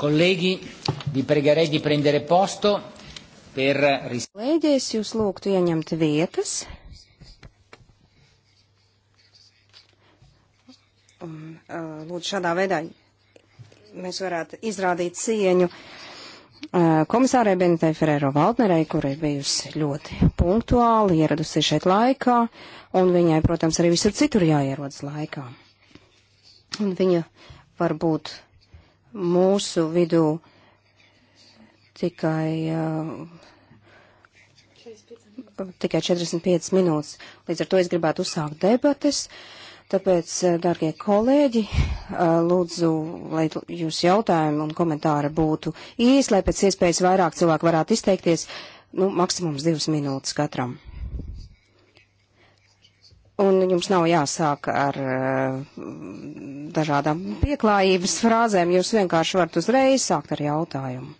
Kolēģi, vi pregarei di prendere posto per... Kolēģi, es jūs lūgtu ieņemt vietas. Un, uh, lūdzu, šādā veidā mēs varētu izrādīt cieņu uh, komisārai Benitei Ferrero Valdnerei, kura ir bijusi ļoti punktuāli, ieradusi šeit laikā, un viņai, protams, arī visur citur jāierodas laikā. Un viņa varbūt mūsu vidū tikai, uh, tikai 45 minūtes. Līdz ar to es gribētu uzsākt debates. Tāpēc, uh, darbie kolēģi, uh, lūdzu, lai jūs jautājumi un komentāri būtu īsi, lai pēc iespējas vairāk cilvēku varētu izteikties. Nu, maksimums divas minūtes katram. Un jums nav jāsāk ar uh, dažādām pieklājības frāzēm, jūs vienkārši varat uzreiz sākt ar jautājumu.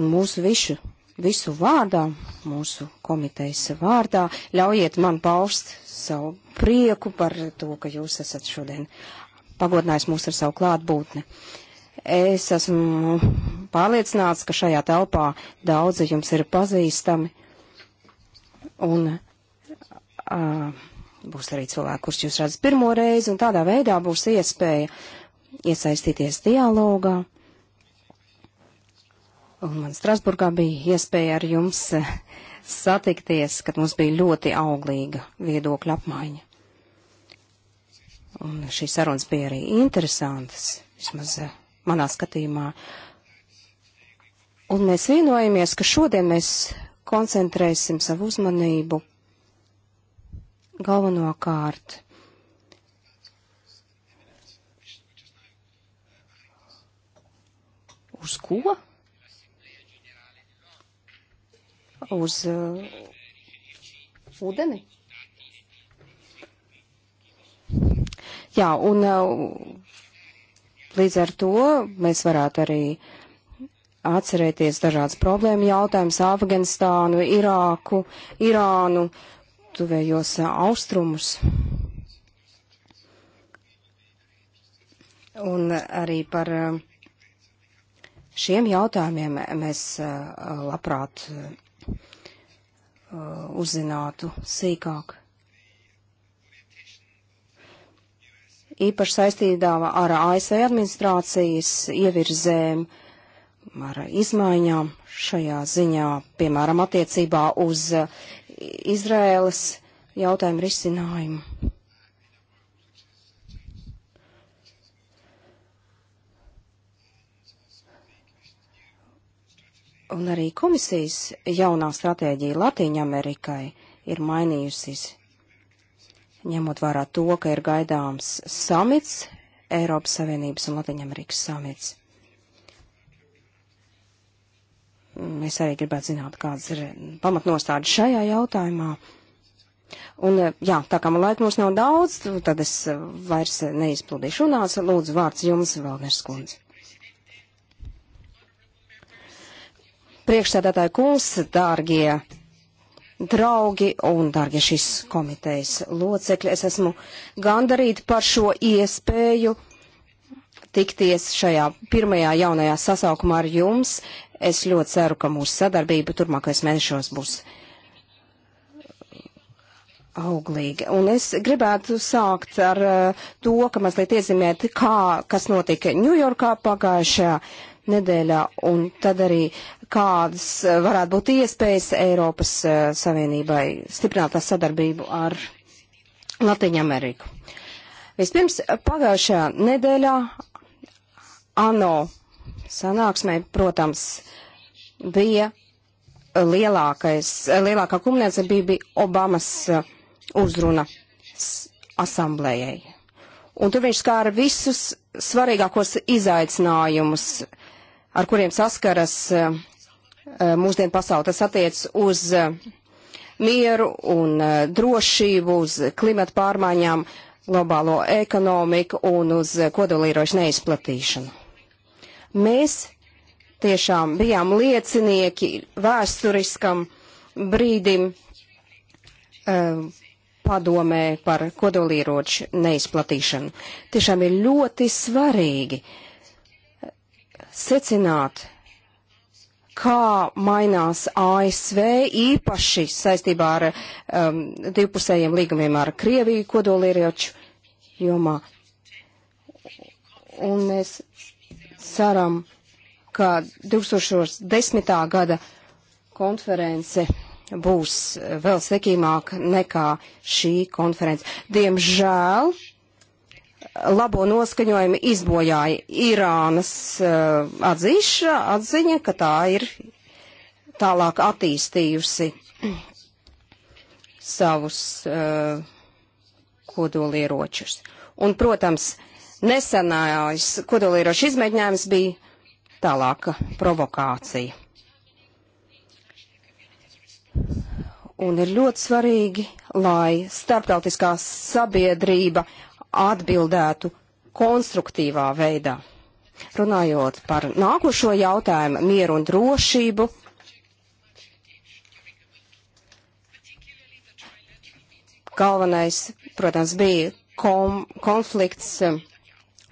Un mūsu visu, visu vārdā, mūsu komitejas vārdā, ļaujiet man paust savu prieku par to, ka jūs esat šodien pagodinājis mūs ar savu klātbūtni. Es esmu pārliecināts, ka šajā telpā daudzi jums ir pazīstami. Un, uh, Uh, būs arī cilvēki, kurus jūs redzat pirmo reizi, un tādā veidā būs iespēja iesaistīties dialogā. Un man Strasburgā bija iespēja ar jums e, satikties, kad mums bija ļoti auglīga viedokļa apmaiņa. Un šīs sarunas bija arī interesantas, vismaz e, manā skatījumā. Un mēs vienojamies, ka šodien mēs koncentrēsim savu uzmanību galvenokārt uz ko? Uz uh, ūdeni? Jā, un uh, līdz ar to mēs varētu arī atcerēties dažādas problēma jautājumus - Afganistānu, Irāku, Irānu. Uh, tuvējos eh, austrumus. Un eh, arī par eh, šiem jautājumiem mēs labprāt uzzinātu sīkāk. Īpaši saistītā ar ASV administrācijas ievirzēm, ar izmaiņām šajā ziņā, piemēram, attiecībā uz Izraēlas jautājumu risinājumu. Un arī komisijas jaunā stratēģija Latīņa Amerikai ir mainījusies, ņemot vērā to, ka ir gaidāms samits, Eiropas Savienības un Latīņa Amerikas samits. Es arī gribētu zināt, kādas ir eh, pamatnostādes šajā jautājumā. Un, eh, jā, tā kā man laika mums nav daudz, tad es eh, vairs neizpildīšu runāts. Lūdzu, vārds jums, Valners Kundze. Priekšsēdētāji kungs, dārgie draugi un dārgie šīs komitejas locekļi, es esmu gandarīti par šo iespēju tikties šajā pirmajā jaunajā sasaukumā ar jums. Es ļoti ceru, ka mūsu sadarbība turmākais mēnešos būs auglīga. Un es gribētu sākt ar uh, to, ka mazliet iezīmēt, kā, kas notika Ņujorkā pagājušajā nedēļā, un tad arī kādas uh, varētu būt iespējas Eiropas uh, Savienībai stiprināt tā sadarbību ar Latviju Ameriku. Vispirms pagājušajā nedēļā ANO sanāksmē, protams, bija lielākais, lielākā kumulācija bija, bija Obamas eh, uzruna asamblējai. Un tur viņš skāra visus svarīgākos izaicinājumus, ar kuriem saskaras eh, eh, mūsdienu pasauli. Tas attiec uz mieru un drošību, uz klimatu pārmaiņām, globālo ekonomiku un uz kodolierošu neizplatīšanu. Mēs tiešām bijām liecinieki vēsturiskam brīdim uh, padomē par kodolieroču neizplatīšanu. Tiešām ir ļoti svarīgi eh, secināt, kā mainās ASV īpaši saistībā ar um, divpusējiem līgumiem ar Krieviju kodolieroču jomā. Un mēs ceram, ka 2010. gada konference būs vēl sekīmāka nekā šī konference. Diemžēl labo noskaņojumu izbojāja Irānas uh, atzīša, atziņa, ka tā ir tālāk attīstījusi savus uh, kodolieročus. Un, protams, uh, nesenājais kodolierošu izmēģinājums bija tālāka provokācija. Un ir ļoti svarīgi, lai starptautiskā sabiedrība atbildētu konstruktīvā veidā. Runājot par nākošo jautājumu, mieru un drošību, galvenais, protams, bija kom, konflikts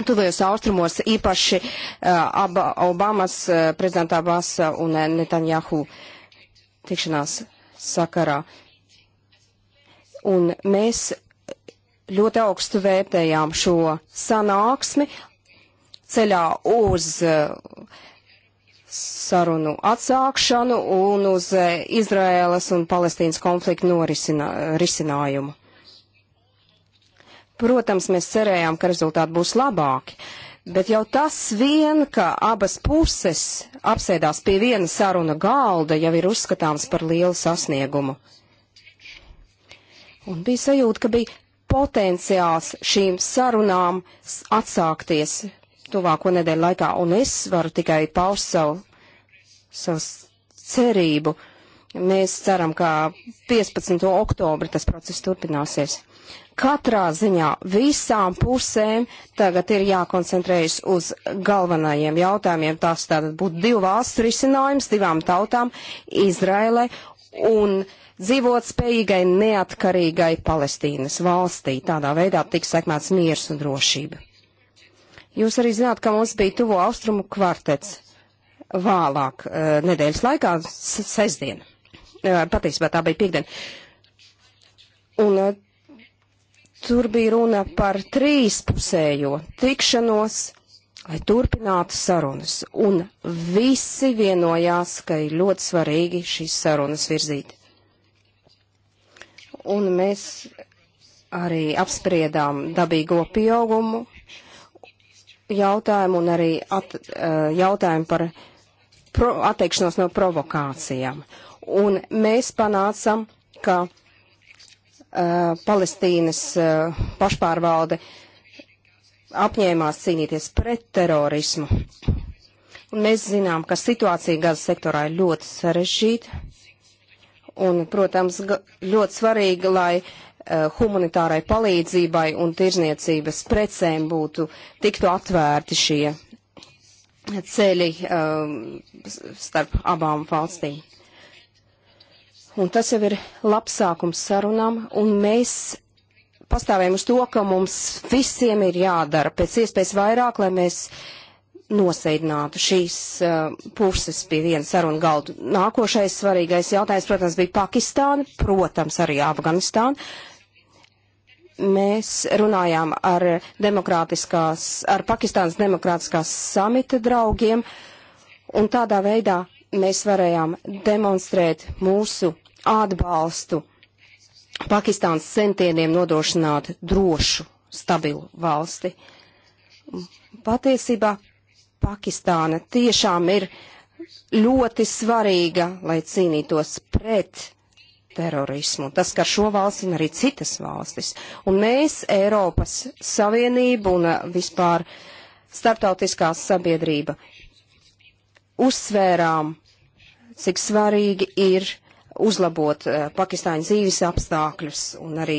Tuvajos austrumos īpaši uh, aba, Obamas, uh, prezidenta Abasa un uh, eh, Netanjahu tikšanās sakarā. Un mēs ļoti augstu vērtējām šo sanāksmi ceļā uz uh, sarunu atsākšanu un uz Izraēlas un Palestīnas konfliktu norisinājumu. Protams, mēs cerējām, ka rezultāti būs labāki, bet jau tas vien, ka abas puses apsēdās pie viena saruna galda, jau ir uzskatāms par lielu sasniegumu. Un bija sajūta, ka bija potenciāls šīm sarunām atsākties tuvāko nedēļu laikā, un es varu tikai paust savu, savu cerību. Mēs ceram, ka 15. oktobri tas process turpināsies. Katrā ziņā visām pusēm tagad ir jākoncentrējas uz galvenajiem jautājumiem. Tas tātad būtu divu valstu risinājums, divām tautām - Izraēlai un dzīvot spējīgai neatkarīgai Palestīnas valstī. Tādā veidā tiks sekmēts miers un drošība. Jūs arī zināt, ka mums bija tuvo austrumu kvartets vēlāk eh, nedēļas laikā, sestdien. Eh, patiesībā tā bija piekdiena. Un eh, Tur bija runa par trīspusējo tikšanos, lai turpinātu sarunas, un visi vienojās, ka ir ļoti svarīgi šīs sarunas virzīt. Un mēs arī apspriedām dabīgo pieaugumu jautājumu un arī at, eh, jautājumu par pro, atteikšanos no provokācijām. Un mēs panācam, ka Palestīnas pašpārvalde apņēmās cīnīties pret terorismu. Un mēs zinām, ka situācija gazas sektorā ir ļoti sarežģīta. Un, protams, ļoti svarīgi, lai uh, humanitārai palīdzībai un tirzniecības precēm būtu tiktu atvērti šie ceļi um, starp abām valstīm. Un tas jau ir labs sākums sarunām, un mēs pastāvējam uz to, ka mums visiem ir jādara pēc iespējas vairāk, lai mēs noseidinātu šīs uh, puses pie viena saruna galda. Nākošais svarīgais jautājums, protams, bija Pakistāna, protams, arī Afganistāna. Mēs runājām ar, demokrātiskās, ar Pakistānas demokrātiskās samita draugiem, un tādā veidā mēs varējām demonstrēt mūsu atbalstu Pakistānas centieniem nodrošināt drošu, stabilu valsti. Patiesībā Pakistāna tiešām ir ļoti svarīga, lai cīnītos pret terorismu. Tas, ka šo valsti un arī citas valstis. Un mēs, Eiropas Savienība un uh, vispār starptautiskā sabiedrība, uzsvērām, cik svarīgi ir uzlabot uh, Pakistāņu dzīves apstākļus un arī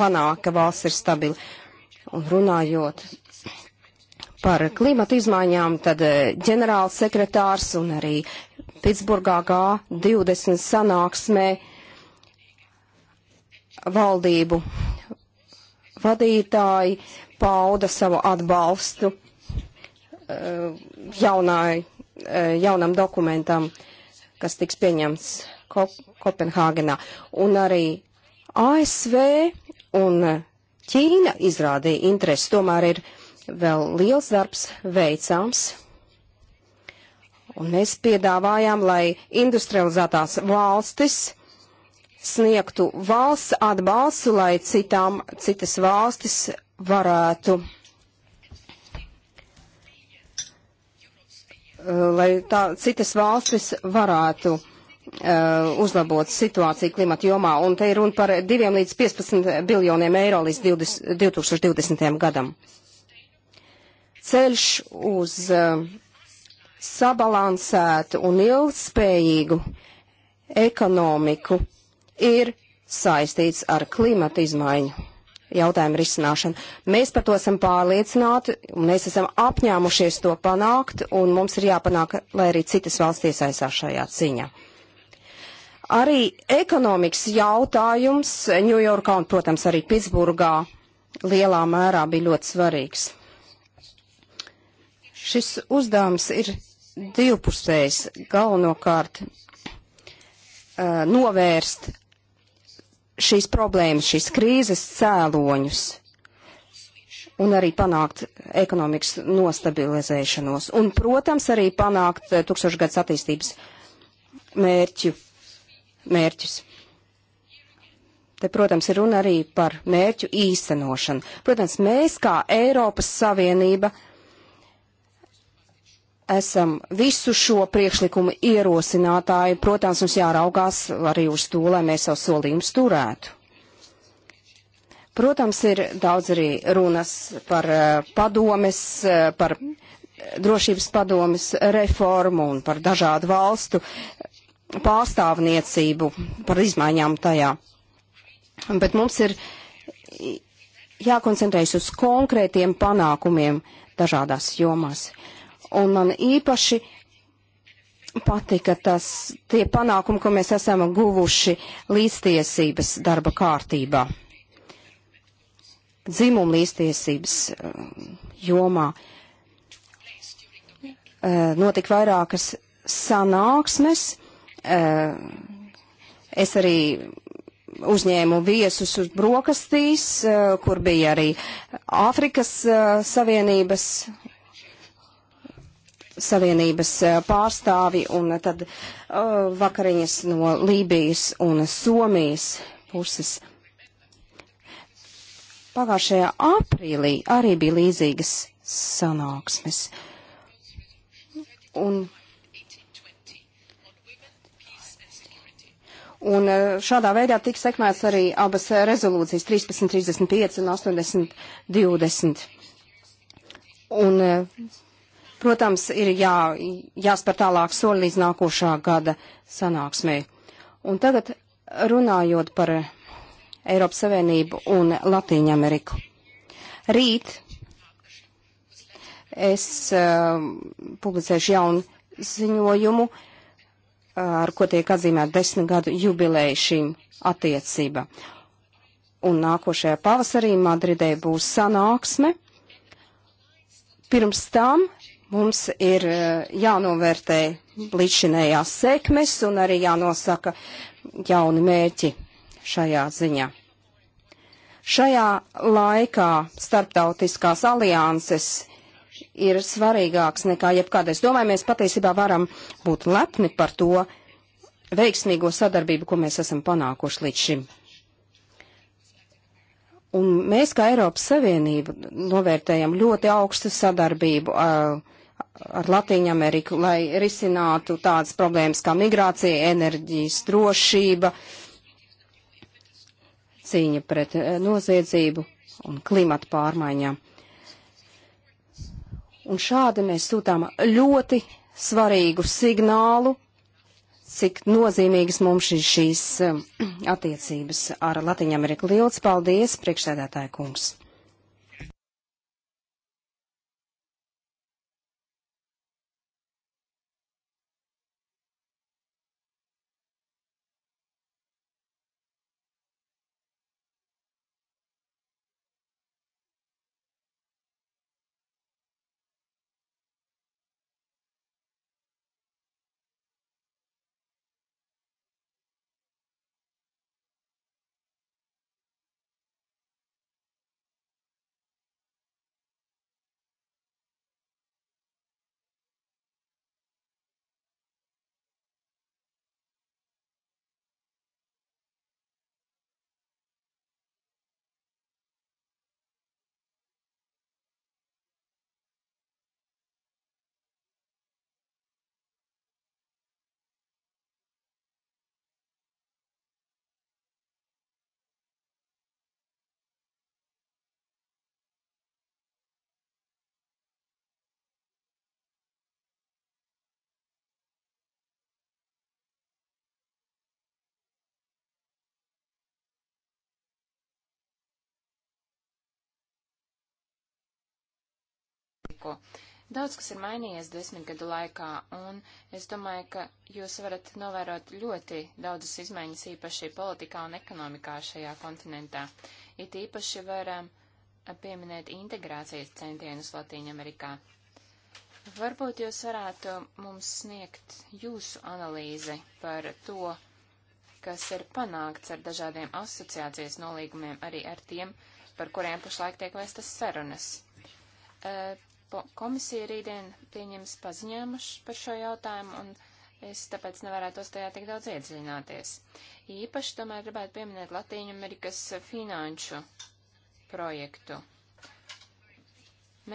panākt, ka valsts ir stabila. Un runājot par klimatu izmaiņām, tad uh, eh, ģenerāls sekretārs un arī Pitsburgā G20 sanāksmē valdību vadītāji pauda savu atbalstu uh, jaunai Eh, jaunam dokumentam, kas tiks pieņemts Kop Kopenhāgenā. Un arī ASV un Ķīna izrādīja interesi. Tomēr ir vēl liels darbs veicams. Un mēs piedāvājām, lai industrializētās valstis sniegtu valsts atbalstu, lai citām, citas valstis varētu Eh, lai tā citas valstis varētu eh, uzlabot situāciju klimata jomā, un te ir runa par 2 līdz 15 biljoniem eiro līdz 20, 2020. gadam. Ceļš uz uh, sabalansētu un ilgspējīgu ekonomiku ir saistīts ar klimata izmaiņu jautājumu risināšanu. Mēs par to esam pārliecināti, mēs esam apņēmušies to panākt, un mums ir jāpanāk, lai arī citas valsts iesaistās šajā ciņā. Arī ekonomikas jautājums Ņujorkā un, protams, arī Pitsburgā lielā mērā bija ļoti svarīgs. Šis uzdevums ir divpusējs galvenokārt eh, novērst šīs problēmas, šīs krīzes cēloņus un arī panākt ekonomikas nostabilizēšanos. Un, protams, arī panākt eh, tūkstošgads attīstības mērķu, mērķus. Te, protams, ir runa arī par mērķu īstenošanu. Protams, mēs kā Eiropas Savienība esam visu šo priekšlikumu ierosinātāji. Protams, mums jāraugās arī uz to, lai mēs savu solījumu turētu. Protams, ir daudz arī runas par eh, padomes, eh, par drošības padomes reformu un par dažādu valstu pārstāvniecību, par izmaiņām tajā. Bet mums ir jākoncentrējas uz konkrētiem panākumiem dažādās jomās. Uh, Un man īpaši patika tas, tie panākumi, ko mēs esam guvuši līdztiesības darba kārtībā. Dzimuma līdztiesības eh, jomā eh, notika vairākas sanāksmes. Eh, es arī uzņēmu viesus uz brokastīs, kur bija arī Āfrikas Savienības Savienības eh, pārstāvi un tad uh, vakariņas no Lībijas un Somijas puses. Pagājušajā aprīlī arī bija līdzīgas sanāksmes. Un, un eh, šādā veidā tika sekmēts arī abas rezolūcijas 1335 un 8020. Un Protams, ir jā, jāspēr tālāk soli līdz nākošā gada sanāksmē. Un tagad runājot par Eiropas Savienību un Latīņu Ameriku. Rīt es uh, publicēšu jaunu ziņojumu, eh, ar ko tiek atzīmēta desmit gadu jubileja šīm attiecība. Un nākošajā pavasarī Madridē būs sanāksme. Pirms tam Mums ir e, jānovērtē līdzinējās sekmes un arī jānosaka jauni mērķi šajā ziņā. Šajā laikā starptautiskās alianses ir svarīgāks nekā jebkad. Es domāju, mēs patiesībā varam būt lepni par to veiksmīgo sadarbību, ko mēs esam panākuši līdz šim. Un mēs, kā Eiropas Savienība, novērtējam ļoti augstu sadarbību uh, ar Latīņu Ameriku, lai risinātu tādas problēmas kā migrācija, enerģijas drošība, cīņa pret eh, noziedzību un klimata pārmaiņām. Un šādi mēs sūtām ļoti svarīgu signālu, cik nozīmīgas mums ir šīs eh, attiecības ar Latīņu Ameriku. Liels paldies, priekšsēdētāja kungs! politiku. Daudz kas ir mainījies desmit gadu laikā, un es domāju, ka jūs varat novērot ļoti daudzas izmaiņas īpaši politikā un ekonomikā šajā kontinentā. It īpaši varam eh, pieminēt integrācijas centienus Latīņamerikā. Varbūt jūs varētu mums sniegt jūsu analīzi par to, kas ir panākts ar dažādiem asociācijas nolīgumiem, arī ar tiem, par kuriem pašlaik tiek vēstas sarunas. E, Komisija rītdien pieņems paziņojumus par šo jautājumu, un es tāpēc nevarētos tajā tik daudz iedziļināties. Īpaši tomēr gribētu pieminēt Latīņu Amerikas finanšu projektu.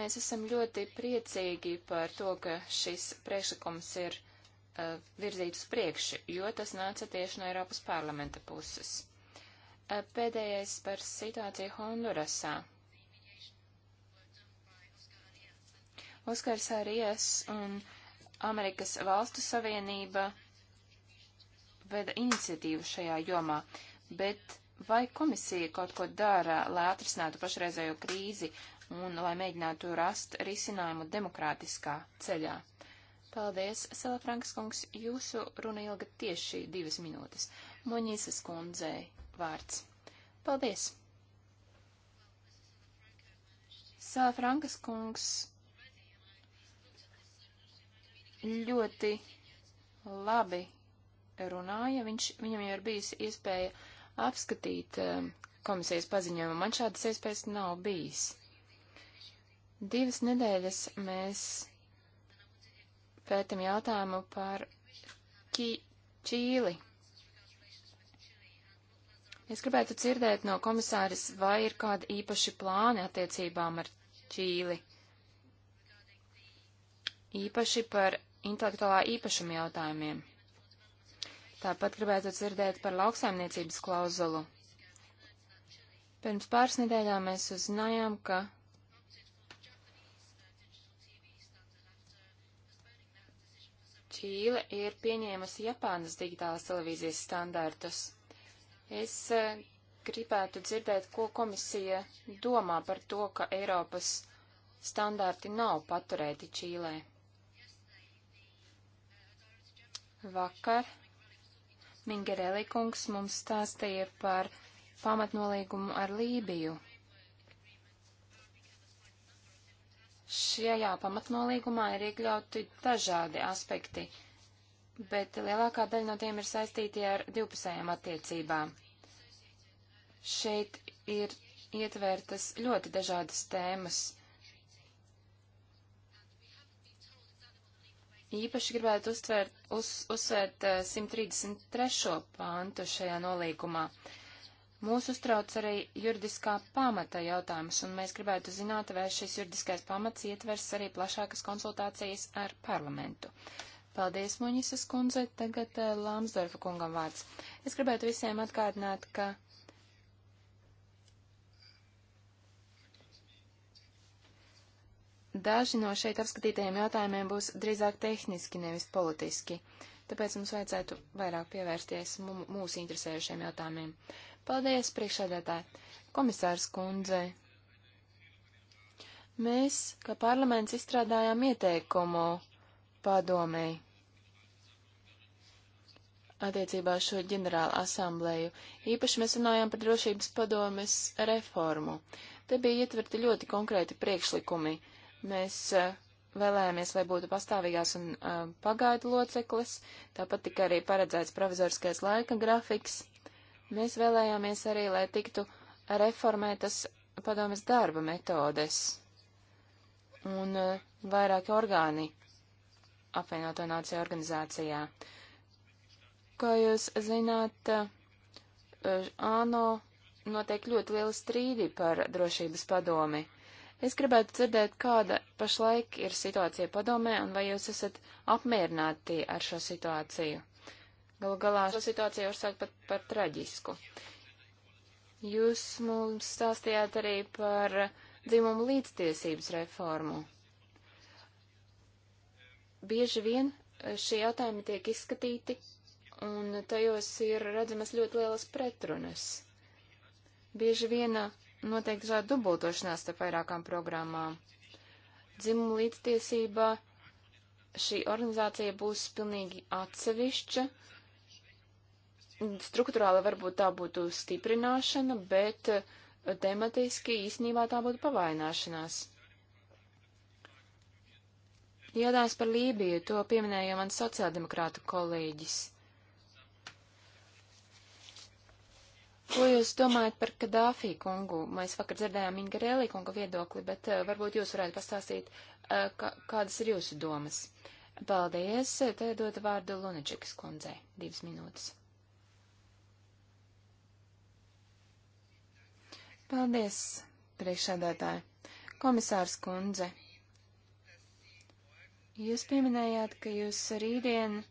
Mēs esam ļoti priecīgi par to, ka šis priekšlikums ir uh, virzīts uz priekšu, jo tas nāca tieši no Eiropas parlamenta puses. Uh, pēdējais par situāciju Hondurasā. Oskars Arijas un Amerikas Valstu Savienība veda iniciatīvu šajā jomā, bet vai komisija kaut ko dara, lai atrisinātu pašreizējo krīzi un lai mēģinātu rast risinājumu demokrātiskā ceļā? Paldies, Selefranks kungs, jūsu runa ilga tieši divas minūtes. Moņīsas kundzei vārds. Paldies! Selefrankas kungs ļoti labi runāja. Viņš, viņam jau ir bijusi iespēja apskatīt um, komisijas paziņojumu. Man šādas iespējas nav bijis. Divas nedēļas mēs pētam jautājumu par Čī Čīli. Es gribētu dzirdēt no komisāras, vai ir kādi īpaši plāni attiecībām ar Čīli. Īpaši par intelektuālā īpašuma jautājumiem. Tāpat gribētu dzirdēt par lauksaimniecības klauzulu. Pirms pāris nedēļām mēs uzzinājām, ka Čīle ir pieņēmusi Japānas digitālas televīzijas standartus. Es e, gribētu dzirdēt, ko komisija domā par to, ka Eiropas standarti nav paturēti Čīlē. Vakar Mingereli kungs mums stāstīja par pamatnolīgumu ar Lībiju. Šajā pamatnolīgumā ir iekļauti dažādi aspekti, bet lielākā daļa no tiem ir saistīti ar divpusējām attiecībām. Šeit ir ietvērtas ļoti dažādas tēmas Īpaši gribētu uztvērt, uz, uzsvērt 133. Eh, pāntu šajā nolīgumā. Mūs uztrauc arī juridiskā pamata jautājums, un mēs gribētu zināt, vai šis juridiskais pamats ietvers arī plašākas konsultācijas ar parlamentu. Paldies, Muņisas kundze, tagad eh, Lāmsdorfa kungam vārds. Es gribētu visiem atgādināt, ka Daži no šeit apskatītajiem jautājumiem būs drīzāk tehniski, nevis politiski, tāpēc mums vajadzētu vairāk pievērsties mūsu interesējušiem jautājumiem. Paldies, priekšsēdētāji! Komisārs kundze! Mēs, kā parlaments, izstrādājām ieteikumu padomēji attiecībā uz šo ģenerālu asamblēju. Īpaši mēs runājām par drošības padomes reformu. Te bija ietverti ļoti konkrēti priekšlikumi. Uh, Mēs vēlējāmies, lai būtu pastāvīgās un uh, pagaidu loceklis, tāpat tika arī paredzēts provizoriskais laika grafiks. Mēs vēlējāmies arī, lai tiktu reformētas padomjas darba metodes un uh, vairāki orgāni apvienoto nāciju organizācijā. Kā jūs zināt, uh, ANO notiek ļoti liela strīdi par drošības padomi. Es gribētu dzirdēt, kāda pašlaik ir situācija padomē un vai jūs esat apmierināti ar šo situāciju. Galu galā šo situāciju var sākt pat par traģisku. Jūs mums stāstījāt arī par dzimumu līdztiesības reformu. Bieži vien šie jautājumi tiek izskatīti, un tajos ir redzamas ļoti lielas pretrunas. Bieži vien noteikti šāda dubultošanās starp vairākām programmām. Dzimumu līdztiesībā šī organizācija būs pilnīgi atsevišķa. Struktūrāli varbūt tā būtu stiprināšana, bet eh, tematiski īsnībā tā būtu pavaināšanās. Jādājums par Lībiju, to pieminēja mans sociāldemokrāta kolēģis. Ko jūs domājat par Kadāfī kungu? Mēs vakar dzirdējām Ingarēlī kunga viedokli, bet eh, varbūt jūs varētu pastāstīt, eh, kā, kādas ir jūsu domas. Paldies, te dod vārdu Lunačikas kundzei. Divas minūtes. Paldies, priekšādātāji. Komisārs kundze, jūs pieminējāt, ka jūs rītdien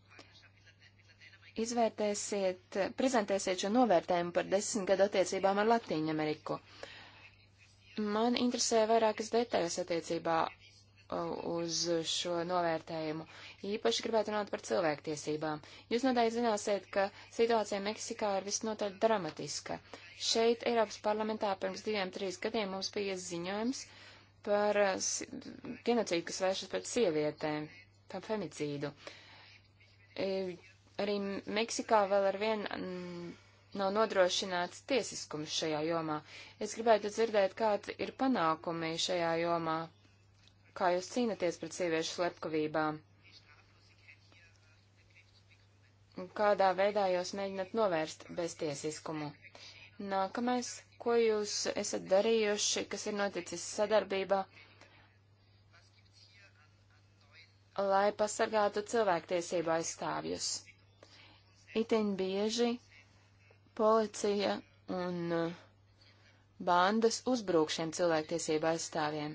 izvērtēsiet, prezentēsiet šo novērtējumu par desmit gadu attiecībām ar Latīņu Ameriku. Man interesē vairākas detaļas attiecībā uz šo novērtējumu. Īpaši gribētu runāt par cilvēktiesībām. Jūs noteikti zināsiet, ka situācija Meksikā ir visnotaļ dramatiska. Šeit Eiropas parlamentā pirms diviem, trīs gadiem mums bija ziņojums par eh, genocīdu, kas vēršas pret sievietēm, par femicīdu. E, Arī Meksikā vēl ar vienu mm, nav nodrošināts tiesiskums šajā jomā. Es gribētu dzirdēt, kādi ir panākumi šajā jomā, kā jūs cīnaties pret sieviešu slepkavībām, kādā veidā jūs mēģinat novērst beztiesiskumu. Nākamais, ko jūs esat darījuši, kas ir noticis sadarbībā, lai pasargātu cilvēktiesību aizstāvjus. Iteņ bieži policija un uh, bandas uzbrūk šiem cilvēktiesību aizstāvjiem.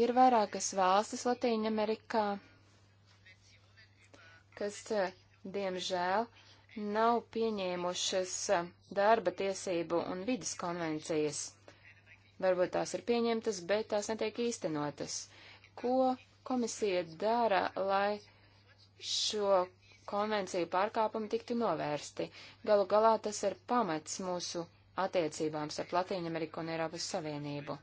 Ir vairākas valstis Latīņamerikā, kas, uh, diemžēl, nav pieņēmušas uh, darba tiesību un vidas konvencijas. Varbūt tās ir pieņemtas, bet tās netiek īstenotas. Ko komisija dara, lai šo konvenciju pārkāpumi tiktu novērsti. Galu galā tas ir pamats mūsu attiecībām starp Latīņameriku un Eiropas Savienību.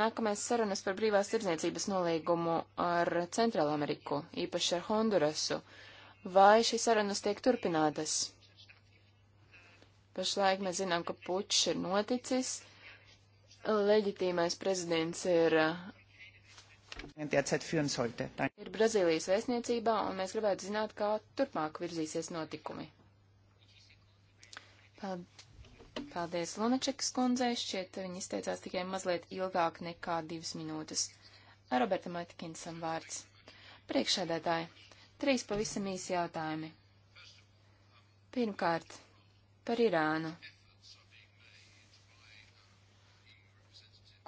Nākamais sarunas par brīvās tirdzniecības nolīgumu ar Centrālameriku, īpaši ar Hondurasu. Vai šīs sarunas tiek turpinātas? Pašlaik mēs zinām, ka pučs ir noticis, leģitīmais prezidents ir. Brazīlijas vēstniecībā, un mēs gribētu zināt, kā turpmāk virzīsies notikumi. Paldies Lunačekas kundzei, šķiet, viņa izteicās tikai mazliet ilgāk nekā divas minūtes. Roberta Matkinsam vārds. Priekšēdētāji, trīs pavisam īsi jautājumi. Pirmkārt, par Irānu.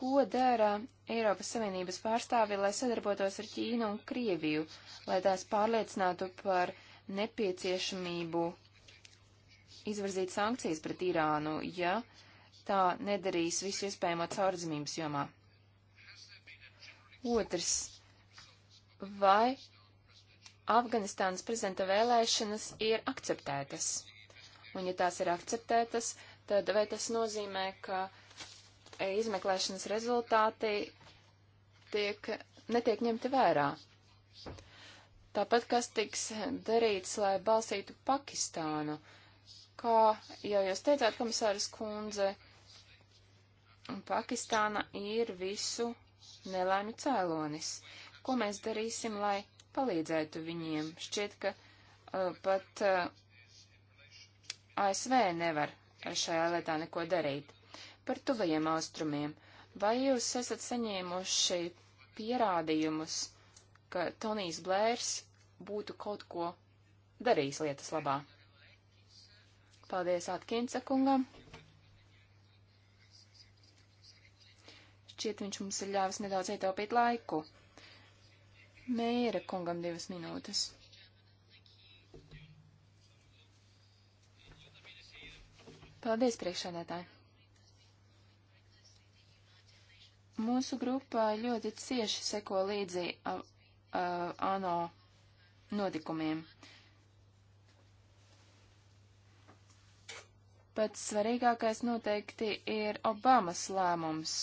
Ko dara Eiropas Savienības pārstāvi, lai sadarbotos ar Ķīnu un Krieviju, lai tās pārliecinātu par nepieciešamību izvirzīt sankcijas pret Irānu, ja tā nedarīs visu iespējamo caurdzimības jomā. Otrs. Vai Afganistānas prezidenta vēlēšanas ir akceptētas? Un ja tās ir akceptētas, tad vai tas nozīmē, ka uh, izmeklēšanas rezultāti tiek, netiek ņemti vērā. Tāpat, kas tiks darīts, lai balsītu Pakistānu, kā jau jūs teicāt, komisāras kundze, Pakistāna ir visu nelēmi cēlonis. Ko mēs darīsim, lai palīdzētu viņiem? Šķiet, ka uh, pat uh, ASV nevar šajā lietā neko darīt. Par tuvajiem austrumiem. Vai jūs esat saņēmuši pierādījumus, ka Tonijs Blērs būtu kaut ko darījis lietas labā? Paldies Atkinsa kungam. Šķiet, viņš mums ir ļāvis nedaudz ietaupīt laiku. Mēra kungam divas minūtes. Paldies, priekšsēdētāji! Mūsu grupā ļoti cieši seko līdzi uh, uh, ANO notikumiem. Pats svarīgākais noteikti ir Obamas lēmums.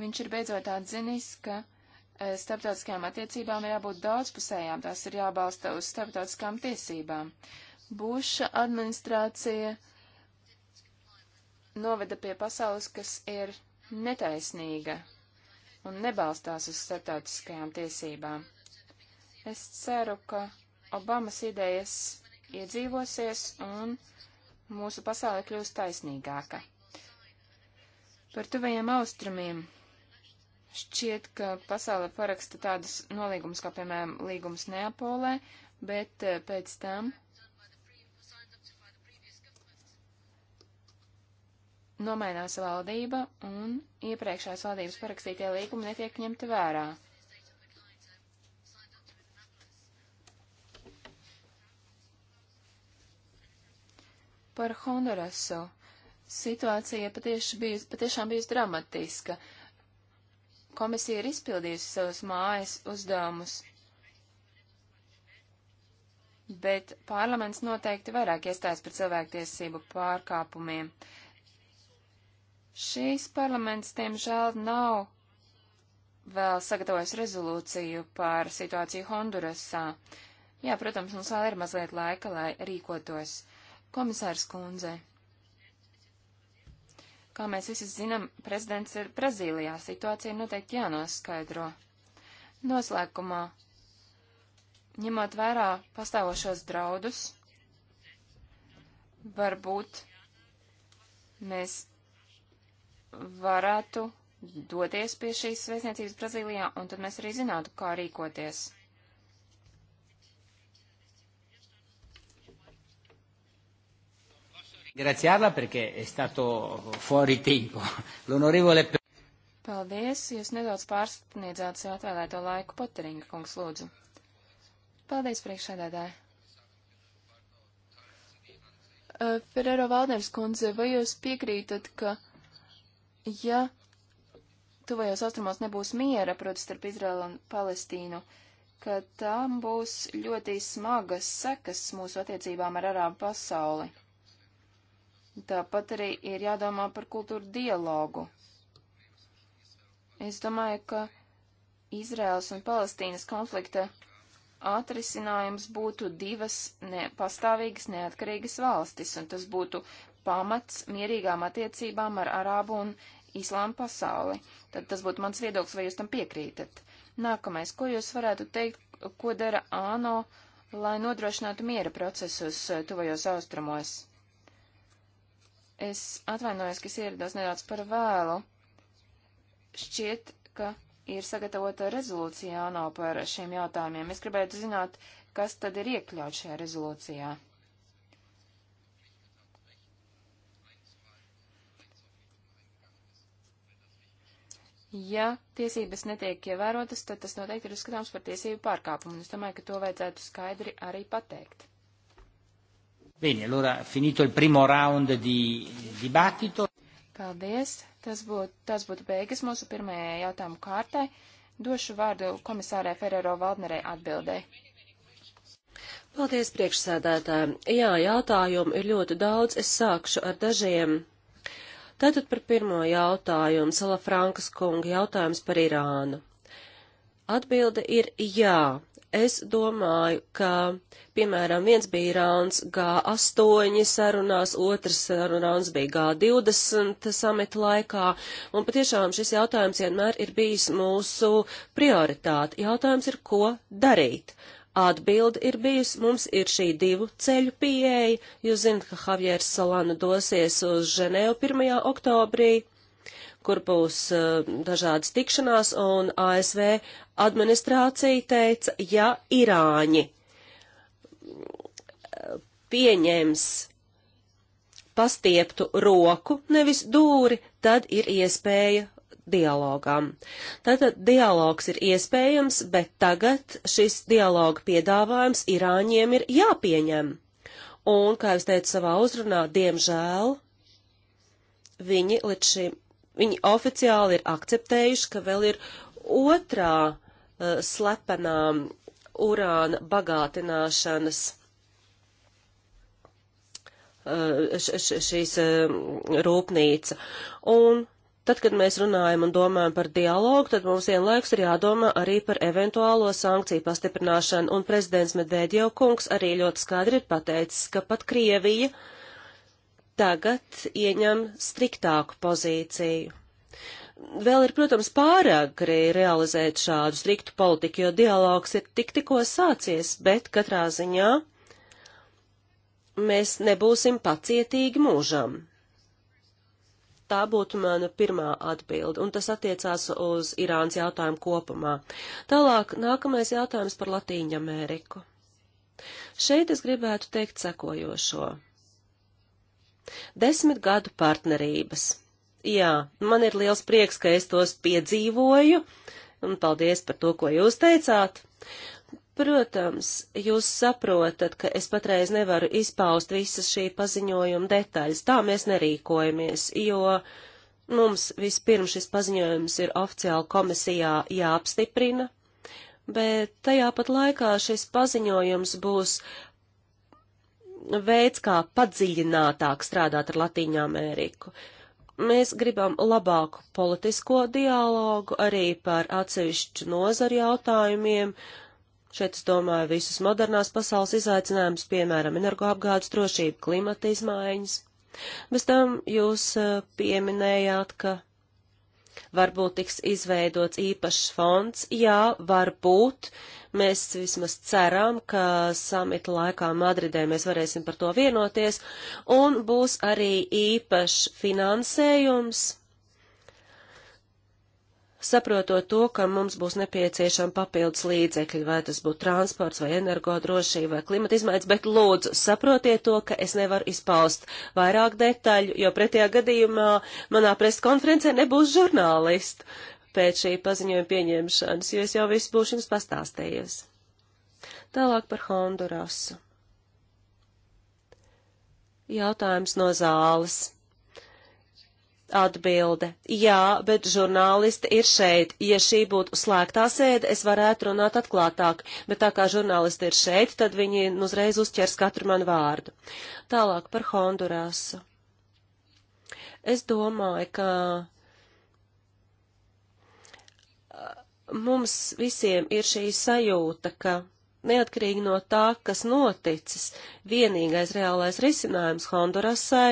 Viņš ir beidzot atzinis, ka e, starptautiskajām attiecībām ir jābūt daudzpusējām, tās ir jābalsta uz starptautiskām tiesībām. Buša administrācija uh, noveda pie pasaules, kas ir netaisnīga un nebalstās uz starptautiskajām tiesībām. Es ceru, ka Obamas idejas iedzīvosies un mūsu pasaule kļūs taisnīgāka. Par tuvajiem austrumiem šķiet, ka pasaule paraksta tādus nolīgumus, kā piemēram līgums Neapolē, bet eh, pēc tam nomainās valdība un iepriekšējās valdības parakstītie līgumi netiek ņemti vērā. Par Hondurasu situācija patieši bijus, patiešām bijusi dramatiska. Komisija ir izpildījusi savus mājas uzdevumus, bet parlaments noteikti vairāk iestājas par cilvēktiesību pārkāpumiem. Uh, Šīs parlaments, diemžēl, nav vēl sagatavojis rezolūciju par situāciju Hondurasā. Jā, protams, mums vēl ir mazliet laika, lai rīkotos. Komisārs Kunze. Kā mēs visi zinām, prezidents ir Brazīlijā. Situācija noteikti jānoskaidro. Noslēgumā, ņemot vērā pastāvošos draudus, varbūt mēs varētu doties pie šīs vēstniecības Brazīlijā, un tad mēs arī zinātu, kā rīkoties. Graziarla perché è stato fuori tempo. L'onorevole Paldies, jūs nedaudz pārsniedzāt sev atvēlēto laiku, Poteringa kungs, lūdzu. Paldies, priekšsēdētāji. Uh, Ferrero Valdners kundze, vai jūs piekrītat, ka ja tuvajos austrumos nebūs miera, protams, starp Izraelu un Palestīnu, ka tam būs ļoti smagas sekas mūsu attiecībām ar arābu pasauli. Tāpat arī ir jādomā par kultūru dialogu. Es domāju, ka Izraels un Palestīnas konflikta atrisinājums būtu divas ne, pastāvīgas neatkarīgas valstis, un tas būtu pamats mierīgām attiecībām ar Arābu un Islāma pasauli. Tad tas būtu mans viedoklis, vai jūs tam piekrītat. Nākamais, ko jūs varētu teikt, ko dara ANO, lai nodrošinātu miera procesus eh, tuvajos austrumos? Es atvainojos, ka es ierados nedaudz par vēlu. Šķiet, ka ir sagatavota rezolūcija ANO par šiem jautājumiem. Es gribētu zināt, kas tad ir iekļauts šajā rezolūcijā. Ja tiesības netiek ievērotas, tad tas noteikti ir uzskatāms par tiesību pārkāpumu, un es domāju, ka to vajadzētu skaidri arī pateikt. Bene, allora finito il primo round di dibattito. Paldies. Tas būtu, tas būtu beigas mūsu pirmajai jautājumu kārtai. Došu vārdu komisārai Ferrero Valdnerei atbildēji. Paldies, priekšsēdētāji. Jā, jautājumu ir ļoti daudz. Es sākšu ar dažiem Tātad par pirmo jautājumu, Sala Frankas kunga jautājums par Irānu. Atbilde ir jā. Es domāju, ka, piemēram, viens bija Irāns G8 sarunās, otrs sarunās bija G20 samita laikā, un patiešām šis jautājums vienmēr ir bijis mūsu prioritāte. Jautājums ir, ko darīt? Atbildi ir bijusi, mums ir šī divu ceļu pieeja. Jūs zinat, ka Javieris Solana dosies uz Ženēvu 1. oktobrī, kur būs uh, dažādas tikšanās, un ASV administrācija teica, ja Irāņi uh, pieņems pastieptu roku, nevis dūri, tad ir iespēja dialogam. Tātad dialogs ir iespējams, bet tagad šis dialoga piedāvājums Irāņiem ir jāpieņem. Un, kā es teicu savā uzrunā, diemžēl viņi līdz šim, viņi oficiāli ir akceptējuši, ka vēl ir otrā uh, slepenā urāna bagātināšanas uh, šīs uh, rūpnīca. Un Tad, kad mēs runājam un domājam par dialogu, tad mums vienlaikus ir jādomā arī par eventuālo sankciju pastiprināšanu, un prezidents Medēdiev kungs arī ļoti skaidri ir pateicis, ka pat Krievija tagad ieņem striktāku pozīciju. Vēl ir, protams, pāragri realizēt šādu striktu politiku, jo dialogs ir tik tikko sācies, bet katrā ziņā mēs nebūsim pacietīgi mūžam. Tā būtu mana pirmā atbilde, un tas attiecās uz Irānas jautājumu kopumā. Tālāk, nākamais jautājums par Latīņu Ameriku. Šeit es gribētu teikt sekojošo. Desmit gadu partnerības. Jā, man ir liels prieks, ka es tos piedzīvoju, un paldies par to, ko jūs teicāt. Protams, jūs saprotat, ka es patreiz nevaru izpaust visas šī paziņojuma detaļas. Tā mēs nerīkojamies, jo mums vispirms šis paziņojums ir oficiāli komisijā jāapstiprina, bet tajā pat laikā šis paziņojums būs veids, kā padziļinātāk strādāt ar Latīņu Ameriku. Mēs gribam labāku politisko dialogu arī par atsevišķu nozaru jautājumiem, uh, Šeit es domāju visus modernās pasaules izaicinājumus, piemēram, energoapgādes drošību, klimata izmaiņas. Bez tam jūs eh, pieminējāt, ka varbūt tiks izveidots īpašs fonds. Jā, varbūt. Mēs vismaz ceram, ka samita laikā Madridē mēs varēsim par to vienoties, un būs arī īpašs finansējums saprotot to, ka mums būs nepieciešama papildus līdzekļi, vai tas būtu transports, vai energodrošība, vai klimata izmaiņas, bet lūdzu saprotiet to, ka es nevaru izpaust vairāk detaļu, jo pretējā gadījumā manā preskonferencē nebūs žurnālisti pēc šī paziņojuma pieņemšanas, jo es jau visu būšu jums pastāstījusi. Tālāk par Hondurasu. Jautājums no zāles. Atbilde. Jā, bet žurnālisti ir šeit. Ja šī būtu slēgtā sēde, es varētu runāt atklātāk, bet tā kā žurnālisti ir šeit, tad viņi nu, uzreiz uzķers katru manu vārdu. Tālāk par Hondurāsu. Es domāju, ka mums visiem ir šī sajūta, ka Neatkarīgi no tā, kas noticis, vienīgais reālais risinājums Hondurasai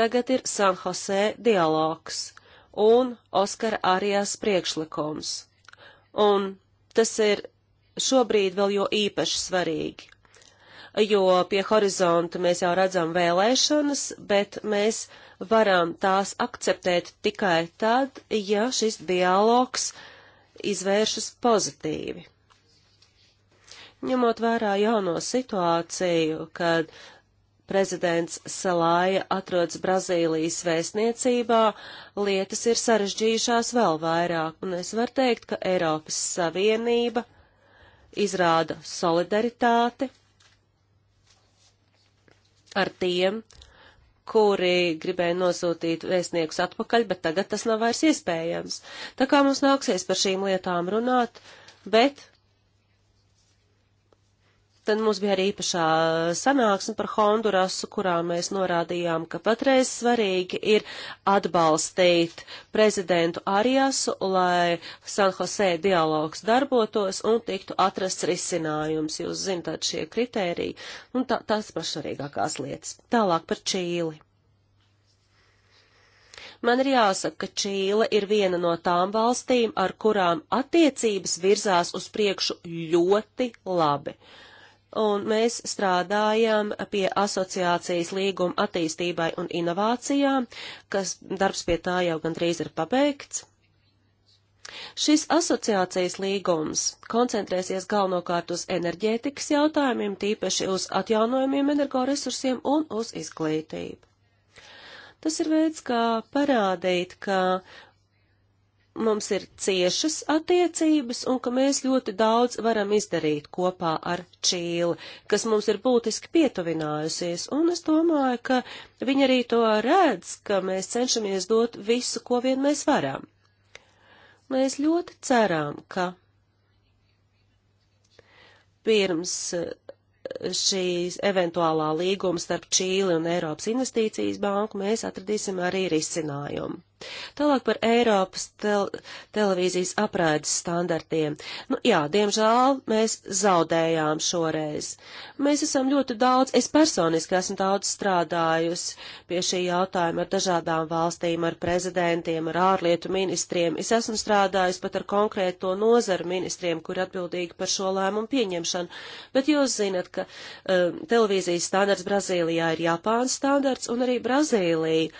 tagad ir San Jose dialogs un Oskara Arijas priekšlikums. Un tas ir šobrīd vēl jo īpaši svarīgi, jo pie horizonta mēs jau redzam vēlēšanas, bet mēs varam tās akceptēt tikai tad, ja šis dialogs izvēršas pozitīvi. Ņemot vērā jauno situāciju, kad prezidents Salāja atrodas Brazīlijas vēstniecībā, lietas ir sarežģījušās vēl vairāk, un es varu teikt, ka Eiropas Savienība izrāda solidaritāti ar tiem, kuri gribēja nosūtīt vēstniekus atpakaļ, bet tagad tas nav vairs iespējams. Tā kā mums nāksies par šīm lietām runāt, bet Tad mums bija arī īpašā sanāksme par Hondurasu, kurā mēs norādījām, ka patreiz svarīgi ir atbalstīt prezidentu Ariasu, lai San Jose dialogs darbotos un tiktu atrasts risinājums. Jūs zināt šie kriteriji un tā, tās pašsvarīgākās lietas. Tālāk par Čīli. Man ir jāsaka, ka Čīle ir viena no tām valstīm, ar kurām attiecības virzās uz priekšu ļoti labi. Uh, un mēs strādājam pie asociācijas līguma attīstībai un inovācijām, kas darbs pie tā jau gandrīz ir pabeigts. Šis asociācijas līgums koncentrēsies galvenokārt uz enerģētikas jautājumiem, tīpaši uz atjaunojumiem energoresursiem un uz izglītību. Tas ir veids, kā parādīt, ka mums ir ciešas attiecības un ka mēs ļoti daudz varam izdarīt kopā ar Čīli, kas mums ir būtiski pietuvinājusies, un es domāju, ka viņi arī to redz, ka mēs cenšamies dot visu, ko vien mēs varam. Mēs ļoti ceram, ka pirms eh, šīs eventuālā līguma starp Čīli un Eiropas investīcijas banku mēs atradīsim arī risinājumu. Tālāk par Eiropas tel televīzijas apraides standartiem. Nu, jā, diemžēl mēs zaudējām šoreiz. Mēs esam ļoti daudz, es personiski esmu daudz strādājusi pie šī jautājuma ar dažādām valstīm, ar prezidentiem, ar ārlietu ministriem. Es esmu strādājusi pat ar konkrēto nozaru ministriem, kur atbildīgi par šo lēmumu pieņemšanu. Bet jūs zinat, ka um, televīzijas standarts Brazīlijā ir Japānas standarts, un arī Brazīlija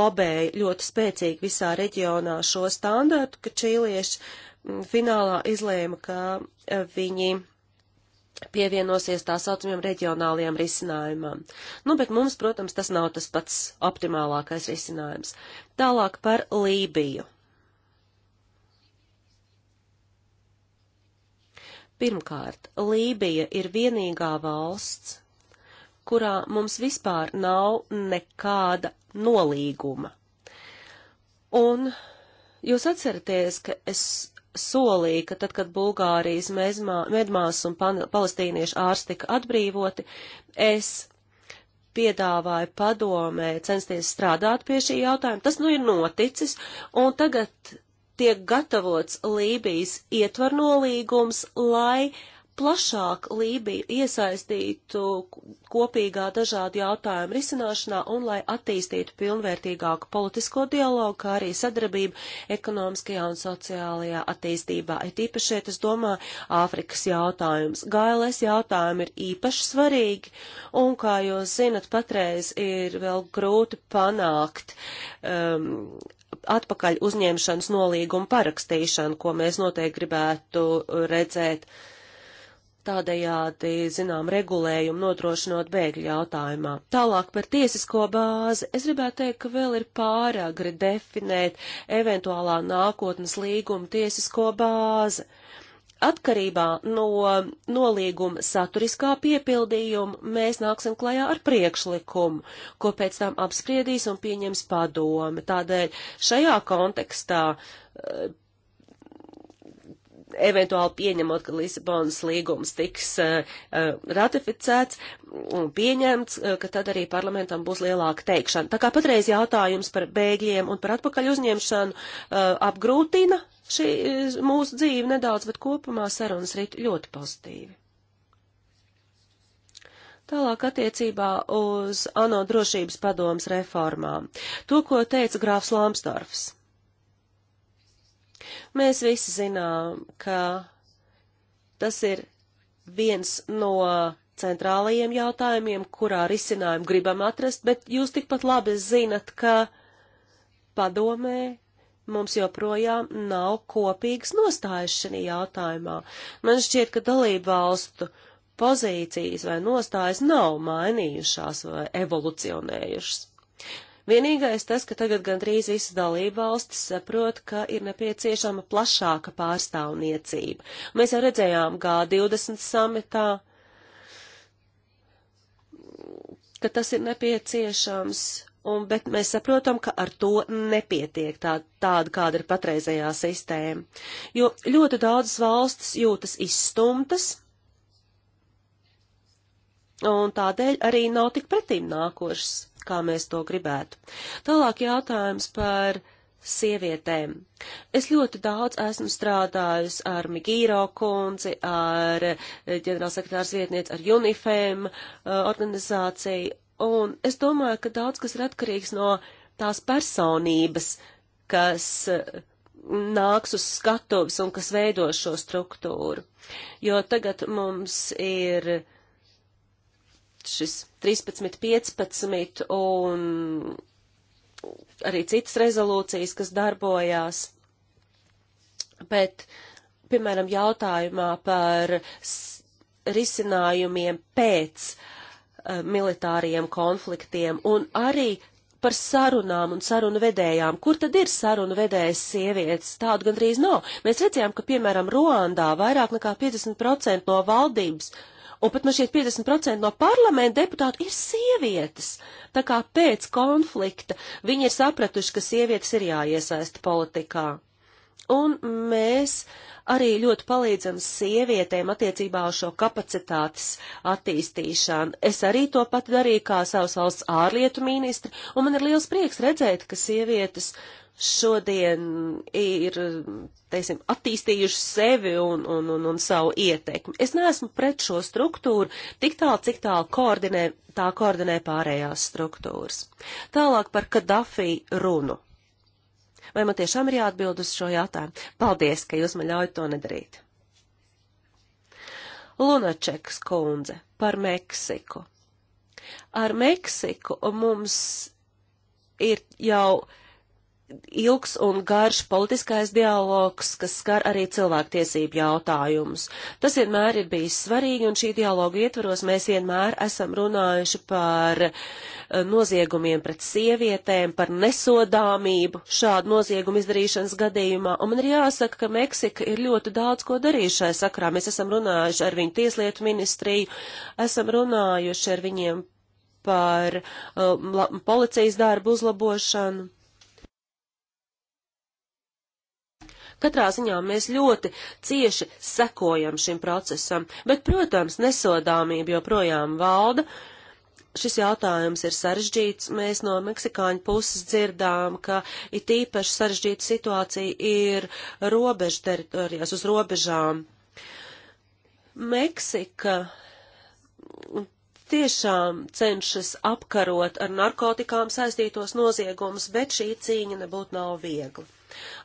lobēja ļoti spēcīgi līdzīgi visā reģionā šo standartu, ka čīlieši mm, finālā izlēma, ka e, viņi pievienosies tā saucamajam reģionālajam risinājumam. Nu, bet mums, protams, tas nav tas pats optimālākais risinājums. Tālāk par Lībiju. Pirmkārt, Lībija ir vienīgā valsts, kurā mums vispār nav nekāda nolīguma. Un jūs atceraties, ka es solīja, ka tad, kad Bulgārijas mezmā, medmās un pan, palestīniešu ārsti tika atbrīvoti, es piedāvāju padomē censties strādāt pie šī jautājuma. Tas nu ir noticis, un tagad tiek gatavots Lībijas ietvarnolīgums, lai plašāk Lībiju iesaistītu kopīgā dažādu jautājumu risināšanā un lai attīstītu pilnvērtīgāku politisko dialogu, kā arī sadarbību ekonomiskajā un sociālajā attīstībā. Ir īpaši šeit, es domāju, Āfrikas jautājums. GLS jautājumi ir īpaši svarīgi un, kā jūs zinat, patreiz ir vēl grūti panākt. Um, atpakaļ uzņemšanas nolīgumu parakstīšanu, ko mēs noteikti gribētu redzēt. Uh, tādējādi, zinām, regulējumu nodrošinot bēgļu jautājumā. Tālāk par tiesisko bāzi es gribētu teikt, ka vēl ir pāragri definēt eventuālā nākotnes līguma tiesisko bāzi. Atkarībā no nolīguma saturiskā piepildījuma mēs nāksim klajā ar priekšlikumu, ko pēc tam apspriedīs un pieņems padome. Tādēļ šajā kontekstā eventuāli pieņemot, ka Lisabonas līgums tiks uh, uh, ratificēts un pieņemts, uh, ka tad arī parlamentam būs lielāka teikšana. Tā kā patreiz jautājums par bēgļiem un par atpakaļ uzņemšanu apgrūtina šī mūsu dzīve nedaudz, bet kopumā sarunas rīt ļoti pozitīvi. Tālāk attiecībā uz ANO drošības padomas reformām. To, ko teica grāfs Lamsdorfs. Mēs visi zinām, ka tas ir viens no centrālajiem jautājumiem, kurā risinājumu gribam atrast, bet jūs tikpat labi zinat, ka padomē mums joprojām nav kopīgas nostājas šajā jautājumā. Man šķiet, ka dalību valstu pozīcijas vai nostājas nav mainījušās vai evolucionējušas. Vienīgais tas, ka tagad gandrīz visas dalībvalstis saprot, ka ir nepieciešama plašāka pārstāvniecība. Mēs jau redzējām G20 sametā, ka tas ir nepieciešams, un, bet mēs saprotam, ka ar to nepietiek tā, tāda, kāda ir patreizējā sistēma. Jo ļoti daudzas valstis jūtas izstumtas, un tādēļ arī nav tik pretīm nākošas, kā mēs to gribētu. Tālāk jautājums par sievietēm. Es ļoti daudz esmu strādājusi ar Migīro kundzi, ar eh, ģenerālsekretārs vietnieci, ar UNIFEM eh, organizāciju, un es domāju, ka daudz kas ir atkarīgs no tās personības, kas eh, nāks uz skatuves un kas veido šo struktūru. Jo tagad mums ir uh, šis 13, 15 un arī citas rezolūcijas, kas darbojās. Bet, piemēram, jautājumā par risinājumiem pēc uh, militāriem konfliktiem un arī par sarunām un sarunu vedējām. Kur tad ir sarunu vedējas sievietes? Tādu gandrīz nav. Mēs redzējām, ka, piemēram, Ruandā vairāk nekā 50% no valdības uh, Un pat man šķiet 50% no parlamenta deputātu ir sievietes. Tā kā pēc konflikta viņi ir sapratuši, ka sievietes ir jāiesaista politikā. Un mēs arī ļoti palīdzam sievietēm attiecībā uz šo kapacitātes attīstīšanu. Es arī to pat darīju kā savas valsts ārlietu ministri, un man ir liels prieks redzēt, ka sievietes uh, šodien ir, teiksim, attīstījuši sevi un, un, un, un savu ietekmi. Es neesmu pret šo struktūru tik tālu, cik tālu koordinē, tā koordinē pārējās struktūras. Tālāk par Kadafī runu. Vai man tiešām ir jāatbild uz šo jautājumu? Paldies, ka jūs man ļaujat to nedarīt. Lunačeks kundze par Meksiku. Ar Meksiku mums ir jau ilgs un garš politiskais dialogs, kas skar arī cilvēktiesību jautājumus. Tas vienmēr ir bijis svarīgi, un šī dialoga ietvaros mēs vienmēr esam runājuši par eh, noziegumiem pret sievietēm, par nesodāmību šādu noziegumu izdarīšanas gadījumā. Un man ir jāsaka, ka Meksika ir ļoti daudz ko darījuši šai sakrā. Mēs esam runājuši ar viņu tieslietu ministriju, esam runājuši ar viņiem par uh, um, policijas darbu uzlabošanu Katrā ziņā mēs ļoti cieši sekojam šim procesam, bet, protams, nesodāmība joprojām valda. Šis jautājums ir sarežģīts. Mēs no meksikāņu puses dzirdām, ka it īpaši sarežģīta situācija ir robežu teritorijās uz robežām. Meksika tiešām cenšas apkarot ar narkotikām saistītos noziegumus, bet šī cīņa nebūtu nav viegli.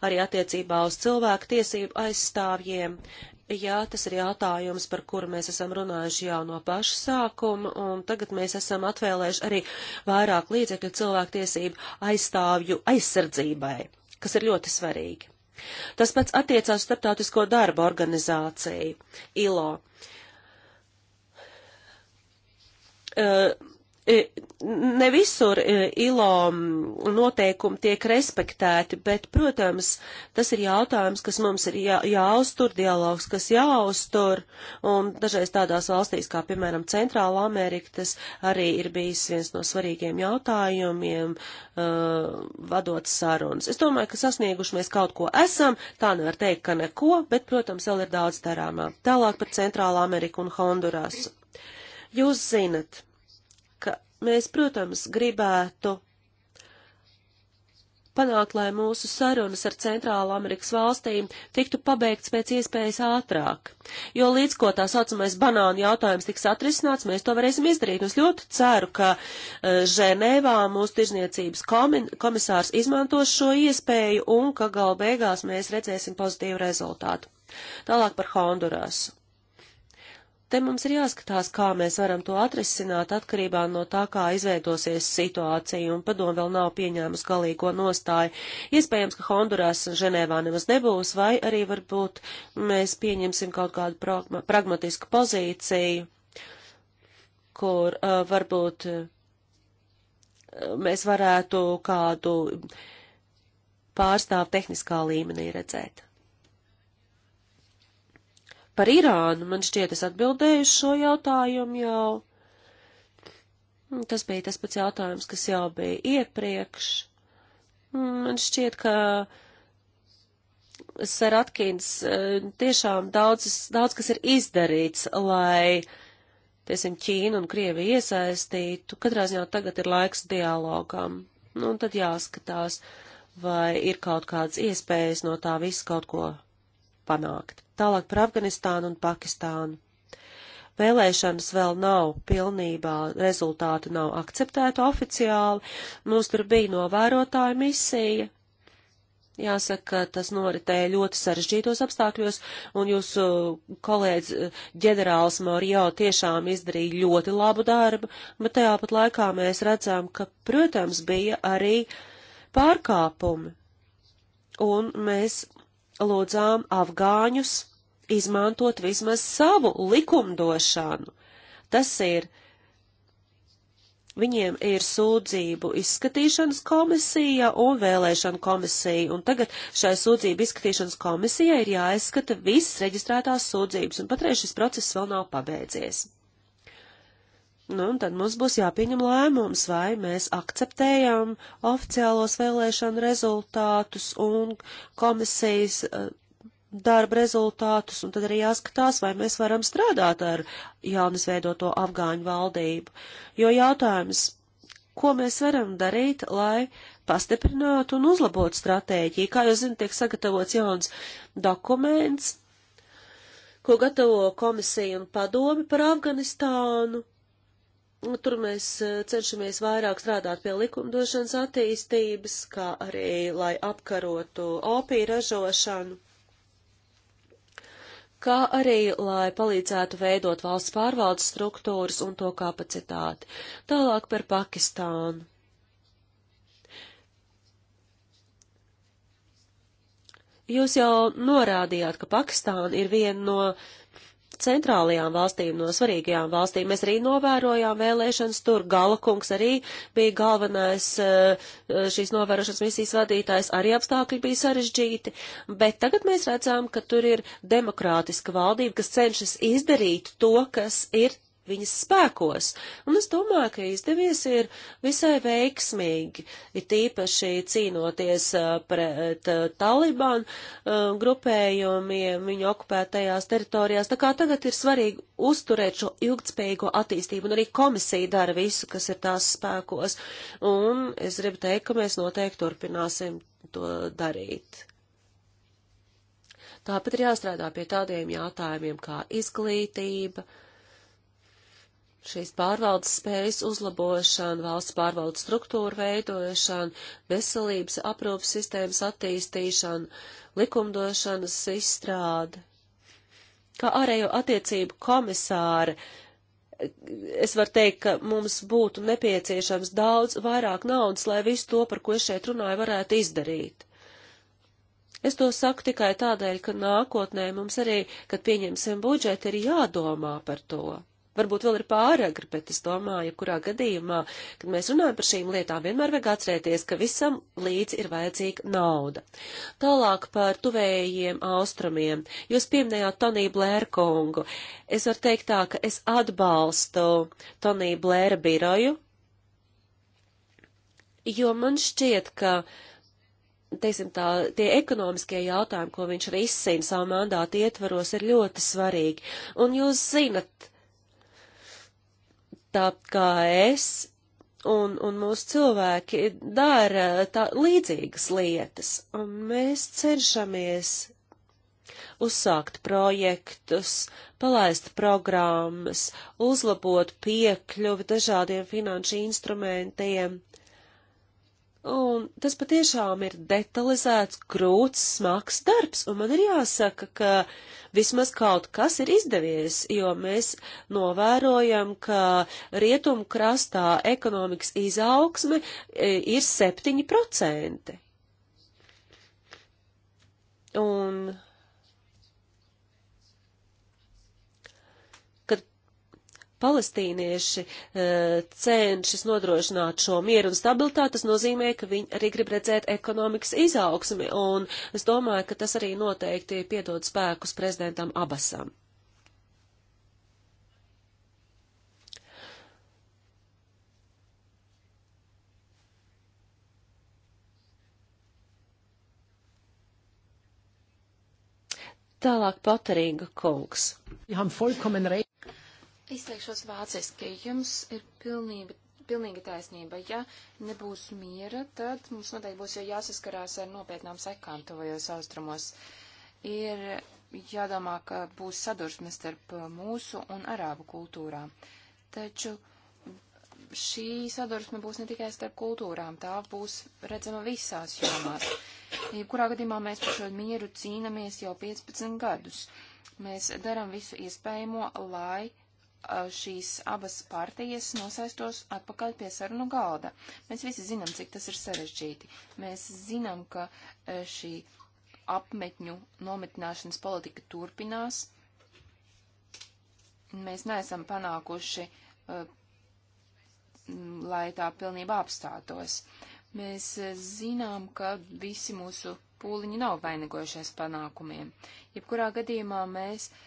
Arī attiecībā uz cilvēku tiesību aizstāvjiem, jā, tas ir jautājums, par kuru mēs esam runājuši jau no paša sākuma, un tagad mēs esam atvēlējuši arī vairāk līdzekļu cilvēku tiesību aizstāvju aizsardzībai, kas ir ļoti svarīgi. Tas pats attiecās starptautisko darba organizāciju, ILO. Uh, E, ne visur e, ILO noteikumi tiek respektēti, bet, protams, tas ir jautājums, kas mums ir jā, jāuztur, dialogs, kas jāuztur, un dažreiz tādās valstīs, kā piemēram Centrāla Amerika, tas arī ir bijis viens no svarīgiem jautājumiem, uh, vadot sarunas. Es domāju, ka sasnieguši mēs kaut ko esam, tā nevar teikt, ka neko, bet, protams, vēl ir daudz darāmā. Tālāk par Centrāla Ameriku un Hondurasu. Jūs zinat, ka mēs, protams, gribētu panākt, lai mūsu sarunas ar Centrāla Amerikas valstīm tiktu pabeigts pēc iespējas ātrāk. Jo līdz ko tā saucamais banānu jautājums tiks atrisināts, mēs to varēsim izdarīt. Es ļoti ceru, ka e, Ženēvā mūsu tirzniecības komisārs izmantos šo iespēju un ka gal beigās mēs redzēsim pozitīvu rezultātu. Tālāk par Hondurasu. Te mums ir jāskatās, kā mēs varam to atrisināt atkarībā no tā, kā izveidosies situācija, un padomu vēl nav pieņēmus galīgo nostāju. Iespējams, ka Hondurās un Ženēvā nemaz nebūs, vai arī varbūt mēs pieņemsim kaut kādu pragma pragmatisku pozīciju, kur uh, varbūt uh, mēs varētu kādu pārstāvu tehniskā līmenī redzēt. Par Irānu man šķiet es atbildēju šo jautājumu jau. Tas bija tas pats jautājums, kas jau bija iepriekš. Man šķiet, ka Saratkins eh, tiešām daudz, daudz kas ir izdarīts, lai, teiksim, Ķīna un Krievi iesaistītu. Katrā ziņā tagad ir laiks dialogam. Nu, un tad jāskatās, vai ir kaut kādas iespējas no tā visu kaut ko panākt. Tālāk par Afganistānu un Pakistānu. Vēlēšanas vēl nav pilnībā, rezultātu nav akceptēta oficiāli. Mums tur bija novērotāja misija. Jāsaka, tas noritēja ļoti sarežģītos apstākļos, un jūsu kolēģis eh, ģenerālis Morijo tiešām izdarīja ļoti labu darbu, bet tajā pat laikā mēs redzam, ka, protams, bija arī pārkāpumi. Un mēs lūdzām afgāņus izmantot vismaz savu likumdošanu. Tas ir, viņiem ir sūdzību izskatīšanas komisija un vēlēšana komisija, un tagad šai sūdzību izskatīšanas komisijai ir jāizskata visas reģistrētās sūdzības, un patreiz šis process vēl nav pabeidzies. Nu, un tad mums būs jāpieņem lēmums, vai mēs akceptējam oficiālos vēlēšanu rezultātus un komisijas eh, darba rezultātus, un tad arī jāskatās, vai mēs varam strādāt ar jaunas veidoto afgāņu valdību. Jo jautājums, ko mēs varam darīt, lai pastiprinātu un uzlabotu stratēģiju? Kā jūs zināt, tiek sagatavots jauns dokuments, ko gatavo komisija un padomi par Afganistānu Tur mēs eh, cenšamies vairāk strādāt pie likumdošanas attīstības, kā arī, lai apkarotu opiju ražošanu, kā arī, lai palīdzētu veidot valsts pārvaldes struktūras un to kapacitāti. Tālāk par Pakistānu. Jūs jau norādījāt, ka Pakistāna ir viena no centrālajām valstīm, no svarīgajām valstīm. Mēs arī novērojām vēlēšanas tur. Galakungs arī bija galvenais eh, šīs novērošanas misijas vadītājs. Arī apstākļi bija sarežģīti. Bet tagad mēs redzam, ka tur ir demokrātiska valdība, kas cenšas izdarīt to, kas ir viņas spēkos. Un es domāju, ka izdevies ir visai veiksmīgi, ir tīpaši cīnoties uh, pret uh, Taliban uh, grupējumiem viņu okupētajās teritorijās. Tā kā tagad ir svarīgi uzturēt šo ilgtspējīgo attīstību, un arī komisija dara visu, kas ir tās spēkos. Un es gribu teikt, ka mēs noteikti turpināsim to darīt. Tāpat ir jāstrādā pie tādiem jautājumiem kā izglītība, uh, šīs pārvaldes spējas uzlabošana, valsts pārvaldes struktūra veidošana, veselības aprūpas sistēmas attīstīšana, likumdošanas izstrāde. Kā ārējo attiecību komisāri, es varu teikt, ka mums būtu nepieciešams daudz vairāk naudas, lai visu to, par ko es šeit runāju, varētu izdarīt. Es to saku tikai tādēļ, ka nākotnē mums arī, kad pieņemsim budžetu, ir jādomā par to varbūt vēl ir pāragri, bet es domāju, kurā gadījumā, kad mēs runājam par šīm lietām, vienmēr vajag atcerēties, ka visam līdzi ir vajadzīga nauda. Tālāk par tuvējiem austrumiem. Jūs pieminējāt Toniju Blērkungu. Es varu teikt tā, ka es atbalstu Toniju Blēra biroju, jo man šķiet, ka teiksim, tā, tie ekonomiskie jautājumi, ko viņš risina savu mandātu ietvaros, ir ļoti svarīgi. Un jūs zinat, tā kā es un, un mūsu cilvēki dara tā, līdzīgas lietas, un mēs cenšamies uzsākt projektus, palaist programmas, uzlabot piekļuvi dažādiem finanšu instrumentiem, uh, Un tas patiešām ir detalizēts, krūts, smags darbs, un man ir jāsaka, ka vismaz kaut kas ir izdevies, jo mēs novērojam, ka rietumu krastā ekonomikas izaugsme e, ir 7%. Un palestīnieši e, cenšas nodrošināt šo mieru un stabilitāti, tas nozīmē, ka viņi arī grib redzēt ekonomikas izaugsmi, un es domāju, ka tas arī noteikti piedod spēkus prezidentam Abasam. Tālāk patarīga kungs. Izteikšos vāciski. Jums ir pilnība, pilnīga taisnība. Ja nebūs miera, tad mums noteikti būs jau jāsaskarās ar nopietnām sekām tuvajos austrumos. Ir jādomā, ka būs sadursme starp mūsu un arābu kultūrām. Taču šī sadursme būs ne tikai starp kultūrām, tā būs redzama visās jomās. Jebkurā gadījumā mēs par šo mieru cīnamies jau 15 gadus. Mēs darām visu iespējamo, lai šīs abas partijas nosaistos atpakaļ pie sarunu galda. Mēs visi zinām, cik tas ir sarežģīti. Mēs zinām, ka šī apmetņu nometināšanas politika turpinās. Mēs neesam panākuši, lai tā pilnībā apstātos. Mēs zinām, ka visi mūsu pūliņi nav vainagojušies panākumiem. Jebkurā gadījumā mēs uh,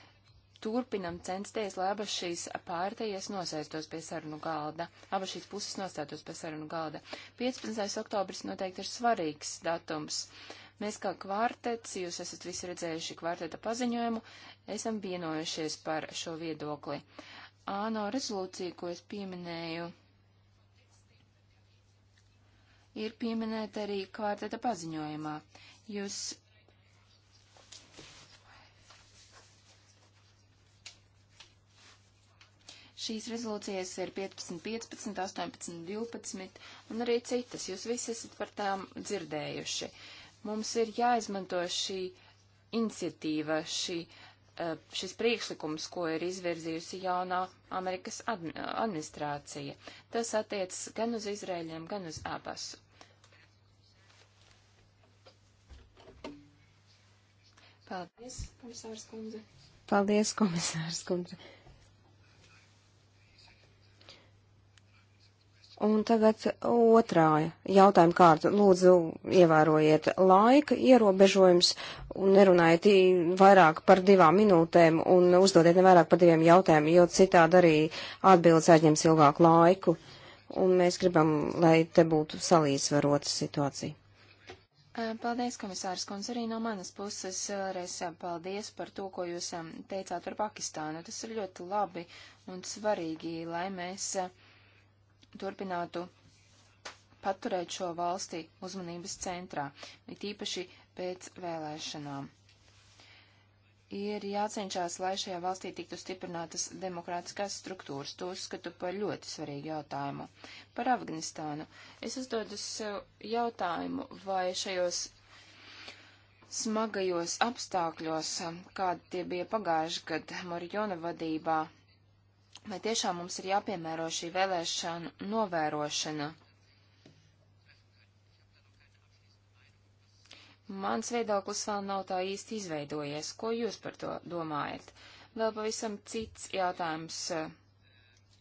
turpinam censties, lai abas šīs pārējas nosēstos pie sarunu galda, abas šīs puses nostātos pie sarunu galda. 15. oktobris noteikti ir svarīgs datums. Mēs kā kvartets, jūs esat visi redzējuši kvarteta paziņojumu, esam vienojušies par šo viedokli. Āno rezolūcija, ko es pieminēju, ir pieminēta arī kvarteta paziņojumā. Jūs Šīs rezolūcijas ir 15, 15, 18, 12 un arī citas. Jūs visi esat par tām dzirdējuši. Mums ir jāizmanto šī iniciatīva, šī, eh, šis priekšlikums, ko ir izvirzījusi jaunā Amerikas eh, administrācija. Tas attiecas gan uz Izrēļiem, gan uz Abasu. Paldies, komisārs kundze. Paldies, komisārs kundze. Un tagad otrā jautājuma kārta. Lūdzu, ievērojiet laika ierobežojums un nerunājiet vairāk par divām minūtēm un uzdodiet ne vairāk par diviem jautājumiem, jo citādi arī atbildes aizņems ilgāku laiku. Un mēs gribam, lai te būtu salīdzvarota situācija. Paldies, komisārs Kunz, arī no manas puses vēlreiz paldies par to, ko jūs teicāt par Pakistānu. Tas ir ļoti labi un svarīgi, lai mēs. Uh, turpinātu paturēt šo valsti uzmanības centrā, it īpaši pēc vēlēšanām. Ir jācenšas, lai šajā valstī tiktu stiprinātas demokrātiskās struktūras. To uzskatu par ļoti svarīgu jautājumu. Par Afganistānu. Es uzdodu sev jautājumu, vai šajos smagajos apstākļos, kādi tie bija pagājuši, kad Morjona vadībā Vai tiešām mums ir jāpiemēro šī vēlēšana novērošana? Mans viedoklis vēl nav tā īsti izveidojies. Ko jūs par to domājat? Vēl pavisam cits jautājums eh,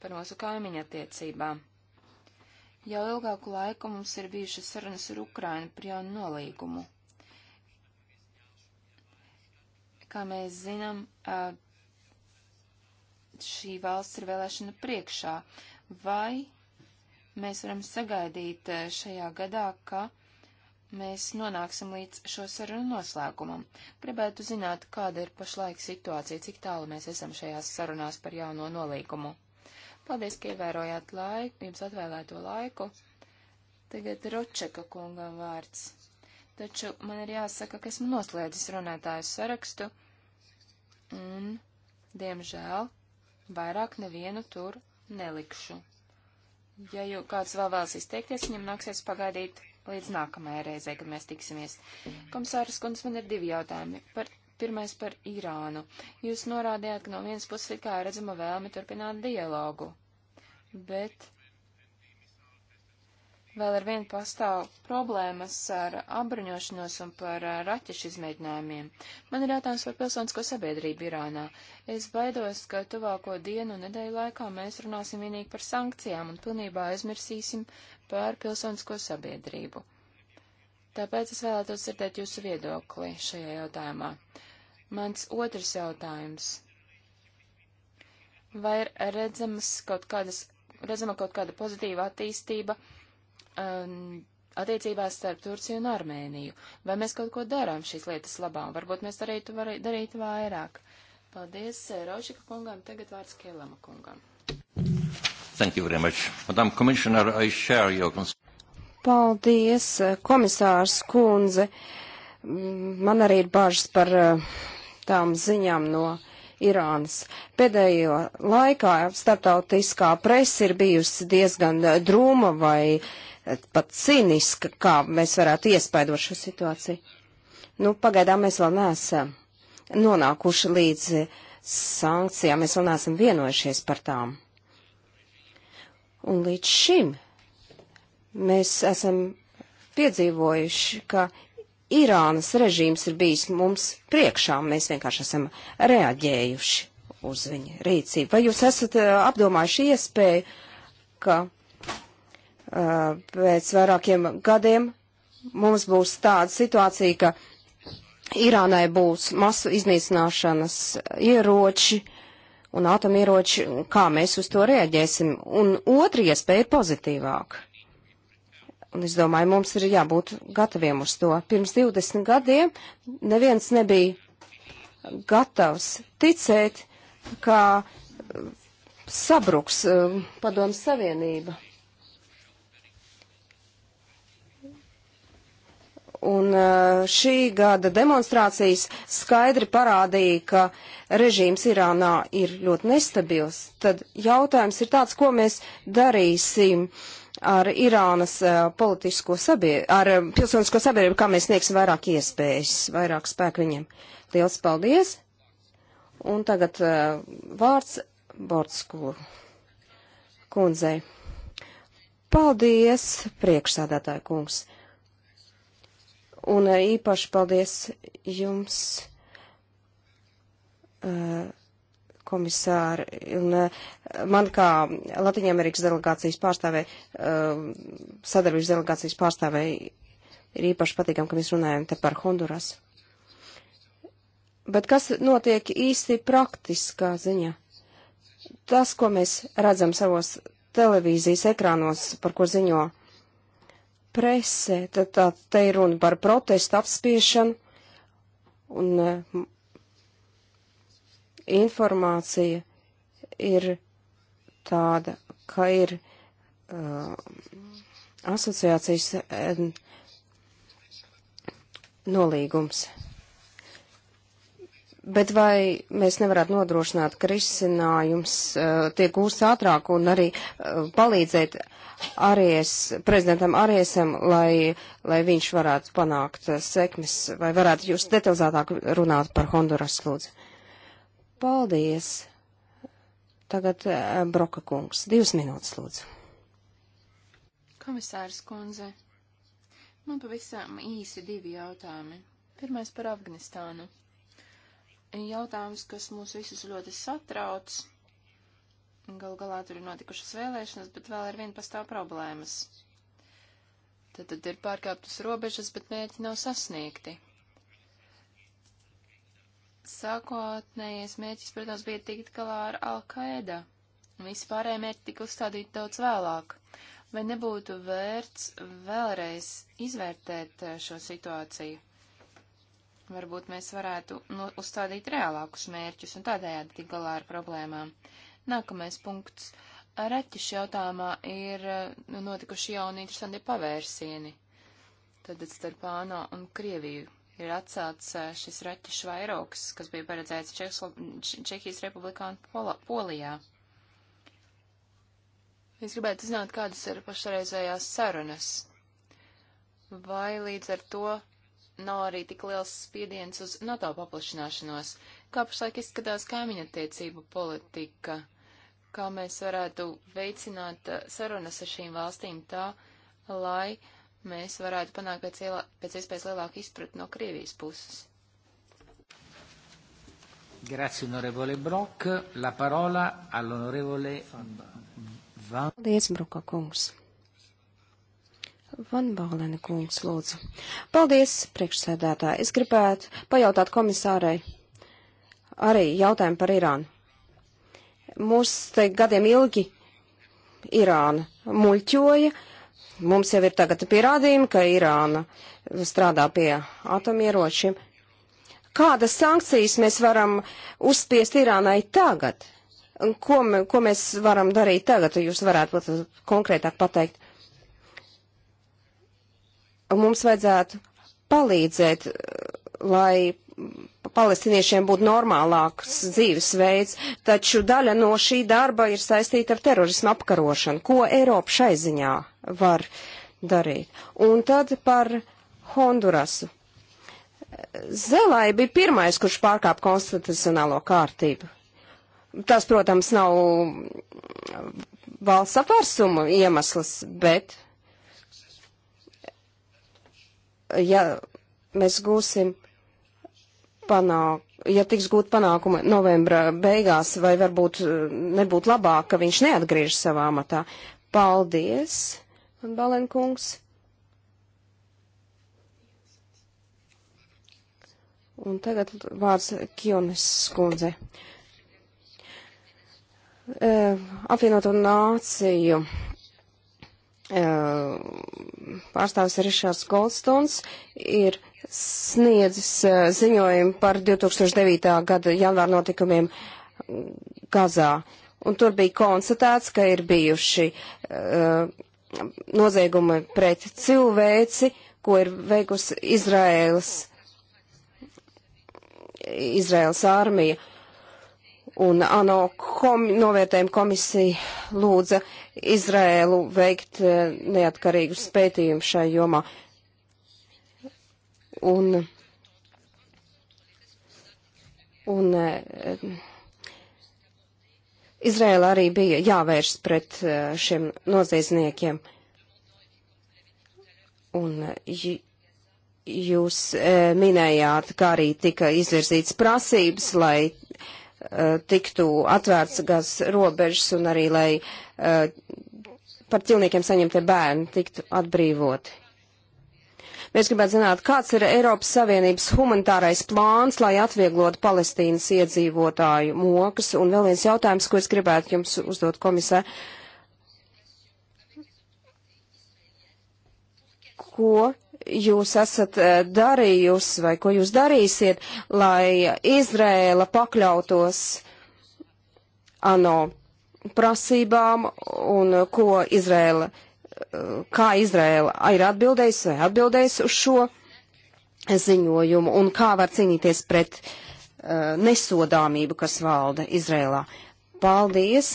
par mūsu kaimiņa attiecībām. Jau ilgāku laiku mums ir bijušas sarunas ar Ukrainu par jaunu nolīgumu. Kā mēs zinām, eh, šī valsts ir vēlēšana priekšā, vai mēs varam sagaidīt eh, šajā gadā, ka mēs nonāksim līdz šo sarunu noslēgumam. Gribētu zināt, kāda ir pašlaik situācija, cik tālu mēs esam šajās sarunās par jauno nolīgumu. Paldies, ka ievērojāt laiku, jums atvēlēto laiku. Tagad Ročeka kungam vārds. Taču man ir jāsaka, ka esmu noslēdzis runātāju sarakstu, un, diemžēl, Vairāk nevienu tur nelikšu. Ja jau kāds vēl vēlas izteikties, viņam nāksies pagaidīt līdz nākamajai reizei, kad mēs tiksimies. Komisāras kundze, man ir divi jautājumi. Par, pirmais par Irānu. Jūs norādījāt, ka no vienas puses ir kā redzama vēlme turpināt dialogu, bet Vēl ar vienu pastāv problēmas ar apbruņošanos un par raķešu izmēģinājumiem. Man ir jautājums par pilsonisko sabiedrību Irānā. Es baidos, ka tuvāko dienu un nedēļu laikā mēs runāsim vienīgi par sankcijām un pilnībā aizmirsīsim par pilsonisko sabiedrību. Tāpēc es vēlētos dzirdēt jūsu viedokli šajā jautājumā. Mans otrs jautājums. Vai ir redzamas kaut kādas, redzama kaut kāda pozitīva attīstība? um, attiecībās starp Turciju un Armēniju. Vai mēs kaut ko darām šīs lietas labā? Varbūt mēs darītu, varētu darīt vairāk. Paldies eh, Rošika kungam, tagad vārds Kēlama kungam. Thank you very much. Madam Commissioner, I share your Paldies, eh, komisārs kundze. Man arī ir bažas par eh, tām ziņām no Irānas. Pēdējo laikā starptautiskā presa ir bijusi diezgan drūma vai uh, pat cīniska, kā mēs varētu iespaidot šo situāciju. Nu, pagaidām mēs vēl neesam nonākuši līdz sankcijām, mēs vēl neesam vienojušies par tām. Un līdz šim mēs esam piedzīvojuši, ka Irānas režīms ir bijis mums priekšā, mēs vienkārši esam reaģējuši uz viņa rīcību. Vai jūs esat apdomājuši iespēju, ka Eh, pēc vairākiem gadiem mums būs tāda situācija, ka Irānai būs masu iznīcināšanas ieroči un atomieroči, kā mēs uz to reaģēsim. Un otra iespēja ir pozitīvāka. Un es domāju, mums ir jābūt gataviem uz to. Pirms 20 gadiem neviens nebija gatavs ticēt, ka sabruks eh, padomu savienība. Un uh, šī gada demonstrācijas skaidri parādīja, ka režīms Irānā ir ļoti nestabils. Tad jautājums ir tāds, ko mēs darīsim ar Irānas uh, politisko sabiedrību, ar um, pilsonisko sabiedrību, kā mēs sniegsim vairāk iespējas, vairāk spēku viņiem. Liels paldies! Un tagad uh, vārds Bortskulu kundzei. Paldies, priekšsādātāja kungs! Un eh, īpaši paldies jums, eh, komisāri. Un eh, man kā Latviņamerikas delegācijas pārstāvē, sadarbības delegācijas pārstāvē ir īpaši patīkam, ka mēs runājam te par Honduras. Bet kas notiek īsti praktiskā ziņā? Tas, ko mēs redzam savos televīzijas ekrānos, par ko ziņo uh, presē, tad tā, te ir runa par protestu apspiešanu un uh, informācija ir tāda, ka ir uh, asociācijas uh, nolīgums. Bet vai mēs nevarētu nodrošināt, ka risinājums uh, tiek gūsts ātrāk un arī uh, palīdzēt Aries, prezidentam Ariesam, lai, lai viņš varētu panākt uh, sekmes, vai varētu jūs detalizētāk runāt par Honduras lūdzu? Paldies. Tagad uh, Broka kungs. Divas minūtes lūdzu. Komisārs kundze, man pavisam īsi divi jautājumi. Pirmais par Afganistānu jautājums, kas mūs visus ļoti satrauc. Galu galā tur ir notikušas vēlēšanas, bet vēl ar vienu pastāv problēmas. Tad, tad ir pārkāptas robežas, bet mērķi nav sasniegti. Sākotnējais mērķis, protams, bija tikt galā ar Al-Qaeda. Visi pārējie mērķi tika uzstādīti daudz vēlāk. Vai nebūtu vērts vēlreiz izvērtēt eh, šo situāciju? Varbūt mēs varētu nu, uzstādīt reālākus mērķus un tādējādi tik galā ar problēmām. Nākamais punkts. Raķešu jautājumā ir nu, notikuši jauni interesanti pavērsieni. Tad starp ANO un Krieviju ir atcelts eh, šis raķešu vairogs, kas bija paredzēts Čehslo Čehijas republikā un Pola Polijā. Es gribētu zināt, kādas ir pašreizējās sarunas. Vai līdz ar to nav arī tik liels spiediens uz NATO paplašināšanos, kā pašlaik izskatās kaimiņa attiecību politika, kā mēs varētu veicināt uh, sarunas ar šīm valstīm tā, lai mēs varētu panākt pēc, ielā, pēc iespējas lielāku izpratni no Krievijas puses. Grazie, onorevole Brok. La parola all'onorevole Van. Paldies, Broka kungs. Van Balena kungs, lūdzu. Paldies, priekšsēdētāji. Es gribētu pajautāt komisārai arī jautājumu par Irānu. Mūs te gadiem ilgi Irāna muļķoja. Mums jau ir tagad pierādījumi, ka Irāna strādā pie atomieročiem. Kādas sankcijas mēs varam uzspiest Irānai tagad? Ko, ko mēs varam darīt tagad? Jūs varētu pat konkrētāk pateikt mums vajadzētu palīdzēt, eh, lai palestiniešiem būtu normālāks dzīvesveids, taču daļa no šī darba ir saistīta ar terorismu apkarošanu. Ko Eiropa šai ziņā var darīt? Un tad par Hondurasu. Zelai bija pirmais, kurš pārkāpa konstitucionālo kārtību. Tas, protams, nav valsts apvērsuma iemesls, bet ja mēs gūsim panāk, ja tiks gūt panākuma novembra beigās, vai varbūt eh, nebūtu labāk, ka viņš neatgriež savā amatā. Paldies, Balenkungs. Un tagad vārds Kionis skundze. E, apvienoto nāciju pārstāvis Rišards Goldstons ir sniedzis ziņojumu par 2009. gada janvāra notikumiem Gazā. Un tur bija konstatēts, ka ir bijuši uh, noziegumi pret cilvēci, ko ir veikusi Izraēlas, Izraēlas armija. Uh, un ANO komi, novērtējuma komisija lūdza Izrēlu veikt e, neatkarīgu spētījumu šai jomā. Un, un e, Izrēla arī bija jāvērš pret e, šiem noziedzniekiem. Un jūs minējāt, kā arī tika izvirzīts prasības, lai Eh, tiktu atvērts gaz robežas un arī, lai eh, par ķilniekiem saņemtie bērni tiktu atbrīvoti. Mēs gribētu zināt, kāds ir Eiropas Savienības humanitārais plāns, lai atvieglotu Palestīnas iedzīvotāju mokas. Un vēl viens jautājums, ko es gribētu jums uzdot komisē. Ko jūs esat eh, darījusi vai ko jūs darīsiet, lai Izrēla pakļautos ANO prasībām un ko Izrēla, eh, kā Izrēla ir atbildējusi vai atbildējusi uz šo ziņojumu un kā var cīnīties pret uh, nesodāmību, kas valda Izrēlā. Paldies!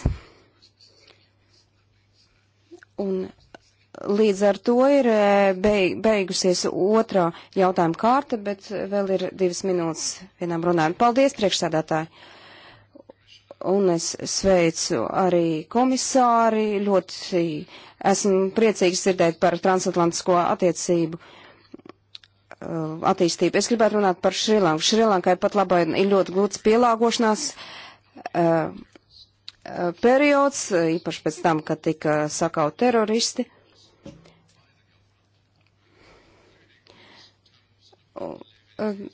Un Līdz ar to ir e, beigusies otrā jautājuma kārta, bet vēl ir divas minūtes vienam runājumam. Paldies, priekšsēdētāji! Un es sveicu arī komisāri. Ļoti esmu priecīgs dzirdēt par transatlantisko attiecību e, attīstību. Es gribētu runāt par Šrilanku. Šrilankai pat labai ir ļoti glūts pielāgošanās e, periods, īpaši pēc tam, kad tika sakaut teroristi. Um,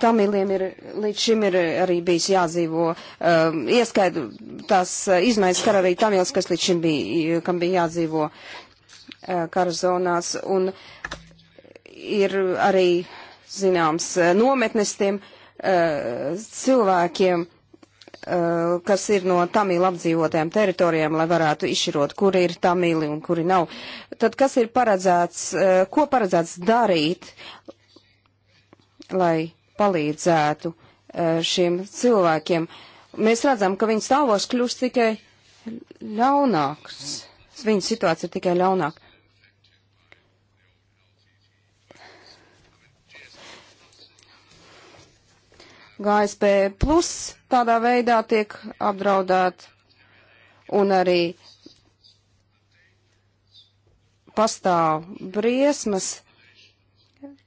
Tamiliem ir līdz šim ir arī bijis jādzīvo, um, ieskait tās uh, izmaiņas kara arī Tamils, kas līdz šim bija, kam bija jādzīvo uh, kara zonās, un ir arī zināms uh, nometnes tiem uh, cilvēkiem, uh, kas ir no Tamīla apdzīvotajām teritorijām, lai varētu izšķirot, kuri ir Tamīli un kuri nav. Tad kas ir paredzēts, uh, ko paredzēts darīt, lai palīdzētu eh, šiem cilvēkiem. Mēs redzam, ka viņas stāvos kļūst tikai ļaunāks. Viņa situācija ir tikai ļaunāka. GSP plus tādā veidā tiek apdraudēt un arī pastāv briesmas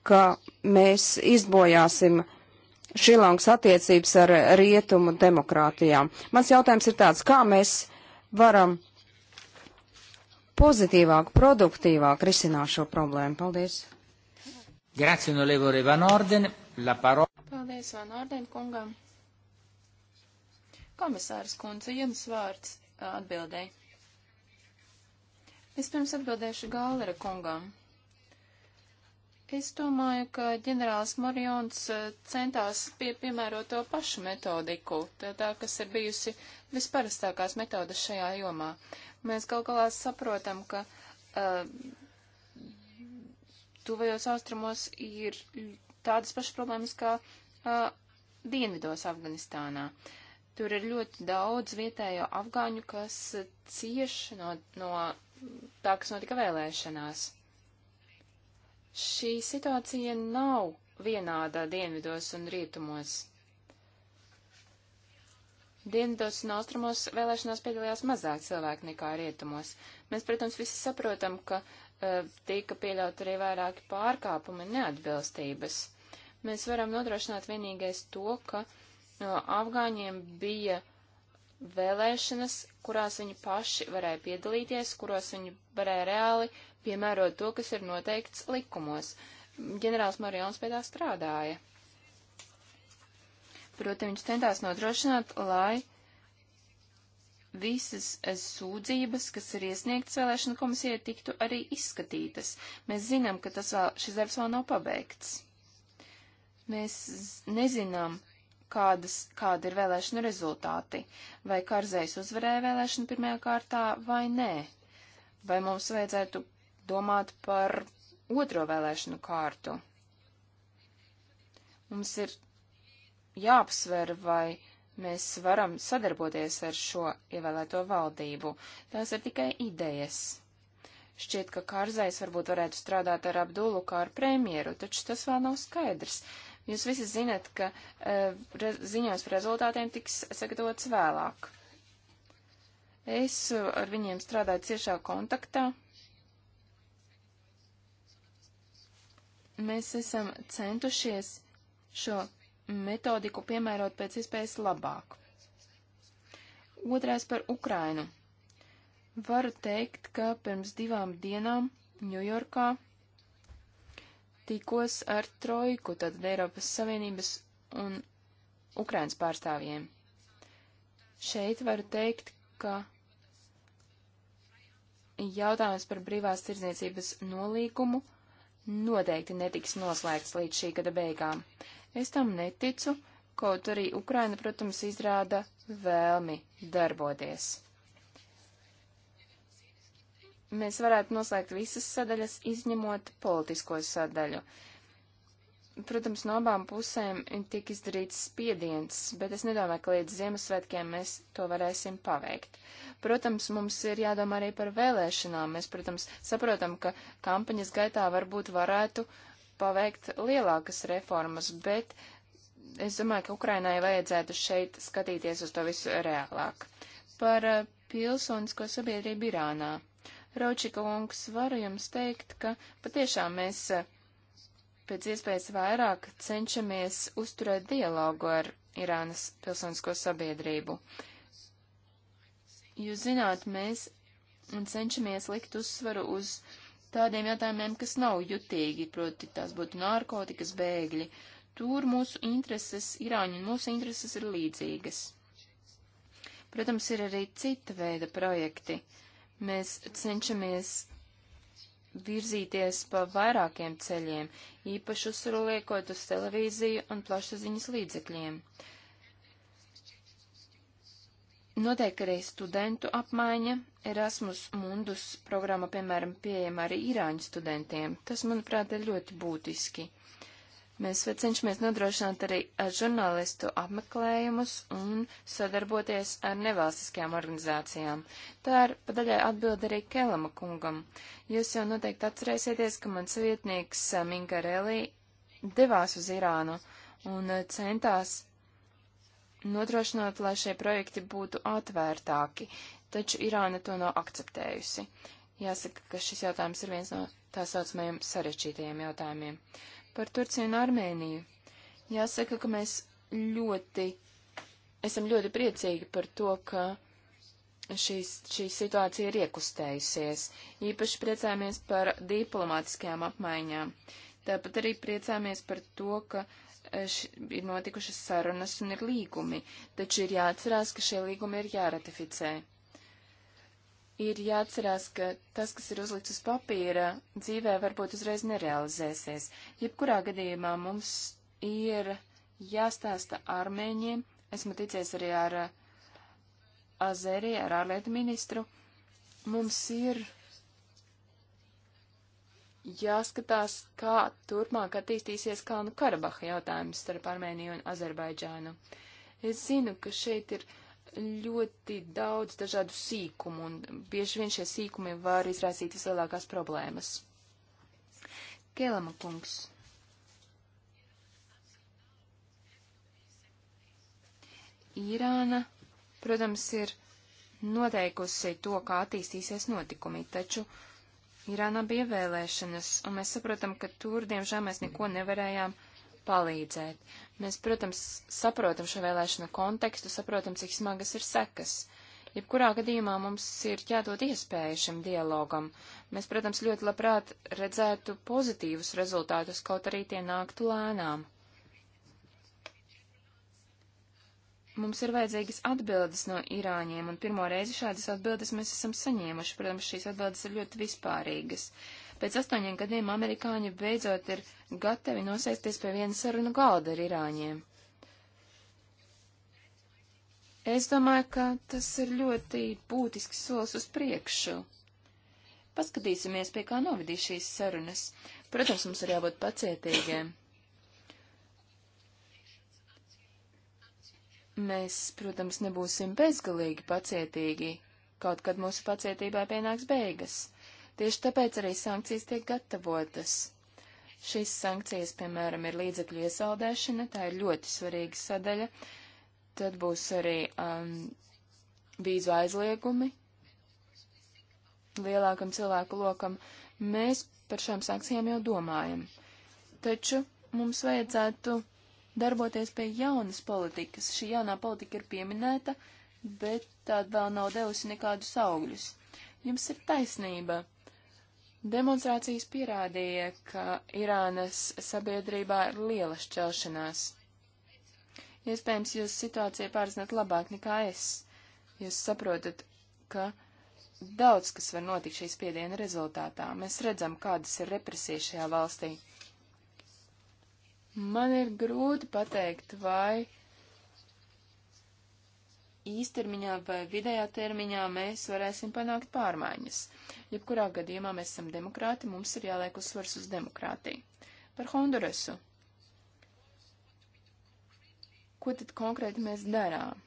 ka mēs izbojāsim Šilangas attiecības ar rietumu demokrātijām. Mans jautājums ir tāds, kā mēs varam pozitīvāk, produktīvāk risināt šo problēmu. Paldies! Grazie, onorevole Van Orden. La parola. Paldies, Van Orden kungam. Komisārs kundze, jums vārds atbildēji. Vispirms atbildēšu Gālera kungam. Es domāju, ka ģenerālis Morjons eh, centās pie, piemērot to pašu metodiku, tā, tā kas ir bijusi visparastākās metodas šajā jomā. Mēs gal galā saprotam, ka uh, tuvajos austrumos ir tādas pašas problēmas kā uh, dienvidos Afganistānā. Tur ir ļoti daudz vietējo afgāņu, kas cieš no, no tā, kas notika vēlēšanās. Šī situācija nav vienāda dienvidos un rietumos. Dienvidos un austrumos vēlēšanās piedalījās mazāk cilvēku nekā rietumos. Mēs, protams, visi saprotam, ka uh, tika pieļaut arī vairāki pārkāpumi un neatbilstības. Mēs varam nodrošināt vienīgais to, ka no afgāņiem bija vēlēšanas, kurās viņi paši varēja piedalīties, kuros viņi varēja reāli piemērot to, kas ir noteikts likumos. Ģenerālis Marions pie tā strādāja. Proti, viņš centās nodrošināt, lai visas sūdzības, kas ir iesniegtas vēlēšana komisijai, tiktu arī izskatītas. Mēs zinām, ka tas vēl, šis darbs vēl nav pabeigts. Mēs nezinām, kādas, kāda ir vēlēšana rezultāti, vai Karzējs uzvarēja vēlēšanu pirmajā kārtā vai nē. Vai mums vajadzētu domāt par otro vēlēšanu kārtu. Mums ir jāapsver, vai mēs varam sadarboties ar šo ievēlēto valdību. Tās ir tikai idejas. Šķiet, ka Kārzais varbūt varētu strādāt ar Abdulu kā ar premjeru, taču tas vēl nav skaidrs. Jūs visi zinat, ka e, ziņojums par rezultātiem tiks sagatavots vēlāk. Es eh, ar viņiem strādāju ciešā kontaktā, mēs esam centušies šo metodiku piemērot pēc iespējas labāk. Otrais par Ukrainu. Varu teikt, ka pirms divām dienām Ņujorkā tikos ar Trojku, tātad Eiropas Savienības un Ukrainas pārstāvjiem. Šeit varu teikt, ka jautājums par brīvās tirdzniecības nolīgumu noteikti netiks noslēgts līdz šī gada beigām. Es tam neticu, kaut arī Ukraina, protams, izrāda vēlmi darboties. Mēs varētu noslēgt visas sadaļas, izņemot politisko sadaļu. Uh, protams, no abām pusēm tiek izdarīts spiediens, bet es nedomāju, ka līdz Ziemassvētkiem mēs to varēsim paveikt. Protams, mums ir jādomā arī par vēlēšanām. Mēs, protams, saprotam, ka kampaņas gaitā varbūt varētu paveikt lielākas reformas, bet es domāju, ka Ukrainai vajadzētu šeit skatīties uz to visu reālāk. Par eh, pilsonisko sabiedrību Irānā. Raučika kungs, varu jums teikt, ka patiešām mēs eh, pēc iespējas vairāk cenšamies uzturēt dialogu ar Irānas pilsonisko sabiedrību. Jūs zināt, mēs cenšamies likt uzsvaru uz tādiem jautājumiem, kas nav jutīgi, proti tās būtu narkotikas, bēgļi. Tur mūsu intereses, Irāņu un mūsu intereses ir līdzīgas. Protams, ir arī cita veida projekti. Mēs cenšamies virzīties pa vairākiem ceļiem, īpaši uzsvaru liekot uz televīziju un plašsaziņas līdzekļiem. Notiek arī studentu apmaiņa. Erasmus Mundus programma, piemēram, pieejama arī Irāņu studentiem. Tas, manuprāt, ir ļoti būtiski. Mēs cenšamies nodrošināt arī eh, žurnālistu apmeklējumus un sadarboties ar nevalstiskajām organizācijām. Tā ir padaļai atbild arī Kelama kungam. Jūs jau noteikti atcerēsieties, ka mans vietnieks eh, Minkarelī devās uz Irānu un eh, centās nodrošināt, lai šie projekti būtu atvērtāki, taču Irāna to nav akceptējusi. Jāsaka, ka šis jautājums ir viens no tā saucamajiem sarežģītajiem jautājumiem. Par Turciju un Armēniju. Jāsaka, ka mēs ļoti, esam ļoti priecīgi par to, ka šīs, šī situācija ir iekustējusies. Īpaši priecājamies par diplomātiskajām apmaiņām. Tāpat arī priecājamies par to, ka e, š, ir notikušas sarunas un ir līgumi, taču ir jāatcerās, ka šie līgumi ir jāratificē ir jāatcerās, ka tas, kas ir uzlikts uz papīra, dzīvē varbūt uzreiz nerealizēsies. Jebkurā gadījumā mums ir jāstāsta armēņiem, esmu ticies arī ar uh, Azeri, ar ārlietu ministru, mums ir jāskatās, kā turpmāk attīstīsies Kalnu Karabaha jautājums starp Armēniju un Azerbaidžānu. Es zinu, ka šeit ir ļoti daudz dažādu sīkumu, un bieži vien šie sīkumi var izraisīt vislielākās problēmas. Kēlama kungs. Irāna, protams, ir noteikusi to, kā attīstīsies notikumi, taču Irānā bija vēlēšanas, un mēs saprotam, ka tur, diemžēl, mēs neko nevarējām uh, palīdzēt. Mēs, protams, saprotam šo vēlēšanu kontekstu, saprotam, cik smagas ir sekas. Jebkurā gadījumā mums ir jādod iespēja šim dialogam. Mēs, protams, ļoti labprāt redzētu pozitīvus rezultātus, kaut arī tie nāktu lēnām. Mums ir vajadzīgas atbildes no Irāņiem, un pirmo reizi šādas atbildes mēs esam saņēmuši. Protams, šīs atbildes ir ļoti vispārīgas. Uh, Pēc astoņiem gadiem amerikāņi beidzot ir gatavi nosēsties pie viena saruna galda ar Irāņiem. Es domāju, ka tas ir ļoti būtisks solis uz priekšu. Paskatīsimies, pie kā novedīs šīs sarunas. Protams, mums ir jābūt pacietīgiem. Mēs, protams, nebūsim bezgalīgi pacietīgi. Kaut kad mūsu pacietībai pienāks beigas. Tieši tāpēc arī sankcijas tiek gatavotas. Šīs sankcijas, piemēram, ir līdzekļu iesaldēšana, tā ir ļoti svarīga sadaļa. Tad būs arī um, vīzu aizliegumi lielākam cilvēku lokam. Mēs par šām sankcijām jau domājam. Taču mums vajadzētu darboties pie jaunas politikas. Šī jaunā politika ir pieminēta, bet tāda vēl nav devusi nekādus augļus. Jums ir taisnība. Demonstrācijas pierādīja, ka Irānas sabiedrībā ir liela šķelšanās. Iespējams, jūs situāciju pārzināt labāk nekā es. Jūs saprotat, ka daudz kas var notikt šīs piediena rezultātā. Mēs redzam, kādas ir represijas šajā valstī. Man ir grūti pateikt, vai īstermiņā vai vidējā termiņā mēs varēsim panākt pārmaiņas. Jebkurā gadījumā mēs esam demokrāti, mums ir jāliek uzsvars uz demokrātiju. Par Hondurasu. Ko tad konkrēti mēs darām?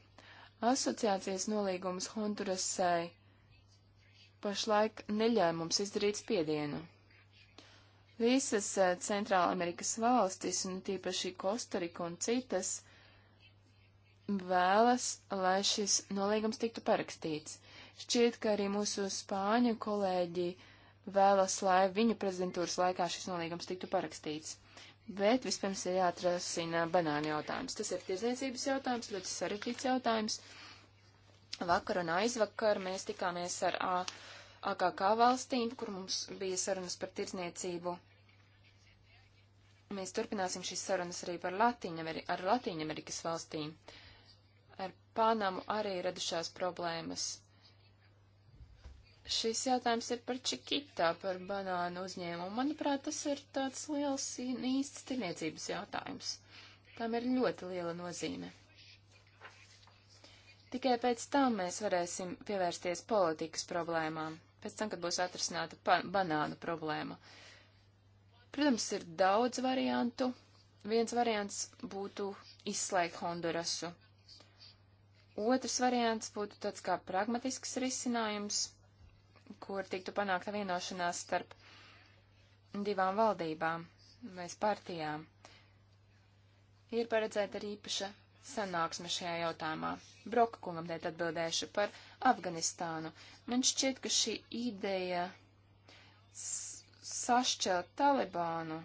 Asociācijas nolīgums Hondurasai pašlaik neļauj mums izdarīt spiedienu. Visas eh, Centrāla Amerikas valstis, un tīpaši Kostarika un citas, uh, vēlas, lai šis nolīgums tiktu parakstīts. Šķiet, ka arī mūsu spāņu kolēģi vēlas, lai viņu prezidentūras laikā šis nolīgums tiktu parakstīts. Bet vispirms ir jāatrasina banānu jautājums. Tas ir tirdzniecības jautājums, ļoti sarežģīts jautājums. Vakar un aizvakar mēs tikāmies ar AKK valstīm, kur mums bija sarunas par tirdzniecību. Mēs turpināsim šīs sarunas arī par Latīņameri ar Latīņamerikas valstīm. Uh, Ar Panamu arī radušās problēmas. Šis jautājums ir par Čikitā, par banānu uzņēmumu. Manuprāt, tas ir tāds liels īsts tirniecības jautājums. Tam ir ļoti liela nozīme. Tikai pēc tam mēs varēsim pievērsties politikas problēmām, pēc tam, kad būs atrasināta banānu problēma. Protams, ir daudz variantu. Viens variants būtu izslēgt Hondurasu Otrs variants būtu tāds kā pragmatisks risinājums, kur tiktu panākta vienošanās starp divām valdībām vai partijām. Ir paredzēta arī īpaša sanāksme šajā jautājumā. Broka kungam tēt atbildēšu par Afganistānu. Man šķiet, ka šī ideja sašķelt Talibānu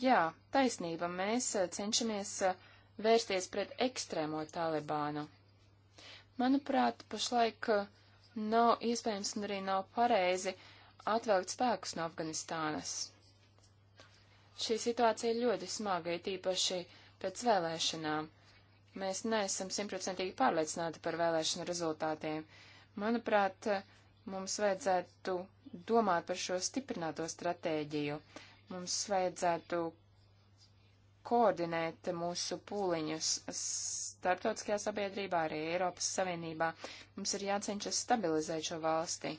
Jā, taisnība, mēs eh, cenšamies eh, vērsties pret ekstrēmo Talibānu. Manuprāt, pašlaik eh, nav iespējams un arī nav pareizi atvēlkt spēkus no Afganistānas. Šī situācija ir ļoti smaga, it īpaši pēc vēlēšanām. Mēs neesam simtprocentīgi pārliecināti par vēlēšanu rezultātiem. Manuprāt, mums vajadzētu domāt par šo stiprināto stratēģiju. Mums vajadzētu koordinēt mūsu pūliņus starptautiskajā sabiedrībā, arī Eiropas Savienībā. Mums ir jācenšas stabilizēt šo valsti.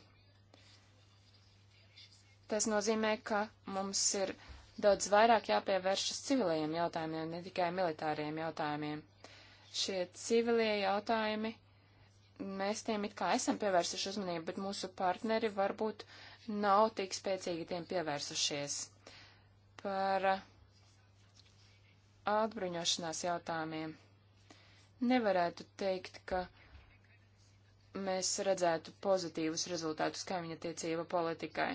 Tas nozīmē, ka mums ir daudz vairāk jāpievēršas civilajiem jautājumiem, ne tikai militāriem jautājumiem. Šie civilie jautājumi, mēs tiem it kā esam pievērsuši uzmanību, bet mūsu partneri varbūt nav tik spēcīgi tiem pievērsušies par atbruņošanās jautājumiem. Nevarētu teikt, ka mēs redzētu pozitīvus rezultātus kaimiņa tiecība politikai.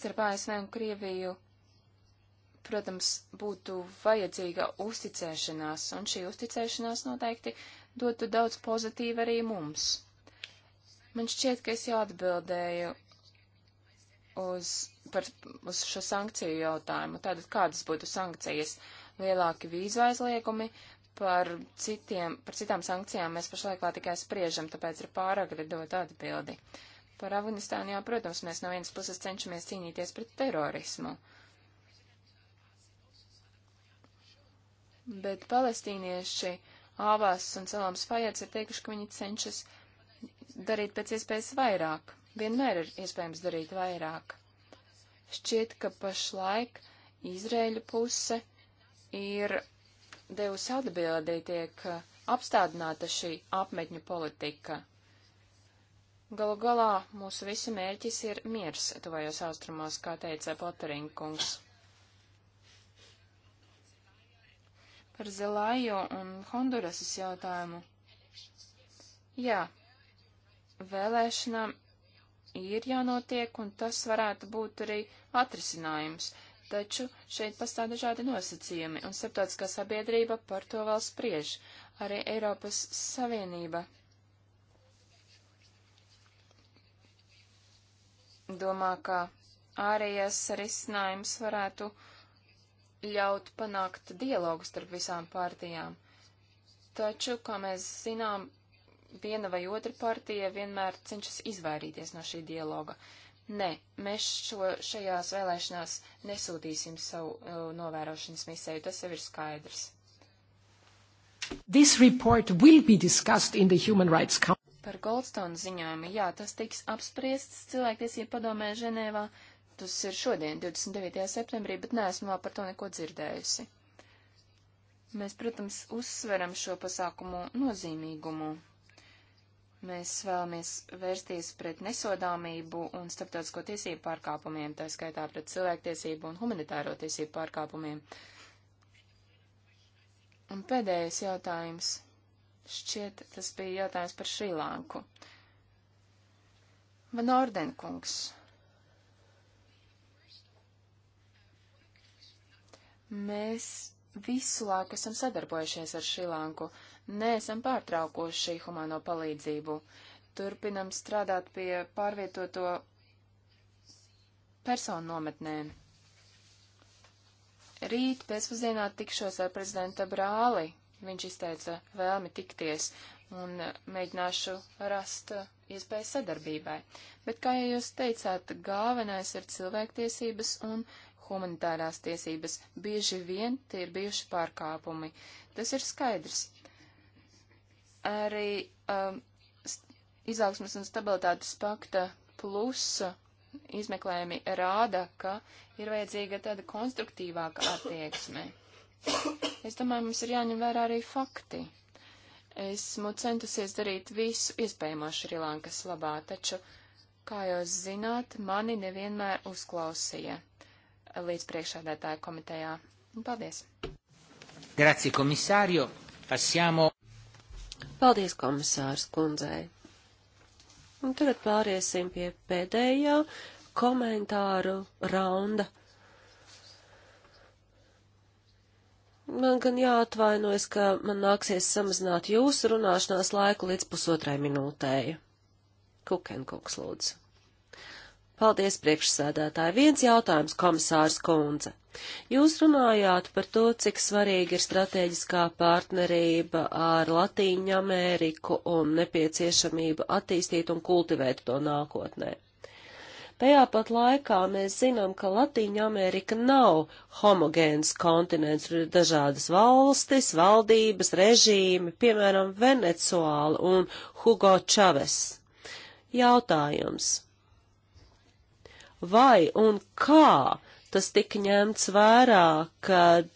Starp ASV un Krieviju, protams, būtu vajadzīga uzticēšanās, un šī uzticēšanās noteikti dotu daudz pozitīvu arī mums. Man šķiet, ka es jau atbildēju uz, par, uz šo sankciju jautājumu. Tātad, kādas būtu sankcijas? Lielāki vīzu aizliegumi, par, citiem, par citām sankcijām mēs pašlaik vēl tikai spriežam, tāpēc ir pāragri dot atbildi. Par Afganistānu, jā, protams, mēs no vienas puses cenšamies cīnīties pret terorismu. Bet palestīnieši Āvās un Salams Fajats ir teikuši, ka viņi cenšas uh, darīt pēc iespējas vairāk. Vienmēr ir iespējams darīt vairāk. Šķiet, ka pašlaik Izrēļu puse ir devusi atbildi, tiek uh, apstādināta šī apmetņu politika. Galu galā mūsu visi mērķis ir miers tuvajos austrumos, kā teica Poterinkungs. Par Zelāju un Hondurasas jautājumu. Jā, vēlēšanām ir jānotiek, un tas varētu būt arī atrisinājums. Taču šeit pastāv dažādi nosacījumi, un starptautiskā sabiedrība par to vēl spriež, arī Eiropas Savienība. Domā, ka ārējais risinājums varētu ļaut panākt dialogu starp visām partijām. Taču, kā mēs zinām, viena vai otra partija vienmēr cenšas izvairīties no šī dialoga. Nē, mēs šo, šajās vēlēšanās nesūtīsim savu uh, novērošanas misēju, tas jau ir skaidrs. Par Goldstone ziņojumu, jā, tas tiks apspriests cilvēktiesību padomē Ženēvā, tas ir šodien, 29. septembrī, bet neesmu vēl par to neko dzirdējusi. Mēs, protams, uzsveram šo pasākumu nozīmīgumu Mēs vēlamies vērsties pret nesodāmību un starptautisko tiesību pārkāpumiem, tā skaitā pret cilvēktiesību un humanitāro tiesību pārkāpumiem. Un pēdējais jautājums. Šķiet, tas bija jautājums par Šrilanku. Van Ordenkungs. Mēs visu laiku esam sadarbojušies ar Šrilanku. Uh, neesam pārtraukuši humāno palīdzību. Turpinam strādāt pie pārvietoto personu nometnēm. Rīt pēcpusdienā tikšos ar prezidenta brāli. Viņš izteica vēlmi tikties un mēģināšu rast iespēju sadarbībai. Bet, kā jau jūs teicāt, galvenais ir cilvēktiesības un humanitārās tiesības. Bieži vien tie ir bijuši pārkāpumi. Tas ir skaidrs arī um, izaugsmas un stabilitātes pakta plusa izmeklējumi rāda, ka ir vajadzīga tāda konstruktīvāka attieksme. Es domāju, mums ir jāņem vērā arī fakti. Esmu centusies darīt visu iespējamo Šrilankas labā, taču, kā jūs zināt, mani nevienmēr uzklausīja līdz priekšādētāju komitejā. Paldies! Grazie, komisārio! Passiamo! Paldies komisārs kundzei. Un tagad pāriesim pie pēdējā komentāru raunda. Man gan jāatvainojas, ka man nāksies samazināt jūsu runāšanās laiku līdz pusotrai minūtēji. Kukenkungs lūdzu. Paldies, priekšsēdētāji. Viens jautājums, komisārs Kunze. Jūs runājāt par to, cik svarīga ir strateģiskā partnerība ar Latīņu Ameriku un nepieciešamība attīstīt un kultivēt to nākotnē. Tajā pat laikā mēs zinām, ka Latīņa Amerika nav homogēns kontinents, tur ir dažādas valstis, valdības, režīmi, piemēram, Venecuāla un Hugo Čaves. Jautājums vai un kā tas tika ņemts vērā, kad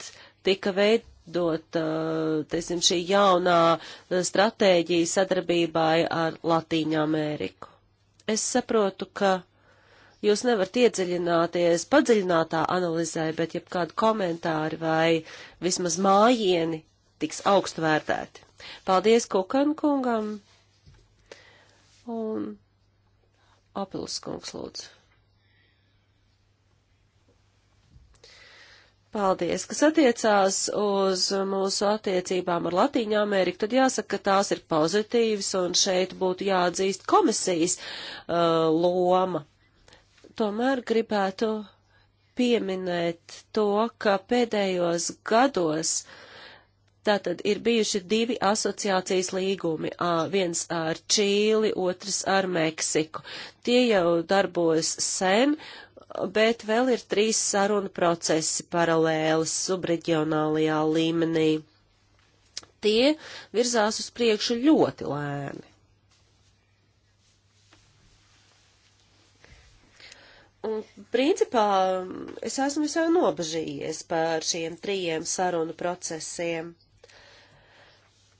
tika veidot, eh, teiksim, šī jaunā eh, stratēģija sadarbībai ar Latīņu Ameriku. Es saprotu, ka jūs nevarat iedziļināties padziļinātā analizē, bet jebkādu komentāru vai vismaz mājieni tiks augstu vērtēti. Paldies Kukan kungam un Apilas kungs lūdzu. Paldies, kas attiecās uz mūsu attiecībām ar Latīņu Ameriku, tad jāsaka, ka tās ir pozitīvas un šeit būtu jāatzīst komisijas uh, loma. Tomēr gribētu pieminēt to, ka pēdējos gados tātad ir bijuši divi asociācijas līgumi, uh, viens ar Čīli, otrs ar Meksiku. Tie jau darbojas sen, bet vēl ir trīs sarunu procesi paralēli subreģionālajā līmenī. Tie virzās uz priekšu ļoti lēni. Un, principā, es esmu visai nobažījies par šiem trījiem sarunu procesiem.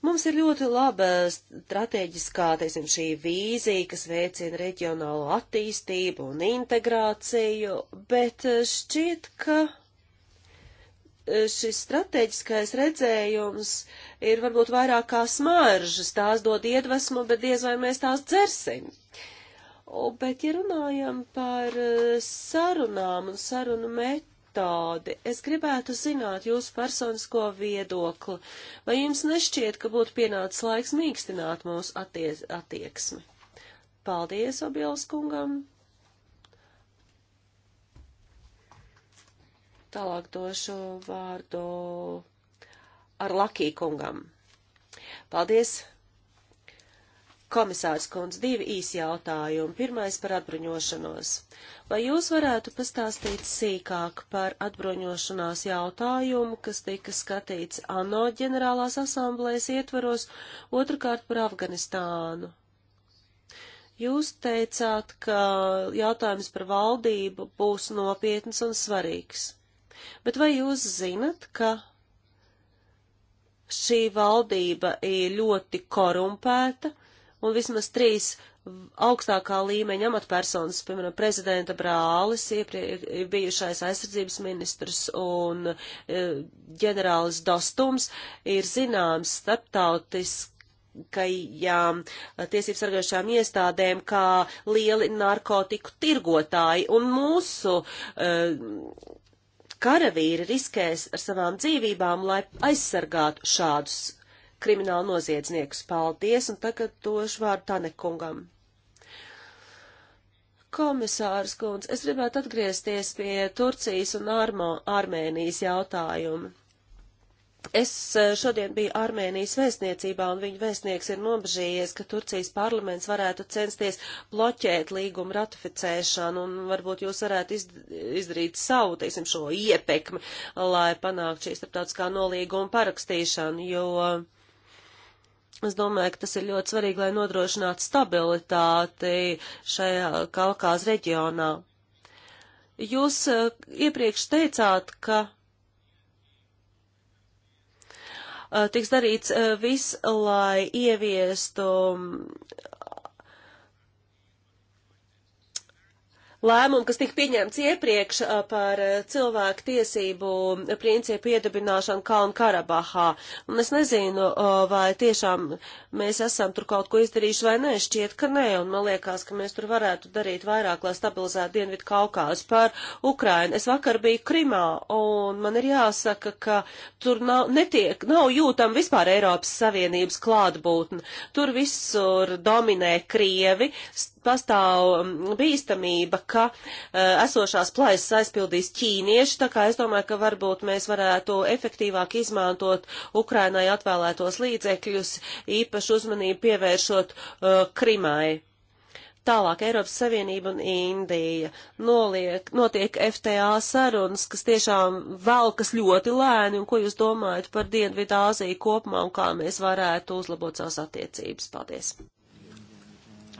Mums ir ļoti laba strateģiskā, teiksim, šī vīzija, kas veicina reģionālo attīstību un integrāciju, bet eh, šķiet, ka eh, šis strateģiskais redzējums ir varbūt vairāk kā smaržas, tās dod iedvesmu, bet diez vai mēs tās dzersim. O, bet, ja runājam par eh, sarunām un sarunu metodu, metodi. Es gribētu zināt jūsu personisko viedokli. Vai jums nešķiet, ka būtu pienācis laiks mīkstināt mūsu attie attieksmi? Paldies, Obielas kungam! Tālāk došu vārdu ar Lakī kungam. Paldies! Komisārs kundze, divi īsi jautājumi. Pirmais par atbruņošanos. Vai jūs varētu pastāstīt sīkāk par atbruņošanās jautājumu, kas tika skatīts ANO ģenerālās asamblējas ietvaros, otrkārt par Afganistānu? Jūs teicāt, ka jautājums par valdību būs nopietns un svarīgs. Bet vai jūs zinat, ka šī valdība ir ļoti korumpēta? un vismaz trīs augstākā līmeņa amatpersonas, piemēram, prezidenta Brālis, iepriekš bijušais aizsardzības ministrs un e, ģenerālis Dostums, ir zināms starptautiskajām e, tiesību sargājušām iestādēm kā lieli narkotiku tirgotāji un mūsu e, karavīri riskēs ar savām dzīvībām, lai aizsargātu šādus kriminālu noziedzniekus. Paldies, un tagad došu vārdu Tanekungam. Komisārs kundze, es gribētu atgriezties pie Turcijas un Armo, Armēnijas jautājuma. Es e, šodien biju Armēnijas vēstniecībā, un viņu vēstnieks ir nobežījies, ka Turcijas parlaments varētu censties bloķēt līgumu ratificēšanu, un varbūt jūs varētu izdarīt savu, teiksim, šo iepekmi, lai panāktu šī starptautiskā nolīguma parakstīšanu, jo Es domāju, ka tas ir ļoti svarīgi, lai nodrošinātu stabilitāti šajā Kaukās reģionā. Jūs eh, iepriekš teicāt, ka eh, tiks darīts eh, viss, lai ieviestu lēmumu, kas tika pieņemts iepriekš par cilvēku tiesību principu iedibināšanu Kalnu Karabahā. Un es nezinu, vai tiešām mēs esam tur kaut ko izdarījuši vai nē, šķiet, ka nē, un man liekas, ka mēs tur varētu darīt vairāk, lai stabilizētu Dienvidu Kaukās par Ukrainu. Es vakar biju Krimā, un man ir jāsaka, ka tur nav, netiek, nav jūtam vispār Eiropas Savienības klātbūtne. Tur visur dominē Krievi, pastāv um, bīstamība, ka uh, esošās plaisas aizpildīs ķīnieši, tā kā es domāju, ka varbūt mēs varētu efektīvāk izmantot Ukrainai atvēlētos līdzekļus, īpašu uzmanību pievēršot uh, Krimai. Tālāk Eiropas Savienība un Indija. Noliek, notiek FTA sarunas, kas tiešām velkas ļoti lēni, un ko jūs domājat par Dienvidu Āziju kopumā, un kā mēs varētu uzlabot savas attiecības? Paldies!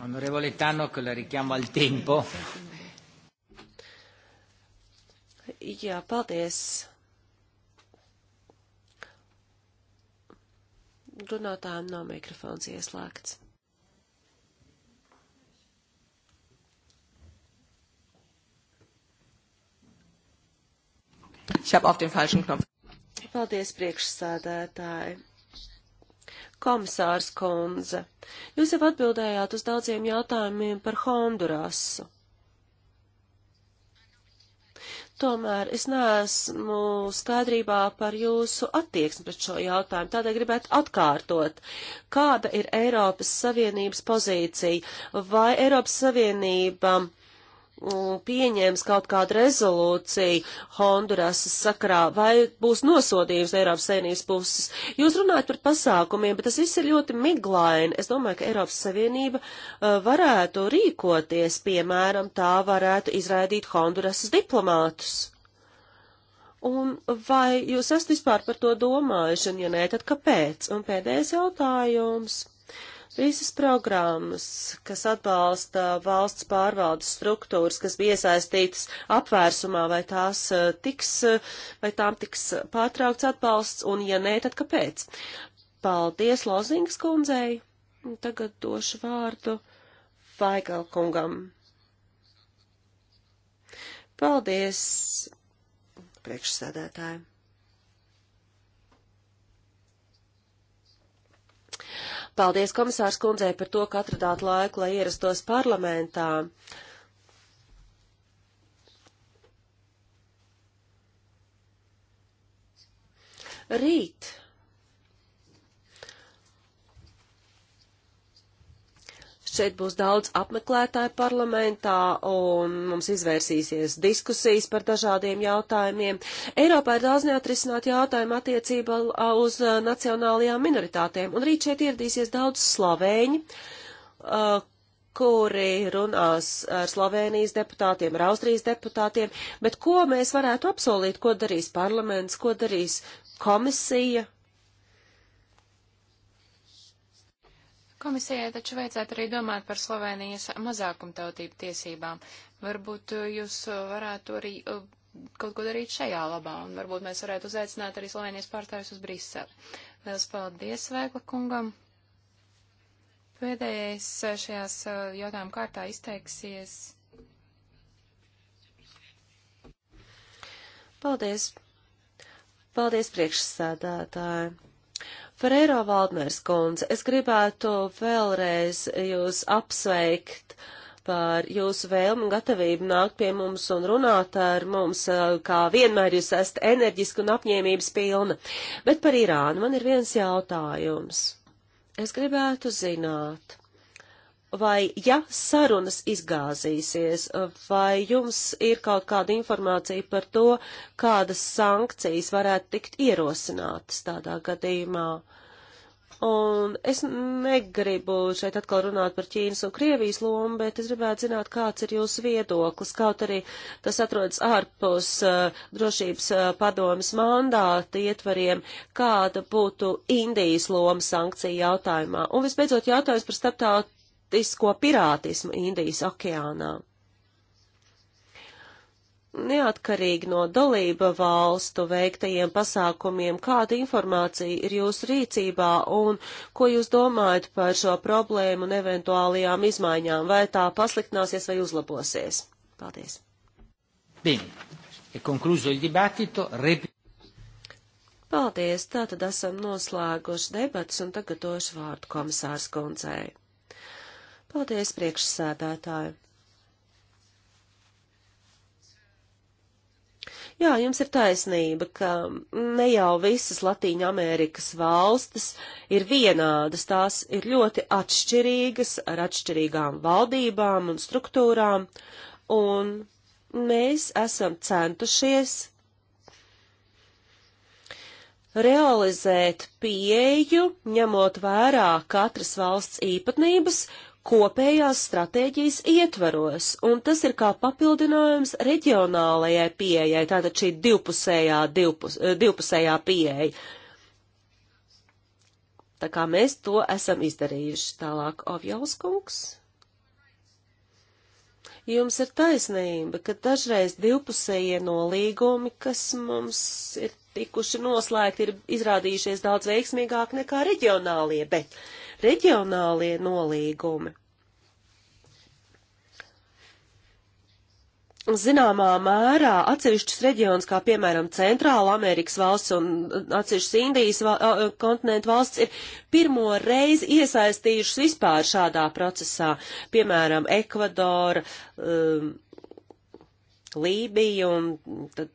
Onorevole Tannock, la richiamo al tempo. Jā, paldies. Runātājiem nav mikrofons ieslēgts. Ich habe auf den falschen Knopf. Paldies, priekšsādātāji. Komisārs Konze, jūs jau atbildējāt uz daudziem jautājumiem par Hondurasu. Tomēr es neesmu skaidrībā par jūsu attieksmi pret šo jautājumu, tādēļ gribētu atkārtot, kāda ir Eiropas Savienības pozīcija, vai Eiropas Savienība uh, pieņēmis kaut kādu rezolūciju Hondurasas sakrā, vai būs nosodījums Eiropas Savienības puses. Jūs runājat par pasākumiem, bet tas viss ir ļoti miglaini. Es domāju, ka Eiropas Savienība uh, varētu rīkoties, piemēram, tā varētu izraidīt Hondurasas diplomātus. Un vai jūs esat vispār par to domājuši, un ja nē, tad kāpēc? Un pēdējais jautājums. Visas programmas, kas atbalsta valsts pārvaldes struktūras, kas bija iesaistītas apvērsumā, vai tās eh, tiks, eh, vai tām tiks pārtraukts atbalsts, un ja nē, tad kāpēc? Paldies Lozingas kundzei! Tagad došu vārdu Vaigalkungam. Paldies, priekšsēdētāji! Paldies komisārs kundzei par to, ka atradāt laiku, lai ierastos parlamentā. Rīt Šeit būs daudz apmeklētāju parlamentā un mums izvērsīsies diskusijas par dažādiem jautājumiem. Eiropā ir daudz neatrisināt jautājumu attiecībā uz uh, nacionālajām minoritātēm. Un rīt šeit ieradīsies daudz slavēņi, uh, kuri runās ar Slovenijas deputātiem, ar Austrijas deputātiem, bet ko mēs varētu apsolīt, ko darīs parlaments, ko darīs komisija, Komisijai taču vajadzētu arī domāt par Slovenijas mazākumtautību tiesībām. Varbūt eh, jūs eh, varētu arī eh, kaut ko darīt šajā labā, un varbūt mēs varētu uzaicināt arī Slovenijas pārstāvis uz Briseli. Liels paldies Vēgla kungam! Pēdējais šajās jautājuma kārtā izteiksies. Paldies! Paldies priekšsēdētāji! Ferēro Valdners kundze, es gribētu vēlreiz jūs apsveikt par jūsu vēlmu un gatavību nākt pie mums un runāt ar mums, kā vienmēr jūs esat enerģiski un apņēmības pilna. Bet par Irānu man ir viens jautājums. Es gribētu zināt, vai ja sarunas izgāzīsies, vai jums ir kaut kāda informācija par to, kādas sankcijas varētu tikt ierosinātas tādā gadījumā? Un es negribu šeit atkal runāt par Ķīnas un Krievijas lomu, bet es gribētu zināt, kāds ir jūsu viedoklis, kaut arī tas atrodas ārpus uh, drošības uh, padomas mandāta ietvariem, kāda būtu Indijas loma sankcija jautājumā. Un visbeidzot jautājums par starptaut starptautisko pirātismu Indijas okeānā. Neatkarīgi no dalība valstu veiktajiem pasākumiem, kāda informācija ir jūsu rīcībā un ko jūs domājat par šo problēmu un eventuālajām izmaiņām, vai tā pasliktināsies vai uzlabosies? Paldies. Bene, e concluso il dibattito. Rep... Paldies, tātad esam noslēguši debats un tagad došu vārdu komisārs Koncei. Paldies, priekšsēdētāji! Jā, jums ir taisnība, ka ne jau visas Latīņa Amerikas valstis ir vienādas, tās ir ļoti atšķirīgas ar atšķirīgām valdībām un struktūrām, un mēs esam centušies realizēt pieju, ņemot vērā katras valsts īpatnības, kopējās stratēģijas ietvaros, un tas ir kā papildinājums reģionālajai pieejai, tātad šī divpusējā, divpus, eh, divpusējā pieeja. Tā kā mēs to esam izdarījuši. Tālāk, Ovjauskungs. Jums ir taisnība, ka dažreiz divpusējie nolīgumi, kas mums ir tikuši noslēgti, ir izrādījušies daudz veiksmīgāk nekā reģionālie, bet uh, reģionālie nolīgumi. zināmā mērā atsevišķus reģionus, kā piemēram Centrāla Amerikas valsts un uh, atsevišķas Indijas val uh, uh, kontinentu valsts, ir pirmo reizi iesaistījušas vispār šādā procesā, piemēram, Ekvadora, um, Lībiju un tad,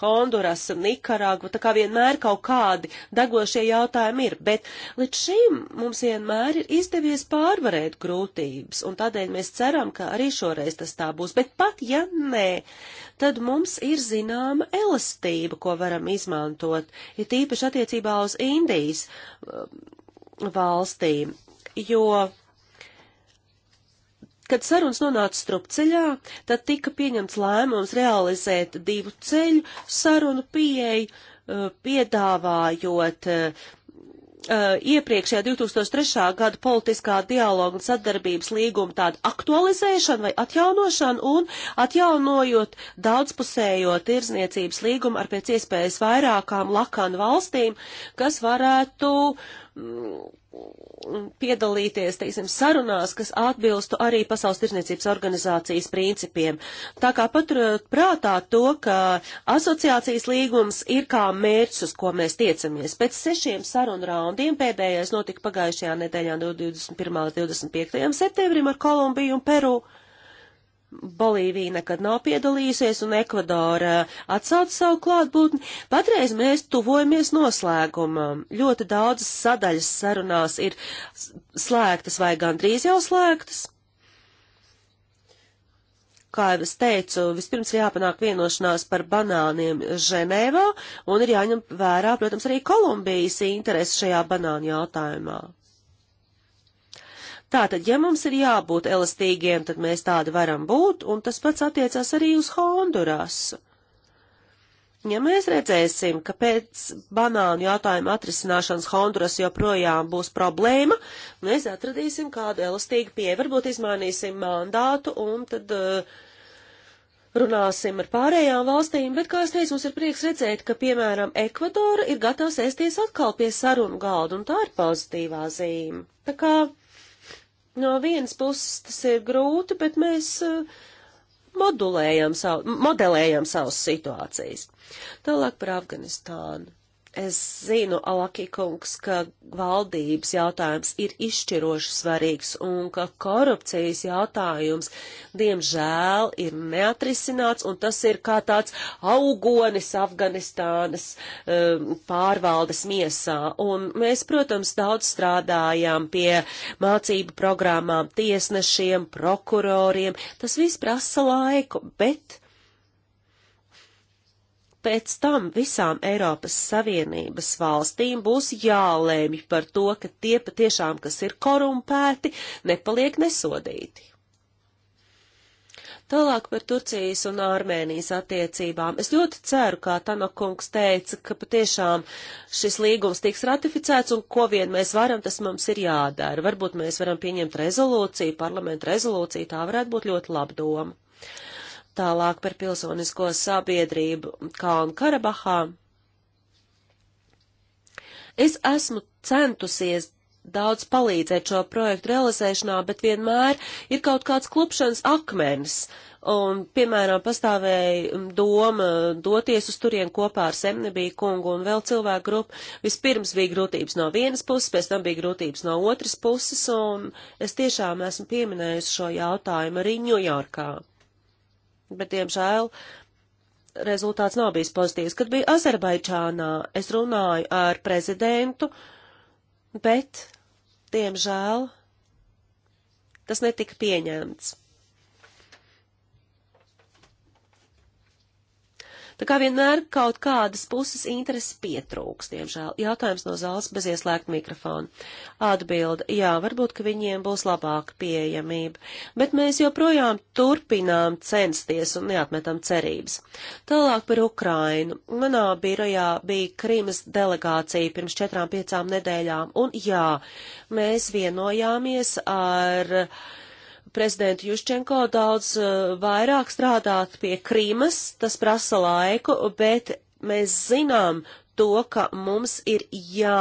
Honduras, Nikaragu, tā kā vienmēr kaut kādi degošie jautājumi ir, bet līdz šim mums vienmēr ir izdevies pārvarēt grūtības, un tādēļ mēs ceram, ka arī šoreiz tas tā būs, bet pat ja nē, tad mums ir zināma elastība, ko varam izmantot, ir ja tīpaši attiecībā uz Indijas um, valstīm, jo Kad sarunas nonāca strupceļā, tad tika pieņemts lēmums realizēt divu ceļu sarunu pieeju, uh, piedāvājot uh, uh, iepriekšējā 2003. gada politiskā dialoga un sadarbības līguma tādu aktualizēšanu vai atjaunošanu un atjaunojot daudzpusējo tirzniecības līgumu ar pēc iespējas vairākām lakanu valstīm, kas varētu uh, Mm, piedalīties, teiksim, sarunās, kas atbilstu arī Pasaules tirzniecības organizācijas principiem. Tā kā paturot prātā to, ka asociācijas līgums ir kā mērķis, uz ko mēs tiecamies. Pēc sešiem sarunu raundiem pēdējais notika pagājušajā nedēļā no 21. līdz 25. septembrim ar Kolumbiju un Peru. Uh, Bolīvija nekad nav piedalījusies un Ekvadora atsauca savu klātbūtni. Patreiz mēs tuvojamies noslēgumam. Ļoti daudzas sadaļas sarunās ir slēgtas vai gandrīz jau slēgtas. Kā jau es teicu, vispirms ir jāpanāk vienošanās par banāniem Ženēvā un ir jāņem vērā, protams, arī Kolumbijas interesi šajā banānu jautājumā. Tātad, ja mums ir jābūt elastīgiem, tad mēs tādi varam būt, un tas pats attiecās arī uz Hondurasu. Ja mēs redzēsim, ka pēc banānu jautājuma atrisināšanas Honduras joprojām būs problēma, mēs atradīsim kādu elastīgu pieeju, varbūt izmainīsim mandātu un tad uh, runāsim ar pārējām valstīm, bet, kā es teicu, mums ir prieks redzēt, ka, piemēram, Ekvadora ir gatava sēsties atkal pie sarunu galda, un tā ir pozitīvā zīme. Tā kā no vienas puses tas ir grūti, bet mēs eh, modulējam savu, modelējam savas situācijas. Tālāk par Afganistānu. Es zinu, Alaki kungs, ka valdības jautājums ir izšķiroši svarīgs un ka korupcijas jautājums, diemžēl, ir neatrisināts un tas ir kā tāds augonis Afganistānas um, pārvaldes miesā. Un mēs, protams, daudz strādājām pie mācību programmām, tiesnešiem, prokuroriem. Tas viss prasa laiku, bet pēc tam visām Eiropas Savienības valstīm būs jālēmj par to, ka tie patiešām, kas ir korumpēti, nepaliek nesodīti. Tālāk par Turcijas un Armēnijas attiecībām. Es ļoti ceru, kā Tanokungs teica, ka patiešām šis līgums tiks ratificēts un ko vien mēs varam, tas mums ir jādara. Varbūt mēs varam pieņemt rezolūciju, parlamentu rezolūciju, tā varētu būt ļoti laba doma. Tālāk par pilsonisko sabiedrību Kalnu Karabahā. Es esmu centusies daudz palīdzēt šo projektu realizēšanā, bet vienmēr ir kaut kāds klupšanas akmens. Un, piemēram, pastāvēja doma doties uz turien kopā ar Semnebiju kungu un vēl cilvēku grupu. Vispirms bija grūtības no vienas puses, pēc tam bija grūtības no otras puses, un es tiešām esmu pieminējusi šo jautājumu arī Ņujorkā bet, diemžēl, rezultāts nav bijis pozitīvs. Kad biju Azerbaidžānā, es runāju ar prezidentu, bet, diemžēl, tas netika pieņemts. Tā kā vienmēr kaut kādas puses intereses pietrūks, diemžēl. Jautājums no zāles bez ieslēgt mikrofonu. Atbilda, jā, varbūt, ka viņiem būs labāka pieejamība, bet mēs joprojām turpinām censties un neatmetam cerības. Tālāk par Ukrainu. Manā birojā bija Krīmas delegācija pirms četrām piecām nedēļām, un jā, mēs vienojāmies ar. Uh, prezidentu Juščenko daudz eh, vairāk strādāt pie Krīmas, tas prasa laiku, bet mēs zinām to, ka mums ir jā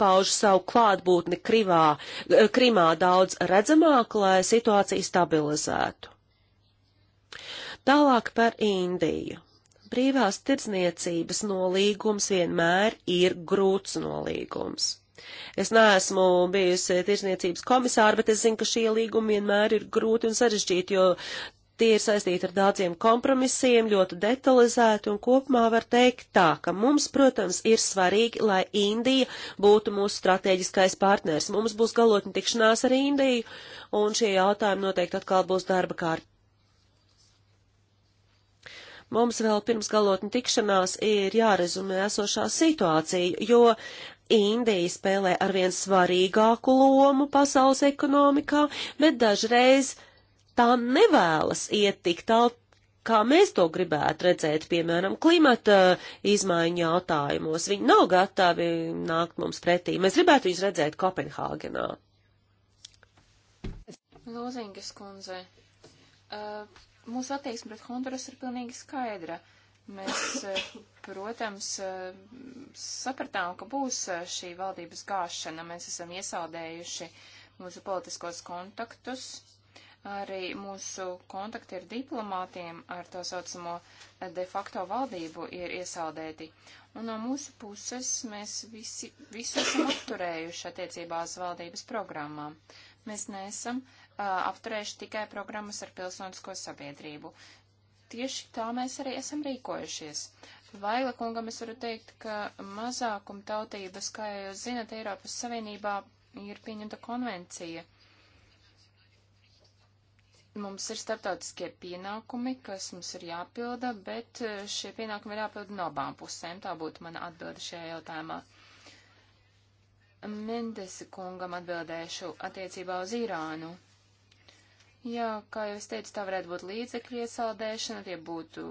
pauž savu klātbūtni Krivā, eh, Krimā daudz redzamāk, lai situāciju stabilizētu. Tālāk par Indiju. Brīvās tirdzniecības nolīgums vienmēr ir grūts nolīgums. Es neesmu bijusi tirsniecības komisāra, bet es zinu, ka šie līgumi vienmēr ir grūti un sarežģīti, jo tie ir saistīti ar daudziem kompromisiem, ļoti detalizēti un kopumā var teikt tā, ka mums, protams, ir svarīgi, lai Indija būtu mūsu strateģiskais partners. Mums būs galotņa tikšanās ar Indiju un šie jautājumi noteikti atkal būs darba kārt. Mums vēl pirms galotņa tikšanās ir jārezumē esošā situācija, jo Indija spēlē arvien svarīgāku lomu pasaules ekonomikā, bet dažreiz tā nevēlas iet tik tālu, kā mēs to gribētu redzēt, piemēram, klimata uh, izmaiņu jautājumos. Viņi nav gatavi nākt mums pretī. Mēs gribētu viņus redzēt Kopenhāgenā. Lūzingas kundze, uh, mūsu attieksme pret Honduras ir pilnīgi skaidra. Uh, Mēs, eh, protams, eh, sapratām, ka būs eh, šī valdības gāšana. Mēs esam iesaldējuši mūsu politiskos kontaktus. Arī mūsu kontakti ar diplomātiem, ar to saucamo de facto valdību, ir iesaldēti. Un no mūsu puses mēs visi, visu esam apturējuši attiecībā uz valdības programmām. Mēs neesam uh, apturējuši tikai programmas ar pilsonisko sabiedrību tieši tā mēs arī esam rīkojušies. Vaila kungam es varu teikt, ka mazākuma tautības, kā jūs zinat, Eiropas Savienībā ir pieņemta konvencija. Mums ir starptautiskie pienākumi, kas mums ir jāpilda, bet eh, šie pienākumi ir jāpilda no abām pusēm. Tā būtu mana atbilde šajā jautājumā. Mendesi kungam atbildēšu attiecībā uz Irānu. Jā, kā jau es teicu, tā varētu būt līdzekļu iesaldēšana, tie būtu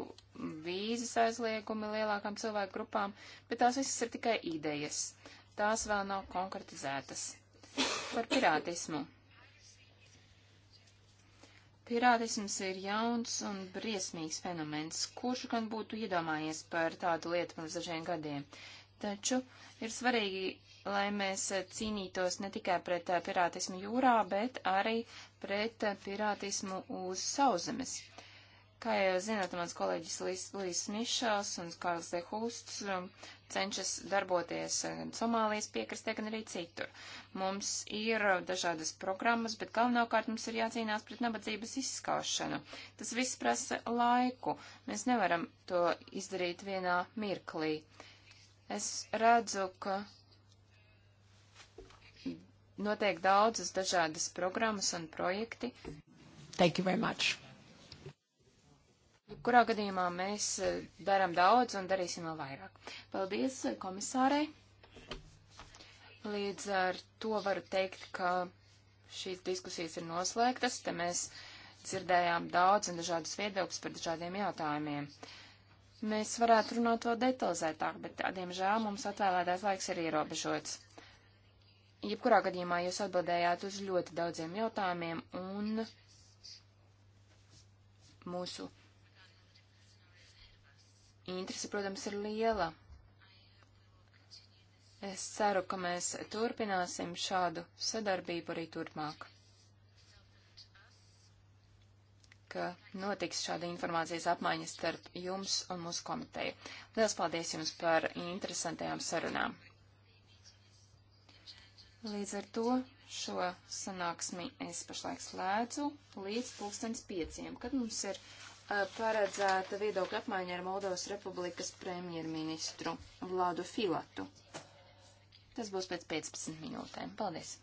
vīzas aizliegumi lielākām cilvēku grupām, bet tās visas ir tikai idejas. Tās vēl nav konkretizētas. Par pirātismu. Pirātisms ir jauns un briesmīgs fenomens, kurš gan būtu iedomājies par tādu lietu pirms dažiem gadiem. Taču ir svarīgi lai mēs eh, cīnītos ne tikai pret eh, pirātismu jūrā, bet arī pret eh, pirātismu uz sauszemes. Kā jau zināt, mans kolēģis Līs Mišels un Kārls De Husts um, cenšas darboties gan Somālijas piekrastē, gan arī citur. Mums ir dažādas programmas, bet galvenokārt mums ir jācīnās pret nabadzības izskaušanu. Tas viss prasa laiku. Mēs nevaram to izdarīt vienā mirklī. Es redzu, ka notiek daudzas dažādas programmas un projekti. Thank you very much. Kurā gadījumā mēs eh, darām daudz un darīsim vēl vairāk. Paldies eh, komisārei. Līdz ar to varu teikt, ka šīs diskusijas ir noslēgtas. Te mēs dzirdējām daudz un dažādas viedokļas par dažādiem jautājumiem. Mēs varētu runāt vēl detalizētāk, bet, diemžēl, mums atvēlētais laiks ir ierobežots. Jebkurā gadījumā jūs atbildējāt uz ļoti daudziem jautājumiem un mūsu interese, protams, ir liela. Es ceru, ka mēs turpināsim šādu sadarbību arī turpmāk. Ka notiks šāda informācijas apmaiņa starp jums un mūsu komiteju. Lielas paldies jums par interesantajām sarunām! Līdz ar to šo sanāksmi es pašlaik slēdzu līdz pulkstens pieciem, kad mums ir uh, paredzēta viedokļa apmaiņa ar Moldovas Republikas premjerministru Vladu Filatu. Tas būs pēc 15 minūtēm. Paldies!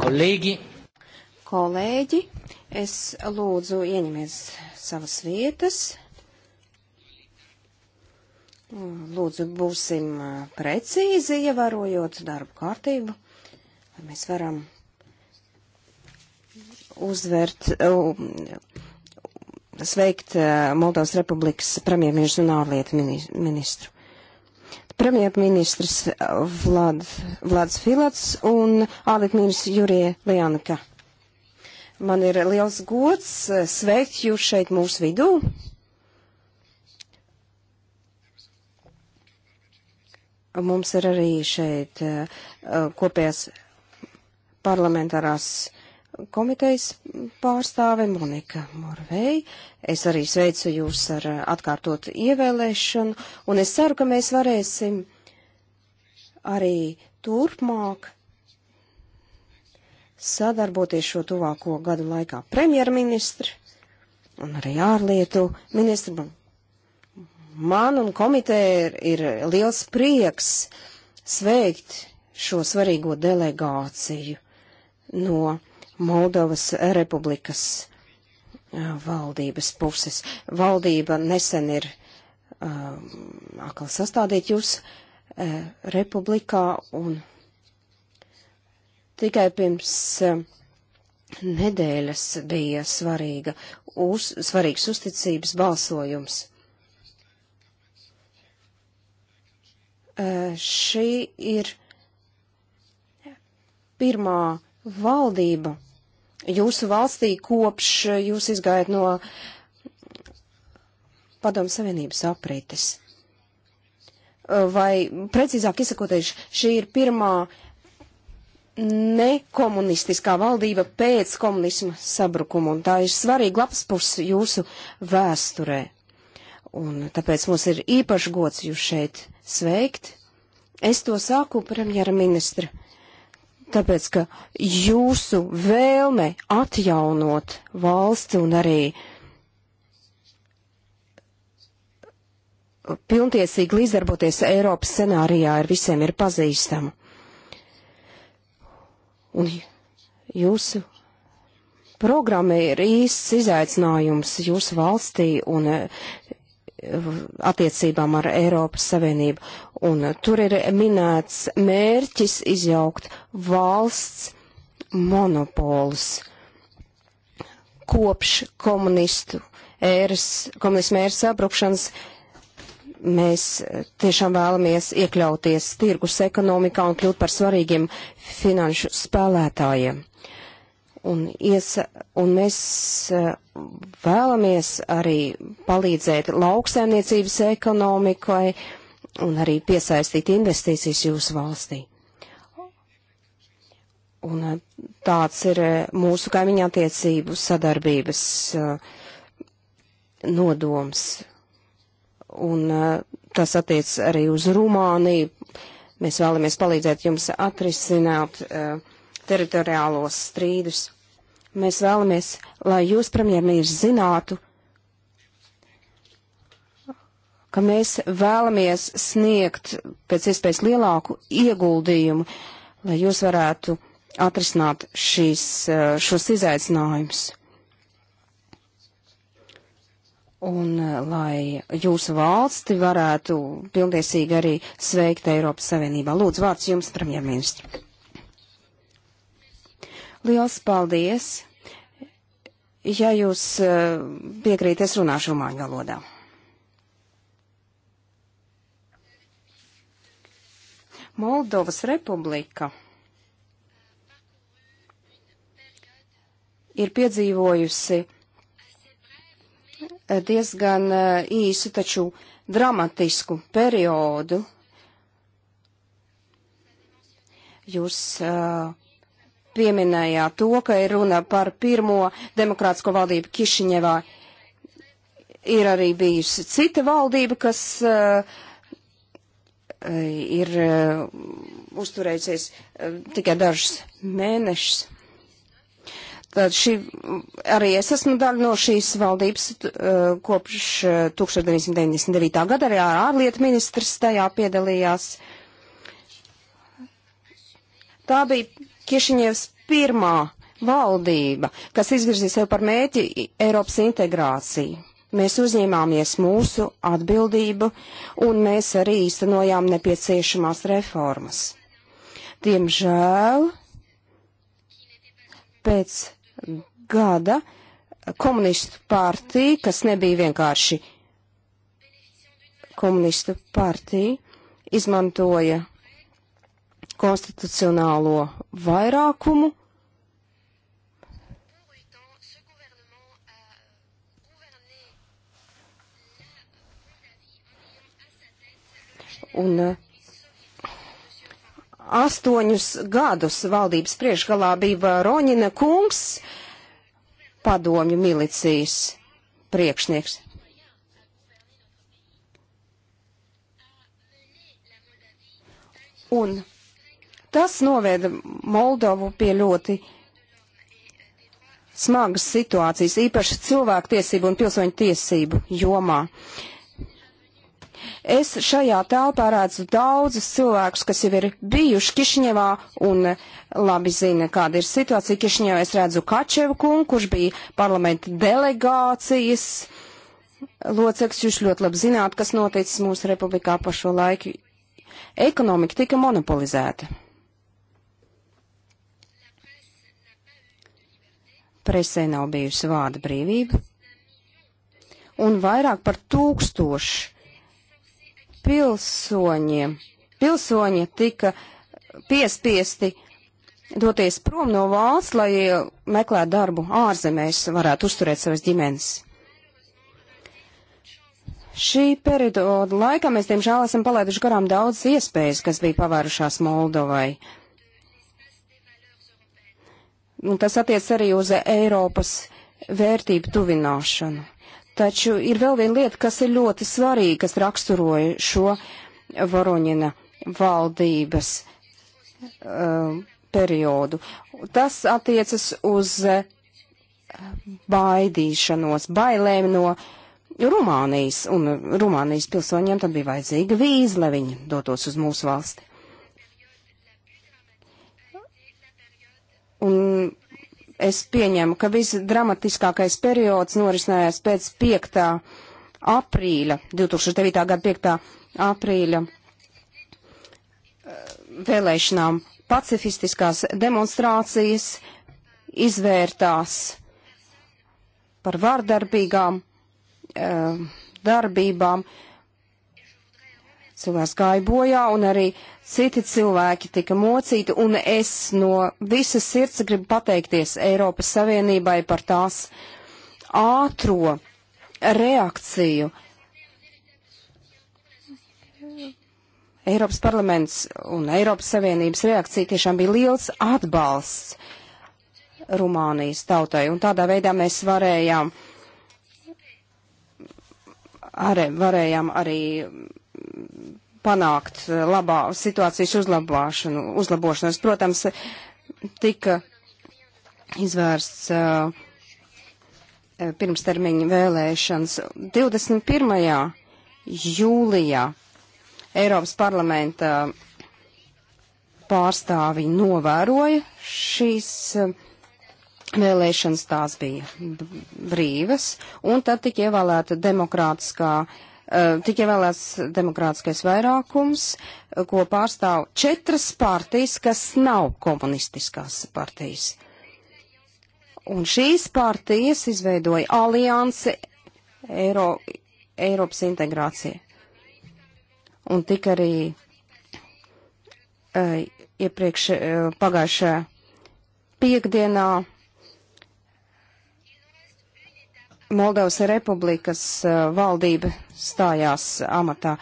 Kolēģi. Kolēģi, es lūdzu ieņemies savas vietas. Lūdzu, būsim uh, precīzi ievērojot darbu kārtību, lai mēs varam uzvērt, uh, sveikt uh, Moldovas Republikas premjerministru un ārlietu ministru premjerministrs Vlad, Vlads Filats un ārlietministrs Jurija Lianka. Man ir liels gods sveikt jūs šeit mūsu vidū. Mums ir arī šeit eh, kopējās parlamentārās komitejas pārstāve Monika Morvei. Es arī sveicu jūs ar eh, atkārtotu ievēlēšanu, un es ceru, ka mēs varēsim arī turpmāk sadarboties šo tuvāko gadu laikā premjerministri un arī ārlietu ministri. Man un komiteja ir, ir liels prieks sveikt šo svarīgo delegāciju no Moldovas republikas valdības puses. Valdība nesen ir uh, atkal sastādīt jūs uh, republikā un tikai pirms uh, nedēļas bija svarīga, uz, svarīgs uzticības balsojums. Uh, šī ir pirmā valdība jūsu valstī kopš eh, jūs izgājat no Padomu Savienības aprites? Eh, vai precīzāk izsakoties, šī ir pirmā nekomunistiskā valdība pēc komunisma sabrukuma, un tā ir svarīga labs puses jūsu vēsturē. Un tāpēc mums ir īpaši gods jūs šeit sveikt. Es to sāku premjera ministra tāpēc, ka jūsu vēlme atjaunot valsti un arī pilntiesīgi līdzdarboties Eiropas scenārijā ar visiem ir pazīstama. Un jūsu programma ir īsts izaicinājums jūsu valstī, un eh, attiecībām ar Eiropas Savienību. Un tur ir minēts mērķis izjaukt valsts monopolus kopš komunistu ēras, komunismu ēras sabrukšanas. Mēs tiešām vēlamies iekļauties tirgus ekonomikā un kļūt par svarīgiem finanšu spēlētājiem un, iesa, un mēs e, vēlamies arī palīdzēt lauksēmniecības ekonomikai un arī piesaistīt investīcijas jūsu valstī. Un e, tāds ir e, mūsu kaimiņa attiecību sadarbības nodoms. Un tas attiec arī uz Rumāniju. Mēs vēlamies palīdzēt jums atrisināt uh, teritoriālos strīdus. Mēs vēlamies, lai jūs, premjermīrs, zinātu, ka mēs vēlamies sniegt pēc iespējas lielāku ieguldījumu, lai jūs varētu atrisināt šīs, eh, šos izaicinājumus. Un eh, lai jūsu valsti varētu pilntiesīgi arī sveikt Eiropas Savienībā. Lūdzu, vārds jums, premjerministra. Liels paldies! Ja jūs eh, piekrīt, es runāšu rumāņu valodā. Moldovas republika ir piedzīvojusi eh, diezgan eh, īsu, taču dramatisku periodu. Jūs uh, pieminējāt to, ka ir runa par pirmo demokrātisko valdību Kišiņevā. Ir arī bijusi cita valdība, kas uh, ir uh, uzturējusies uh, tikai dažus mēnešus. Tad šī, arī es esmu daļa no šīs valdības uh, kopš 1999. gada, arī ārlietu ministrs tajā piedalījās. Tā bija Kišiņievs pirmā valdība, kas izvirzīja sev par mēķi Eiropas integrāciju. Mēs uzņēmāmies mūsu atbildību un mēs arī īstenojām nepieciešamās reformas. Diemžēl pēc gada komunistu partija, kas nebija vienkārši komunistu partija, izmantoja konstitucionālo vairākumu. Un eh, astoņus gadus valdības priekšgalā bija Roņina kungs, padomju milicijas priekšnieks. Un Tas noveda Moldovu pie ļoti smagas situācijas, īpaši cilvēktiesību un pilsoņu tiesību jomā. Es šajā telpā redzu daudzus cilvēkus, kas jau ir bijuši Kišņevā un eh, labi zina, kāda ir situācija Kišņevā. Es redzu Kačevu kungu, kurš bija parlamenta delegācijas loceklis. Jūs ļoti labi zināt, kas noticis mūsu republikā pa šo laiku. Ekonomika tika monopolizēta. presē nav bijusi vārda brīvība, un vairāk par tūkstošu pilsoņiem, pilsoņi tika piespiesti doties prom no valsts, lai meklētu darbu ārzemēs, varētu uzturēt savas ģimenes. Šī perioda laikā mēs, diemžēl, esam palaiduši garām daudz iespējas, kas bija pavērušās Moldovai. Uh, un tas attiec arī uz Eiropas vērtību tuvināšanu. Taču ir vēl viena lieta, kas ir ļoti svarīga, kas raksturoja šo Varoņina valdības uh, periodu. Tas attiecas uz uh, baidīšanos, bailēm no Rumānijas, un Rumānijas pilsoņiem tad bija vajadzīga vīza, lai viņi dotos uz mūsu valsti. Un es pieņemu, ka visdramatiskākais periods norisinājās pēc 5. aprīļa, 2009. gada 5. aprīļa eh, vēlēšanām. Pacifistiskās demonstrācijas izvērtās par vārdarbīgām eh, darbībām. Cilvēks gāja bojā un arī uh, Citi cilvēki tika mocīti, un es no visas sirds gribu pateikties Eiropas Savienībai par tās ātro reakciju. Eiropas parlaments un Eiropas Savienības reakcija tiešām bija liels atbalsts Rumānijas tautai, un tādā veidā mēs varējām, arī, varējām arī panākt eh, labā situācijas uzlabāšanu, uzlabošanos. Protams, tika izvērsts uh, pirmstermiņa vēlēšanas 21. jūlijā Eiropas parlamenta pārstāvi novēroja šīs eh, vēlēšanas, tās bija brīvas, un tad tika ievēlēta demokrātiskā uh, Eh, tik ievēlēts demokrātiskais vairākums, eh, ko pārstāv četras partijas, kas nav komunistiskās partijas. Un šīs partijas izveidoja aliansi Eiro, Eiropas integrācija. Un tik arī uh, iepriekš uh, pagājušajā piekdienā Moldovas republikas uh, valdība stājās amatā.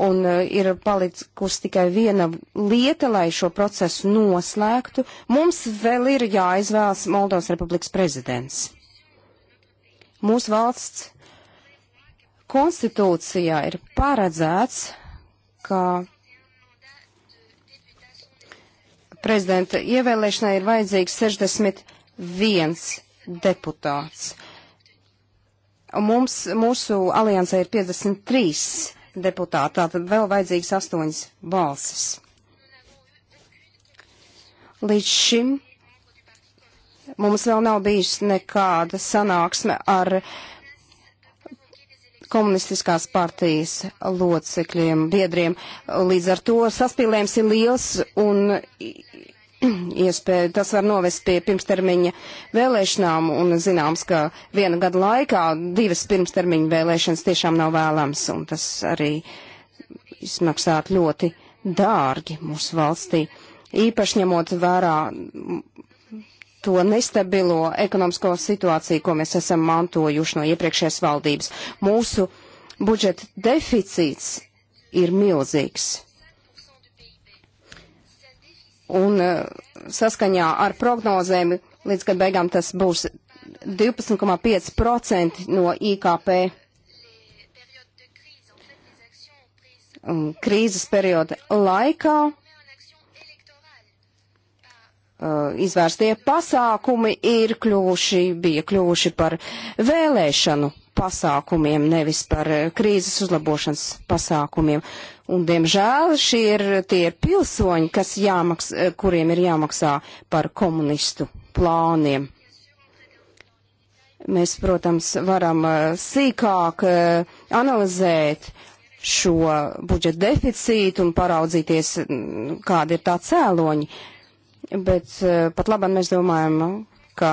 Un eh, ir palikusi tikai viena lieta, lai šo procesu noslēgtu. Mums vēl ir jāizvēlas Moldovas republikas prezidents. Mūsu valsts konstitūcijā ir paredzēts, ka prezidenta ievēlēšanai ir vajadzīgs 61 deputāts. Mums, mūsu aliansē ir 53 deputāti, tātad vēl vajadzīgs astoņas balsis. Līdz šim mums vēl nav bijis nekāda sanāksme ar komunistiskās partijas locekļiem, biedriem. Līdz ar to saspīlējums ir liels un iespēju, tas var novest pie pirmstermiņa vēlēšanām, un zināms, ka viena gada laikā divas pirmstermiņa vēlēšanas tiešām nav vēlams, un tas arī izmaksāt ļoti dārgi mūsu valstī. Īpaši ņemot vērā to nestabilo ekonomisko situāciju, ko mēs esam mantojuši no iepriekšējās valdības. Mūsu budžeta deficīts ir milzīgs Un e, saskaņā ar prognozēm līdz gada beigām tas būs 12,5% no IKP. Krīzes perioda laikā e, izvērstie pasākumi ir kļuvuši, bija kļuvuši par vēlēšanu pasākumiem, nevis par eh, krīzes uzlabošanas pasākumiem. Un, diemžēl, šie ir tie ir pilsoņi, kas jāmaks, eh, kuriem ir jāmaksā par komunistu plāniem. Mēs, protams, varam eh, sīkāk analizēt šo budžeta deficītu un paraudzīties, mm, kāda ir tā cēloņi. Bet pat labāk mēs domājam, ka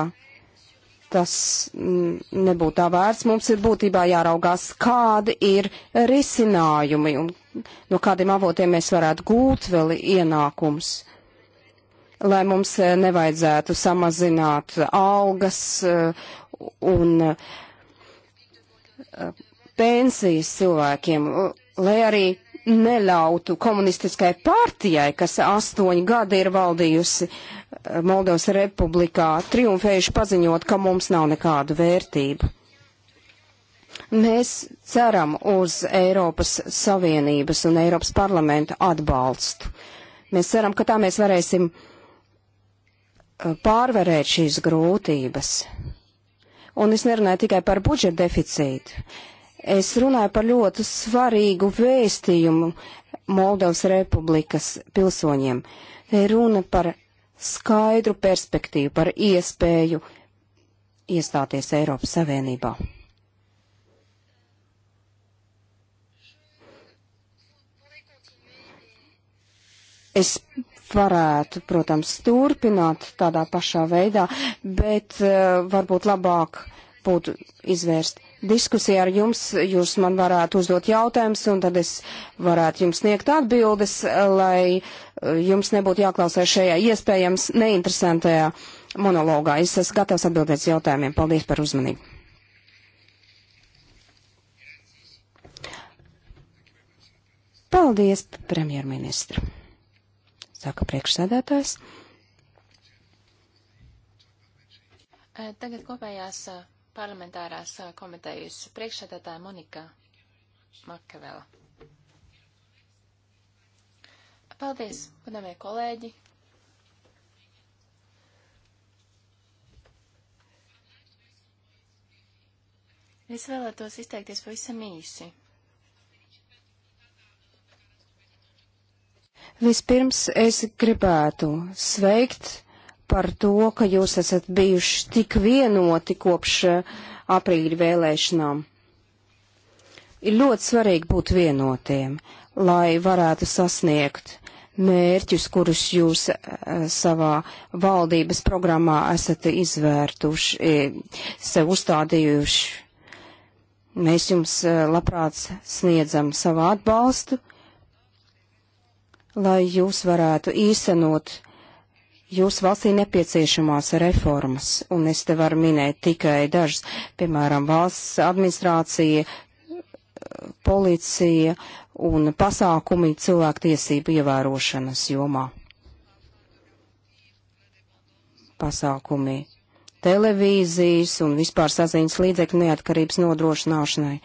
tas mm, nebūtu tā vērts. Mums ir būtībā jāraugās, kādi ir risinājumi un no kādiem avotiem mēs varētu gūt vēl ienākums. Lai mums eh, nevajadzētu samazināt algas eh, un eh, pensijas cilvēkiem, lai arī neļautu komunistiskai partijai, kas astoņi gadi ir valdījusi uh, Moldovas republikā triumfējuši paziņot, ka mums nav nekādu vērtību. Mēs ceram uz Eiropas Savienības un Eiropas parlamenta atbalstu. Mēs ceram, ka tā mēs varēsim uh, pārvarēt šīs grūtības. Un es nerunāju tikai par budžeta deficītu. Es runāju par ļoti svarīgu vēstījumu Moldovas republikas pilsoņiem. Runa par skaidru perspektīvu par iespēju iestāties Eiropas Savienībā. Es varētu, protams, turpināt tādā pašā veidā, bet uh, varbūt labāk būtu izvērst diskusijā ar jums, jūs man varētu uzdot jautājumus, un tad es varētu jums sniegt atbildes, lai uh, jums nebūtu jāklausās šajā iespējams neinteresantajā monologā. Es esmu gatavs atbildēt uz jautājumiem. Paldies par uzmanību. Paldies, premjerministra, saka priekšsēdētājs. Tagad kopējās uh, parlamentārās komitejas priekšsēdētāja Monika Makavela. Paldies, godamie kolēģi! Es vēlētos izteikties pavisam īsi. Vispirms es gribētu sveikt par to, ka jūs esat bijuši tik vienoti kopš eh, aprīļa vēlēšanām. Ir ļoti svarīgi būt vienotiem, lai varētu sasniegt mērķus, kurus jūs eh, savā valdības programmā esat izvērtuši, eh, sev uzstādījuši. Mēs jums labprāt sniedzam savu atbalstu, lai jūs varētu īstenot jūsu valstī nepieciešamās reformas, un es te varu minēt tikai dažas, piemēram, valsts administrācija, policija un pasākumi cilvēktiesību ievērošanas jomā. Pasākumi televīzijas un vispār saziņas līdzekļu neatkarības nodrošināšanai.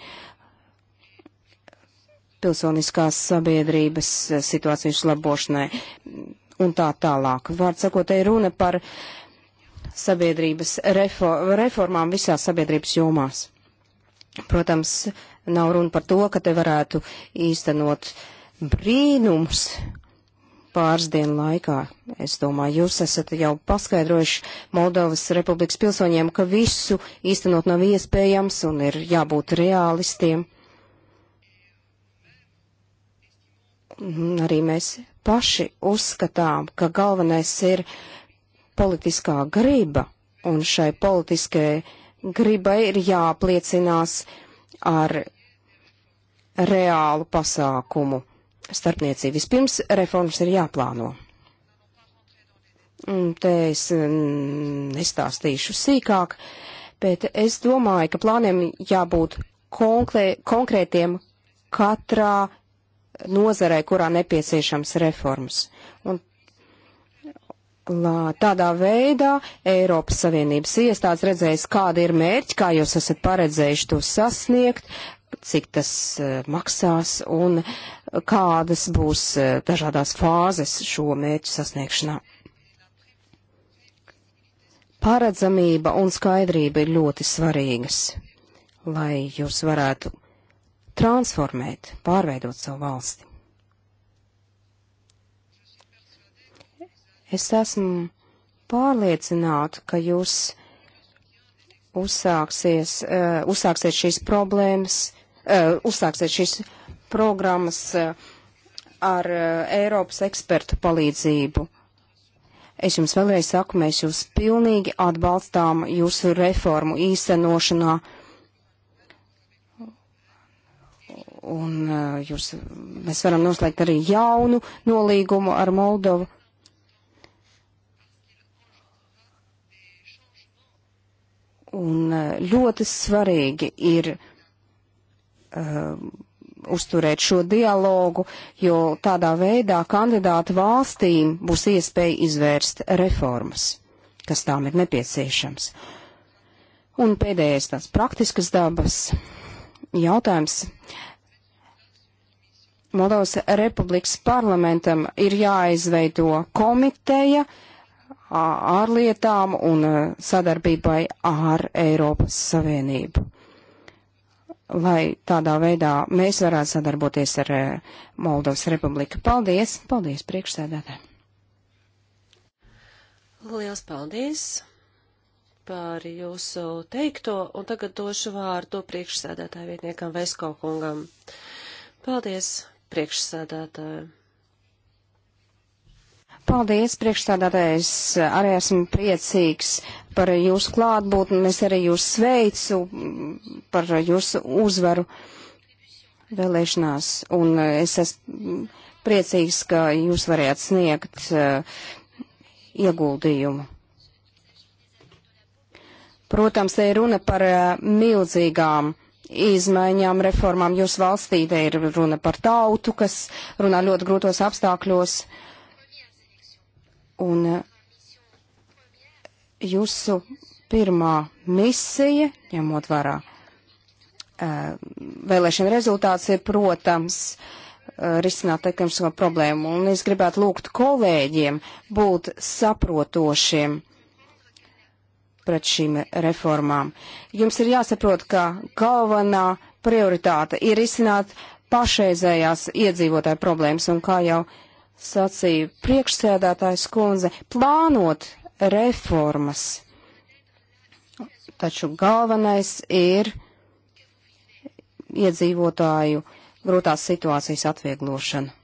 Pilsoniskās sabiedrības situācijas labošanai, un tā tālāk. Vārds sakot, te ir runa par sabiedrības refo reformām visās sabiedrības jomās. Protams, nav runa par to, ka te varētu īstenot brīnums, pāris dienu laikā. Es domāju, jūs esat jau paskaidrojuši Moldovas republikas pilsoņiem, ka visu īstenot nav iespējams un ir jābūt realistiem. Arī mēs paši uzskatām, ka galvenais ir politiskā griba, un šai politiskajai gribai ir jāapliecinās ar reālu pasākumu starpniecību. Vispirms reformas ir jāplāno. Un te es mm, nestāstīšu sīkāk, bet es domāju, ka plāniem jābūt konkrē, konkrētiem katrā nozarei, kurā nepieciešams reformas. Un Lā, tādā veidā Eiropas Savienības iestādes redzēs, kāda ir mērķi, kā jūs esat paredzējuši to sasniegt, cik tas uh, maksās un kādas būs uh, dažādās fāzes šo mērķu sasniegšanā. Paredzamība un skaidrība ir ļoti svarīgas, lai jūs varētu transformēt, pārveidot savu valsti. Es esmu pārliecināta, ka jūs uzsāksies, uh, eh, uzsāksiet šīs problēmas, uh, eh, uzsāksiet šīs programmas uh, ar uh, Eiropas ekspertu palīdzību. Es jums vēlreiz saku, mēs jūs pilnīgi atbalstām jūsu reformu īstenošanā. Uh, Un uh, jūs, mēs varam noslēgt arī jaunu nolīgumu ar Moldovu. Un uh, ļoti svarīgi ir uh, uzturēt šo dialogu, jo tādā veidā kandidātu valstīm būs iespēja izvērst reformas, kas tām ir nepieciešams. Un pēdējais tāds praktiskas dabas jautājums. Uh, Moldovas Republikas parlamentam ir jāizveido komiteja ārlietām un sadarbībai ar Eiropas Savienību. Lai tādā veidā mēs varētu sadarboties ar Moldovas Republiku. Paldies! Paldies, priekšsēdētāji! Liels paldies! par jūsu teikto, un tagad došu vārdu priekšsēdētāju vietniekam Vesko kungam. Paldies! priekšsēdētāju. Paldies, priekšstādātājs. Es arī esmu priecīgs par jūsu klātbūtni. Es arī jūs sveicu par jūsu uzvaru vēlēšanās. Un es esmu priecīgs, ka jūs varējāt sniegt uh, ieguldījumu. Protams, te ir runa par uh, milzīgām izmaiņām, reformām jūsu valstī. Te ir runa par tautu, kas runā ļoti grūtos apstākļos. Un eh, jūsu pirmā misija, ņemot vērā eh, vēlēšana rezultāts, ir, protams, eh, risināt ekonomisko problēmu. Un es gribētu lūgt kolēģiem būt saprotošiem pret šīm reformām. Jums ir jāsaprot, ka galvenā prioritāte ir izsināt pašreizējās iedzīvotāju problēmas, un kā jau sacīja priekšsēdētājs kundze, plānot reformas. Taču galvenais ir iedzīvotāju grūtās situācijas atvieglošana.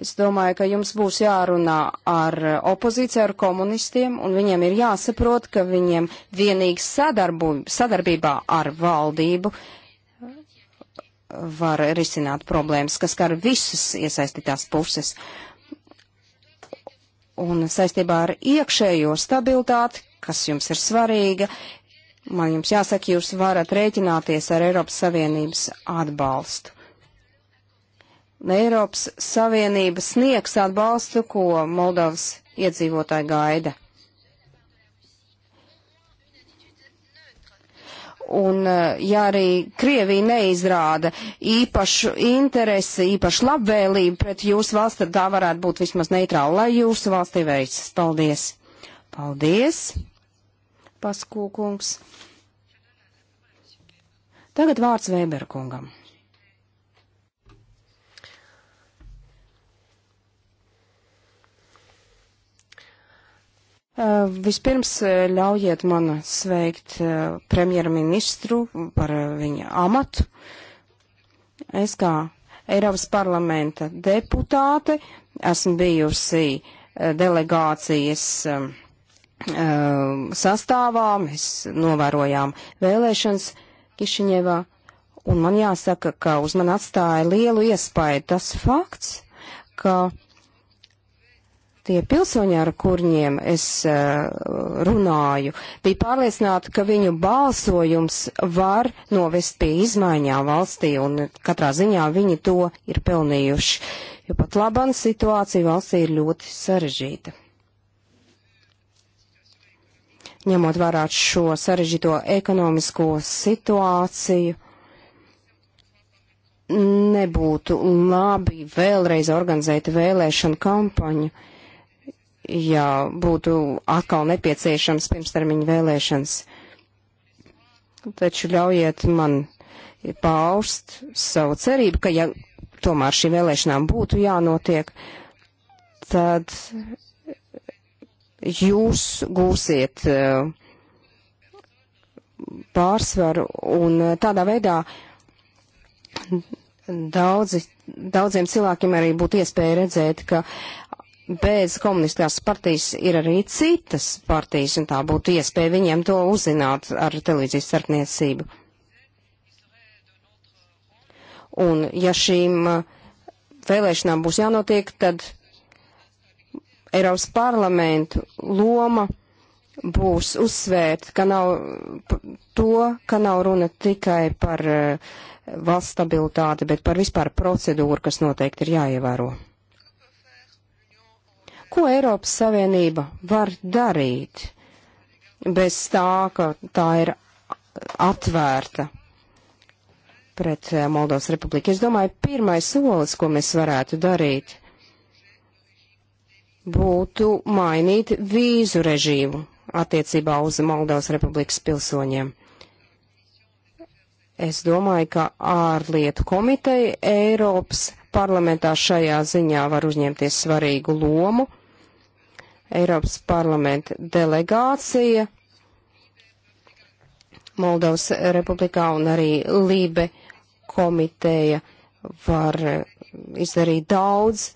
Es domāju, ka jums būs jārunā ar eh, opozīciju, ar komunistiem, un viņiem ir jāsaprot, ka viņiem vienīgi sadarbu, sadarbībā ar valdību eh, var risināt problēmas, kas skar visas iesaistītās puses. Un saistībā ar iekšējo stabilitāti, kas jums ir svarīga, man jums jāsaka, jūs varat rēķināties ar Eiropas Savienības atbalstu. Un Eiropas Savienība sniegs atbalstu, ko Moldovas iedzīvotāji gaida. Un eh, ja arī Krievija neizrāda īpašu interesi, īpašu labvēlību pret jūsu valsti, tad tā varētu būt vismaz neitrāla, lai jūsu valstī veicas. Paldies! Paldies, Paskūkungs! Tagad vārds Vēberkungam. Uh, vispirms uh, ļaujiet man sveikt uh, premjerministru par viņa amatu. Es kā Eiropas parlamenta deputāte esmu bijusi delegācijas um, sastāvā, mēs novērojām vēlēšanas Kišiņevā, un man jāsaka, ka uz man atstāja lielu iespēju tas fakts, ka tie pilsoņi, ar kuriem es eh, runāju, bija pārliecināti, ka viņu balsojums var novest pie izmaiņām valstī, un katrā ziņā viņi to ir pelnījuši, jo pat labana situācija valstī ir ļoti sarežģīta. Ņemot vērā šo sarežģīto ekonomisko situāciju, nebūtu labi vēlreiz organizēt vēlēšanu kampaņu. Uh, ja būtu atkal nepieciešams pirmstermiņu vēlēšanas. Taču ļaujiet man paust savu cerību, ka ja tomēr šī vēlēšanām būtu jānotiek, tad jūs gūsiet uh, pārsvaru un uh, tādā veidā daudzi, daudziem cilvēkiem arī būtu iespēja redzēt, ka uh, bez komunistiskās partijas ir arī citas partijas, un tā būtu iespēja viņiem to uzzināt ar televīzijas starpniecību. Un ja šīm uh, vēlēšanām būs jānotiek, tad Eiropas parlamentu loma būs uzsvērt, ka nav to, ka nav runa tikai par uh, valsts stabilitāti, bet par vispār procedūru, kas noteikti ir jāievēro. Ko Eiropas Savienība var darīt bez tā, ka tā ir atvērta pret eh, Moldovas republiku? Es domāju, pirmais solis, ko mēs varētu darīt, būtu mainīt vīzu režīmu attiecībā uz Moldovas republikas pilsoņiem. Es domāju, ka ārlietu komiteja Eiropas parlamentā šajā ziņā var uzņemties svarīgu lomu. Eiropas parlamenta delegācija Moldovas republikā un arī Lībe komiteja var eh, izdarīt daudz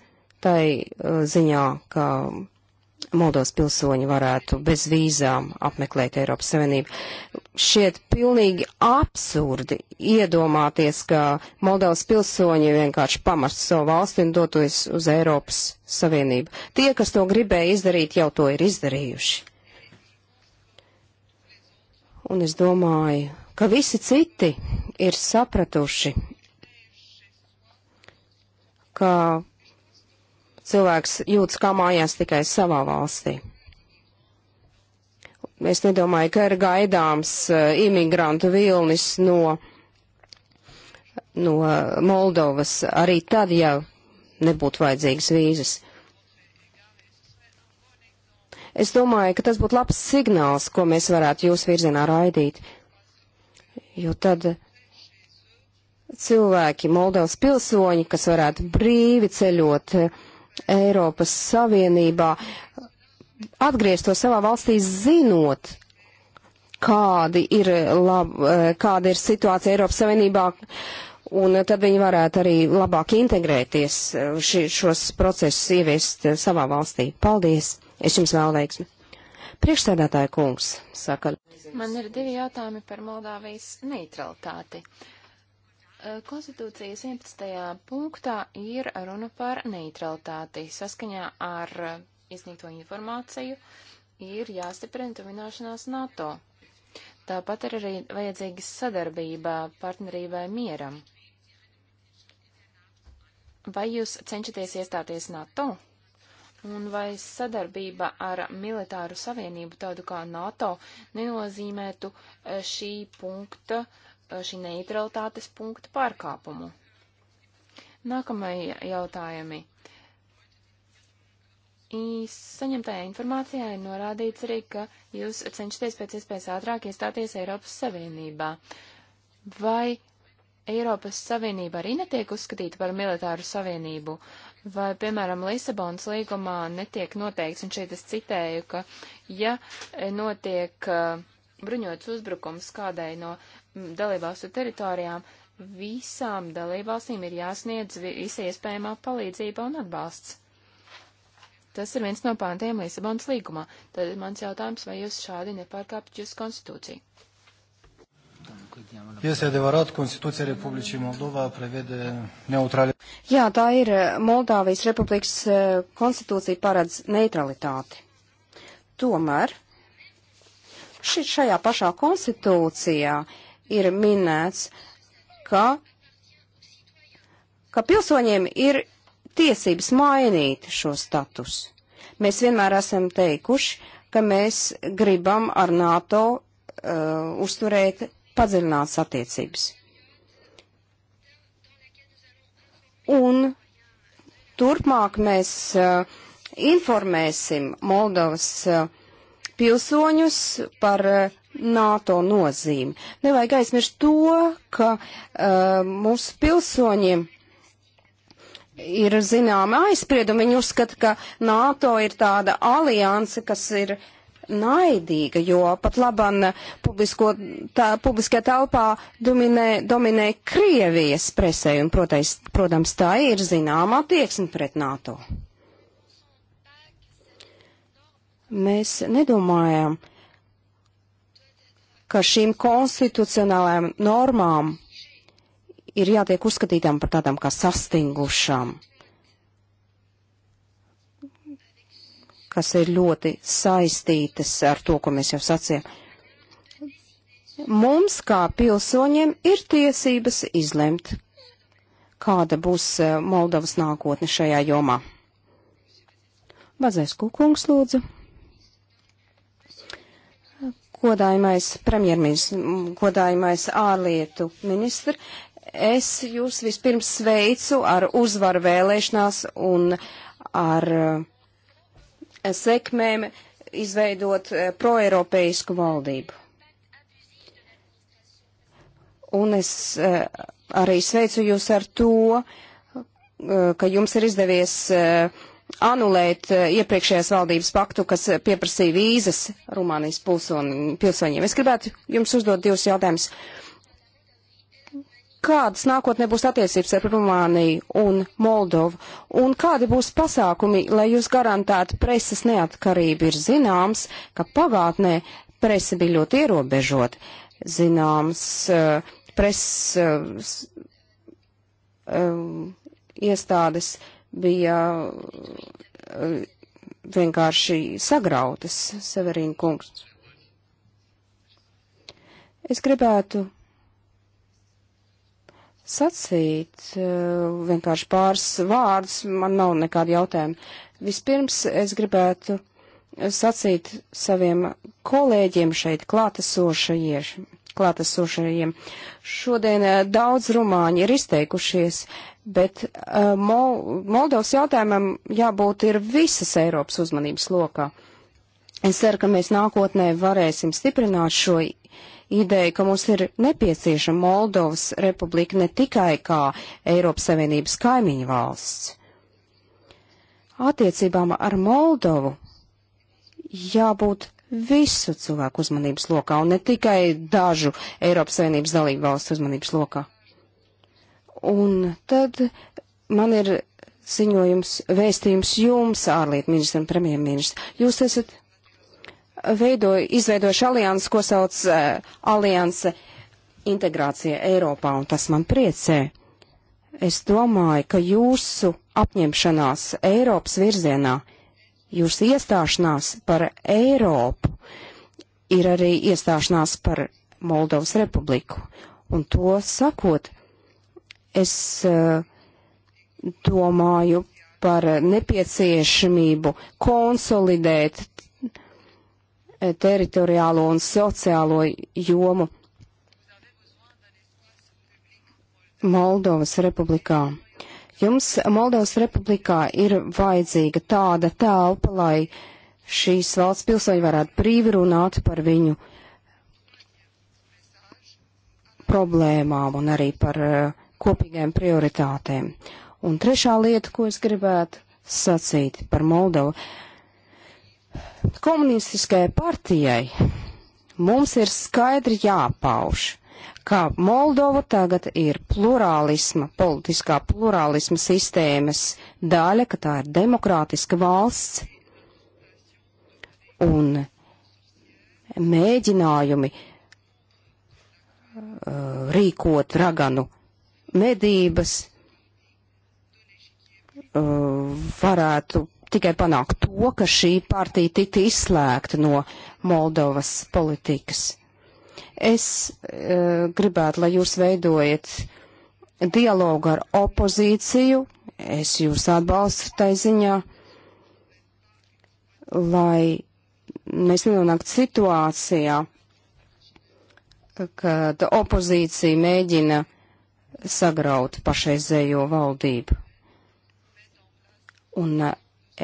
tai eh, ziņā, ka Moldovas pilsoņi varētu bez vīzām apmeklēt Eiropas Savienību. Šiet pilnīgi absurdi iedomāties, ka Moldovas pilsoņi vienkārši pamast savu valsti un dotos uz Eiropas Savienību. Tie, kas to gribēja izdarīt, jau to ir izdarījuši. Un es domāju, ka visi citi ir sapratuši, ka cilvēks jūtas kā mājās tikai savā valstī. Es nedomāju, ka ir gaidāms eh, imigrantu vilnis no, no Moldovas arī tad, ja nebūtu vajadzīgas vīzes. Es domāju, ka tas būtu labs signāls, ko mēs varētu jūs virzienā raidīt, jo tad cilvēki, Moldovas pilsoņi, kas varētu brīvi ceļot, uh, Eiropas Savienībā atgrieztos savā valstī zinot, kādi ir, lab, eh, kāda ir situācija Eiropas Savienībā, un tad viņi varētu arī labāk integrēties eh, ši, šos procesus ieviest eh, savā valstī. Paldies! Es jums vēl veiksmi! Priekšsēdētāja kungs, saka. Man ir divi jautājumi par Moldāvijas neutralitāti. Uh, Eh, konstitūcijas 11. punktā ir runa par neutralitāti. Saskaņā ar eh, izniegto informāciju ir jāstiprina tuvināšanās NATO. Tāpat ir arī vajadzīga sadarbība partnerībai mieram. Vai jūs cenšaties iestāties NATO? un vai sadarbība ar militāru savienību tādu kā NATO nenozīmētu eh, šī punkta šī neutralitātes punkta pārkāpumu. Nākamajai jautājumi. Īs saņemtajā informācijā ir norādīts arī, ka jūs cenšaties pēc iespējas ātrāk iestāties Eiropas Savienībā. Vai Eiropas Savienība arī netiek uzskatīta par militāru savienību? Vai, piemēram, Lisabonas līgumā netiek noteikts, un šeit es citēju, ka ja notiek uh, bruņots uzbrukums kādai no dalībvalstu teritorijām, visām dalībvalstīm ir jāsniedz visa iespējamā palīdzība un atbalsts. Tas ir viens no pāntiem Lisabonas līgumā. Tad mans jautājums, vai jūs šādi nepārkāpjat jūsu konstitūciju? Este adevărat, Constituția Republicii Moldova prevede neutrali... Jā, tā ir eh, Moldāvijas Republikas eh, konstitūcija paredz neutralitāti. Tomēr šit šajā pašā konstitūcijā uh, ir minēts, ka, ka pilsoņiem ir tiesības mainīt šo statusu. Mēs vienmēr esam teikuši, ka mēs gribam ar NATO uh, uzturēt padziļinātas attiecības. Un turpmāk mēs uh, informēsim Moldovas uh, pilsoņus par uh, NATO nozīmi. Nevajag aizmirst to, ka uh, mūsu pilsoņiem ir zināma aizsprieduma. Viņi uzskata, ka NATO ir tāda alianse, kas ir naidīga, jo pat laban publisko, tā, publiskajā telpā dominē, dominē Krievijas presē, un, protais, protams, tā ir zināma attieksme pret NATO. Mēs nedomājam, uh, ka šīm konstitucionālajām normām ir jātiek uzskatītām par tādām kā sastingušām, kas ir ļoti saistītas ar to, ko mēs jau sacījām. Mums, kā pilsoņiem, ir tiesības izlemt, kāda būs eh, Moldovas nākotne šajā jomā. Bazais Kukungs lūdzu. Godājumais premjerministrs, godājumais ārlietu ministri, es jūs vispirms sveicu ar uzvaru vēlēšanās un ar eh, sekmēm izveidot eh, proeiropeisku valdību. Un es eh, arī sveicu jūs ar to, ka jums ir izdevies uh, anulēt eh, iepriekšējās valdības paktu, kas eh, pieprasīja vīzas Rumānijas pilsoņiem. Es gribētu jums uzdot divus jautājumus. Kādas nākotnē būs attiecības ar Rumāniju un Moldovu? Un kādi būs pasākumi, lai jūs garantētu preses neatkarību? Ir zināms, ka pagātnē presa bija ļoti ierobežota. Zināms, eh, preses um, iestādes uh, bija uh, vienkārši sagrautas, Severīna kungs. Es gribētu sacīt uh, vienkārši pāris vārdus, man nav nekāda jautājuma. Vispirms es gribētu sacīt saviem kolēģiem šeit klātesošajiem. Klātesošajiem. Šodien uh, daudz rumāņi ir izteikušies. Bet uh, Moldovas jautājumam jābūt ir visas Eiropas uzmanības lokā. Es ceru, ka mēs nākotnē varēsim stiprināt šo ideju, ka mums ir nepieciešama Moldovas republika ne tikai kā Eiropas Savienības kaimiņu valsts. Attiecībām ar Moldovu jābūt visu cilvēku uzmanības lokā un ne tikai dažu Eiropas Savienības dalību valstu uzmanības lokā. Un tad man ir ziņojums, vēstījums jums, ārlietu ministrs un premjerministrs. Jūs esat veidoju, izveidojuši aliansi, ko sauc uh, alianse integrācija Eiropā, un tas man priecē. Es domāju, ka jūsu apņemšanās Eiropas virzienā, jūsu iestāšanās par Eiropu ir arī iestāšanās par Moldovas republiku. Un to sakot, Es eh, domāju par nepieciešamību konsolidēt eh, teritoriālo un sociālo jomu Moldovas republikā. Jums Moldovas republikā ir vajadzīga tāda telpa, lai šīs valsts pilsoņi varētu brīvi runāt par viņu problēmām un arī par uh, kopīgām prioritātēm. Un trešā lieta, ko es gribētu sacīt par Moldovu. Komunistiskajai partijai mums ir skaidri jāpauž, ka Moldova tagad ir plurālisma, politiskā plurālisma sistēmas daļa, ka tā ir demokrātiska valsts. Un mēģinājumi uh, rīkot raganu medības uh, varētu tikai panākt to, ka šī partija tika izslēgta no Moldovas politikas. Es e, gribētu, lai jūs veidojat dialogu ar opozīciju, es jūs atbalstu tai ziņā, lai mēs nenonāktu situācijā, kad opozīcija mēģina sagraut pašreizējo valdību. Un uh,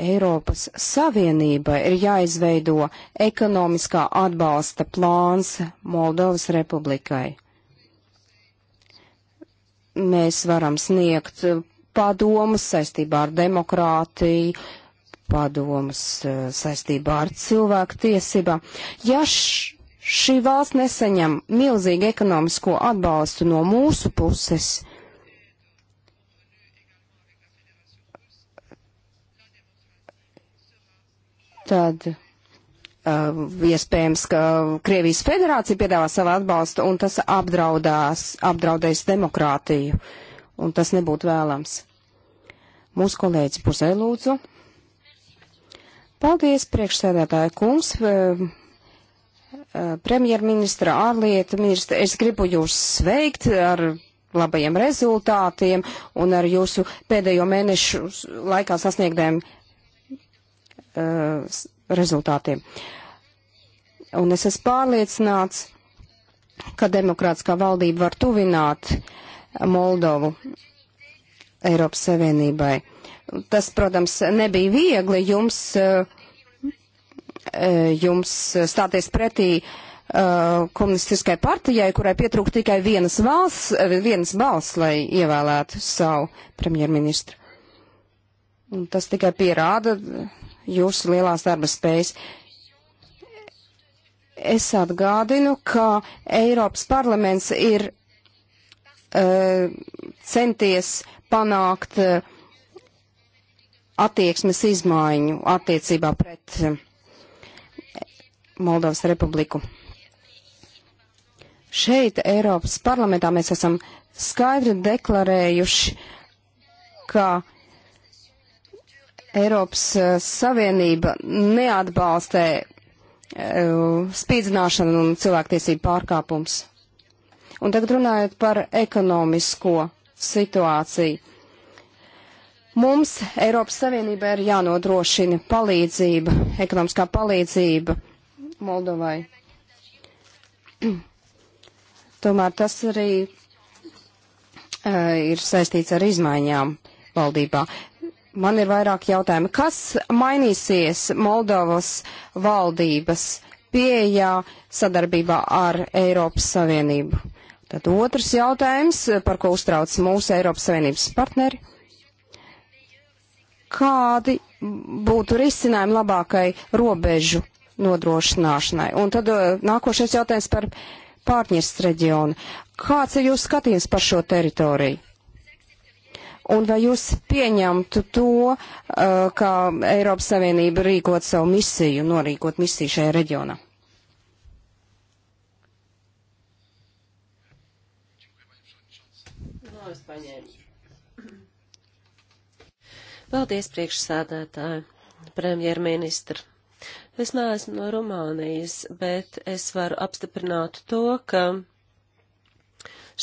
Eiropas Savienība ir jāizveido ekonomiskā atbalsta plāns Moldovas republikai. Mēs varam sniegt padomus saistībā ar demokrātiju, padomus uh, saistībā ar cilvēku tiesībām. Ja š, šī valsts nesaņem milzīgu ekonomisko atbalstu no mūsu puses, tad uh, iespējams, ka Krievijas federācija piedāvā savu atbalstu un tas apdraudās, apdraudēs demokrātiju, un tas nebūtu vēlams. Mūsu kolēģis pusē lūdzu. Paldies, priekšsēdētāja kungs. Uh, Eh, premjerministra, ārlietu ministra, es gribu jūs sveikt ar labajiem rezultātiem un ar jūsu pēdējo mēnešu laikā sasniegtiem uh, rezultātiem. Un es esmu pārliecināts, ka demokrātiskā valdība var tuvināt Moldovu Eiropas Savienībai. Tas, protams, nebija viegli jums. Uh, E, jums stāties pretī uh, komunistiskai partijai, kurai pietrūk tikai vienas, valsts, e, vienas balss, lai ievēlētu savu premjerministru. Un tas tikai pierāda jūsu lielās darba spējas. Es atgādinu, ka Eiropas parlaments ir uh, centies panākt uh, attieksmes izmaiņu attiecībā pret uh, Moldovas republiku. Šeit Eiropas parlamentā mēs esam skaidri deklarējuši, ka Eiropas eh, Savienība neatbalstē eh, spīdzināšanu un cilvēktiesību pārkāpums. Un tagad runājot par ekonomisko situāciju. Mums Eiropas Savienībā ir jānodrošina palīdzība, ekonomiskā palīdzība Moldovai. Tomēr tas arī uh, ir saistīts ar izmaiņām valdībā. Man ir vairāk jautājumu. Kas mainīsies Moldovas valdības pieejā sadarbībā ar Eiropas Savienību? Tad otrs jautājums, par ko uztrauc mūsu Eiropas Savienības partneri. Kādi būtu risinājumi labākai robežu nodrošināšanai. Un tad eh, nākošais jautājums par Pārņests reģionu. Kāds ir jūsu skatījums par šo teritoriju? Un vai jūs pieņemtu to, eh, kā Eiropas Savienība rīkot savu misiju, norīkot misiju šajā reģionā? Paldies, priekšsādātāji, premjerministri. Es neesmu no Rumānijas, bet es varu apstiprināt to, ka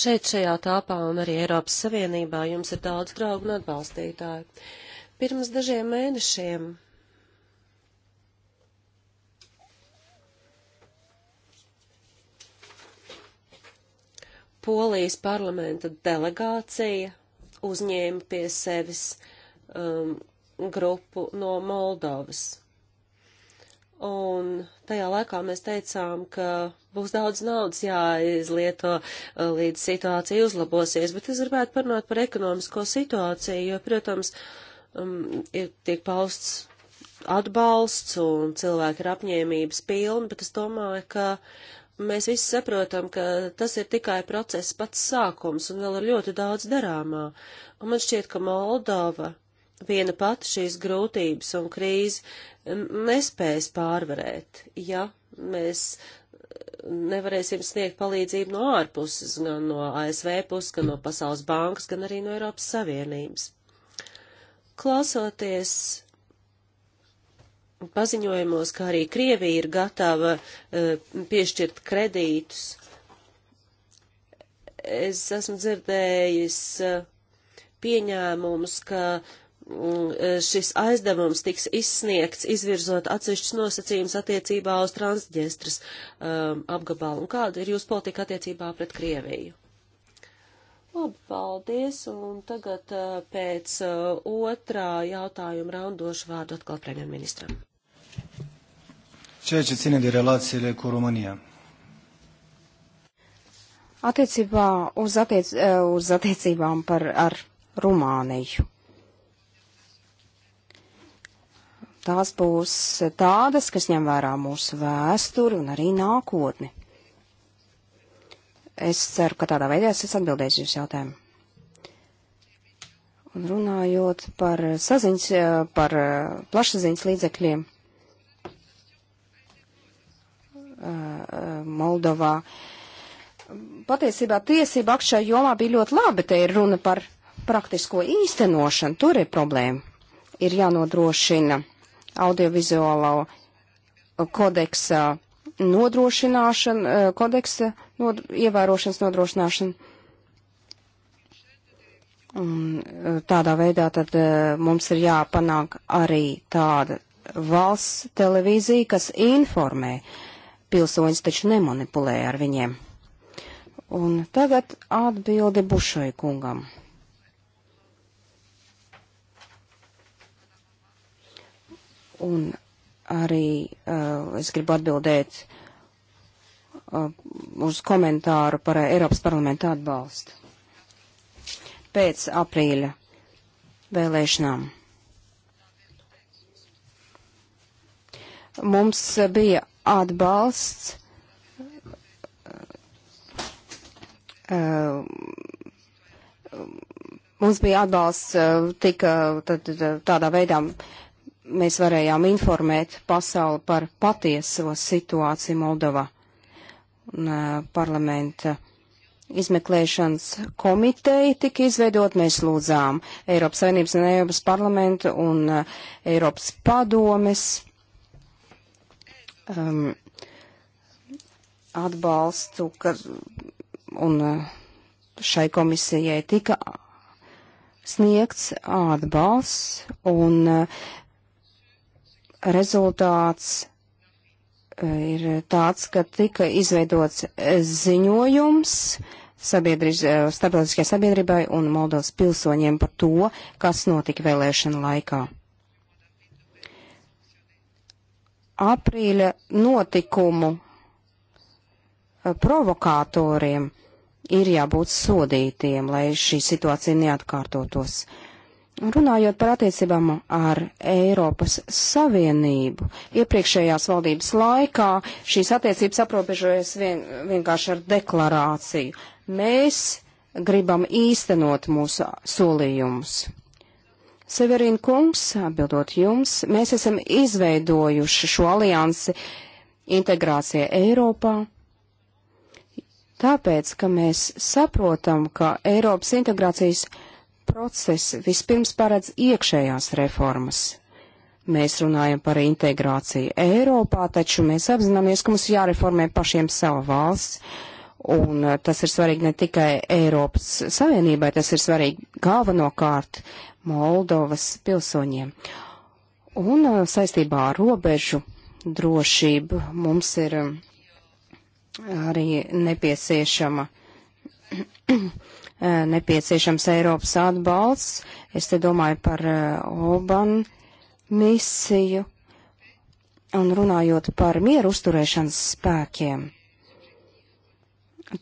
šeit, šajā tāpā un arī Eiropas Savienībā jums ir daudz draugu un atbalstītāju. Pirms dažiem mēnešiem Polijas parlamenta delegācija uzņēma pie sevis um, grupu no Moldovas. Un tajā laikā mēs teicām, ka būs daudz naudas jāizlieto, eh, līdz situācija uzlabosies, bet es gribētu parunāt par ekonomisko situāciju, jo, protams, um, ir tiek pausts atbalsts un cilvēki ir apņēmības pilni, bet es domāju, ka mēs visi saprotam, ka tas ir tikai process pats sākums un vēl ir ļoti daudz darāmā. Un man šķiet, ka Moldova viena pati šīs grūtības un krīzi nespēs pārvarēt, ja mēs nevarēsim sniegt palīdzību no ārpuses, gan no ASV puses, gan no Pasaules bankas, gan arī no Eiropas Savienības. Klausoties paziņojumos, ka arī Krievija ir gatava uh, piešķirt kredītus, es esmu dzirdējis uh, pieņēmumus, ka uh, šis aizdevums tiks izsniegts, izvirzot atsevišķus nosacījumus attiecībā uz Transģestras um, apgabalu? Un kāda ir jūsu politika attiecībā pret Krieviju? Labi, paldies. Un tagad uh, pēc uh, otrā jautājuma raundošu vārdu atkal premjerministram. Ceea ce ține de relațiile cu România. Attiecībā uz, attiec, uh, uz attiecībām par, ar Rumāniju. tās būs tādas, kas ņem vērā mūsu vēsturi un arī nākotni. Es ceru, ka tādā veidā es atbildēšu jūs jautājumu. Un runājot par saziņas, par plašsaziņas līdzekļiem Moldovā. Patiesībā tiesība akšā jomā bija ļoti labi, te ir runa par praktisko īstenošanu, tur ir problēma. Ir jānodrošina audiovizuālo uh, kodeksa uh, nodrošināšana, uh, kodeksa nod, ievērošanas nodrošināšana. Un tādā veidā tad mums ir jāpanāk arī tāda valsts televīzija, kas informē pilsoņus, taču nemanipulē ar viņiem. Un tagad atbildi Bušai kungam. Un arī uh, es gribu atbildēt uh, uz komentāru par Eiropas parlamentu atbalstu pēc aprīļa vēlēšanām. Mums bija atbalsts uh, mums bija atbalsts, uh, tika tad, tādā veidā mēs varējām informēt pasauli par patieso situāciju Moldovā. Un, parlamenta izmeklēšanas komiteja tika izveidot, mēs lūdzām Eiropas Savienības un Eiropas parlamentu un Eiropas padomes um, atbalstu, ka, un šai komisijai tika sniegts atbalsts, un rezultāts e, ir tāds, ka tika izveidots e, ziņojums sabiedriz, e, starptautiskajai sabiedrībai un Moldovas pilsoņiem par to, kas notika vēlēšana laikā. Aprīļa notikumu provokātoriem ir jābūt sodītiem, lai šī situācija neatkārtotos. Uh, Runājot par attiecībām ar Eiropas Savienību, iepriekšējās valdības laikā šīs attiecības aprobežojas vien, vienkārši ar deklarāciju. Mēs gribam īstenot mūsu solījumus. Severīna kungs, atbildot jums, mēs esam izveidojuši šo aliansi integrācija Eiropā. Tāpēc, ka mēs saprotam, ka Eiropas integrācijas process vispirms paredz iekšējās reformas. Mēs runājam par integrāciju Eiropā, taču mēs apzināmies, ka mums jāreformē pašiem savu valsts. Un eh, tas ir svarīgi ne tikai Eiropas Savienībai, tas ir svarīgi galvenokārt Moldovas pilsoņiem. Un eh, saistībā ar robežu drošību mums ir eh, arī nepieciešama Eh, nepieciešams Eiropas atbalsts. Es te domāju par eh, Oban misiju un runājot par mieru uzturēšanas spēkiem.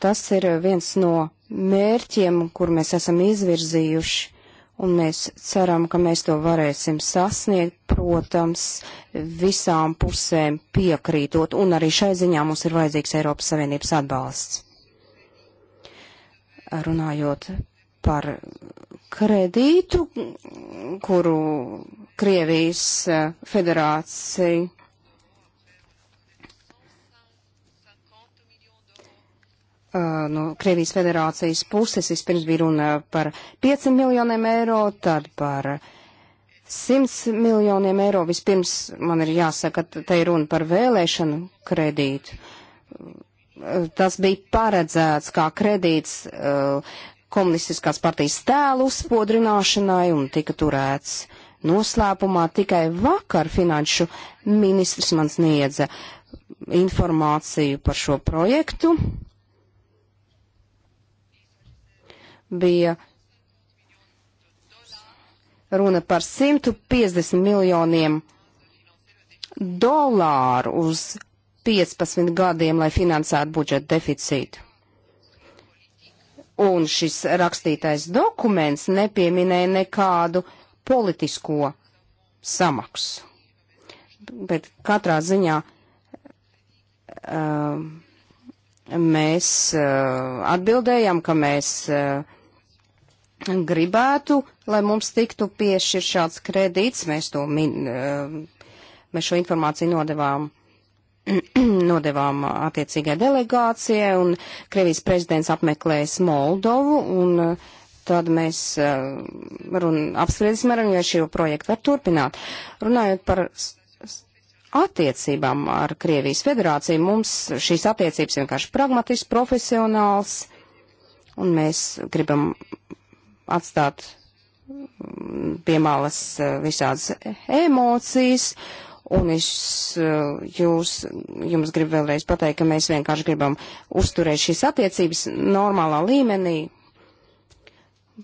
Tas ir viens no mērķiem, kur mēs esam izvirzījuši, un mēs ceram, ka mēs to varēsim sasniegt, protams, visām pusēm piekrītot, un arī šai ziņā mums ir vajadzīgs Eiropas Savienības atbalsts runājot par kredītu, kuru Krievijas eh, federācija eh, no Krievijas federācijas puses vispirms bija runa par 5 miljoniem eiro, tad par 100 miljoniem eiro. Vispirms man ir jāsaka, ka te ir runa par vēlēšanu kredītu tas bija paredzēts kā kredīts uh, komunistiskās partijas tēlu uzspodrināšanai un tika turēts noslēpumā. Tikai vakar finanšu ministrs man sniedza informāciju par šo projektu. Bija runa par 150 miljoniem dolāru uz 15 gadiem, lai finansētu budžeta deficītu. Un šis rakstītais dokuments nepieminēja nekādu politisko samaksu. Bet katrā ziņā uh, mēs uh, atbildējam, ka mēs uh, gribētu, lai mums tiktu piešķir šāds kredīts. Mēs to min, uh, mēs šo informāciju nodevām nodevām attiecīgai delegācijai, un Krievijas prezidents apmeklēs Moldovu, un eh, tad mēs eh, run, apspriedīsim ar viņu, vai šo projektu var turpināt. Runājot par attiecībām ar Krievijas federāciju, mums šīs attiecības vienkārši pragmatisks, profesionāls, un mēs gribam atstāt mm, piemālas eh, visādas emocijas, Un es eh, jūs, jums gribu vēlreiz pateikt, ka mēs vienkārši gribam uzturēt šīs attiecības normālā līmenī.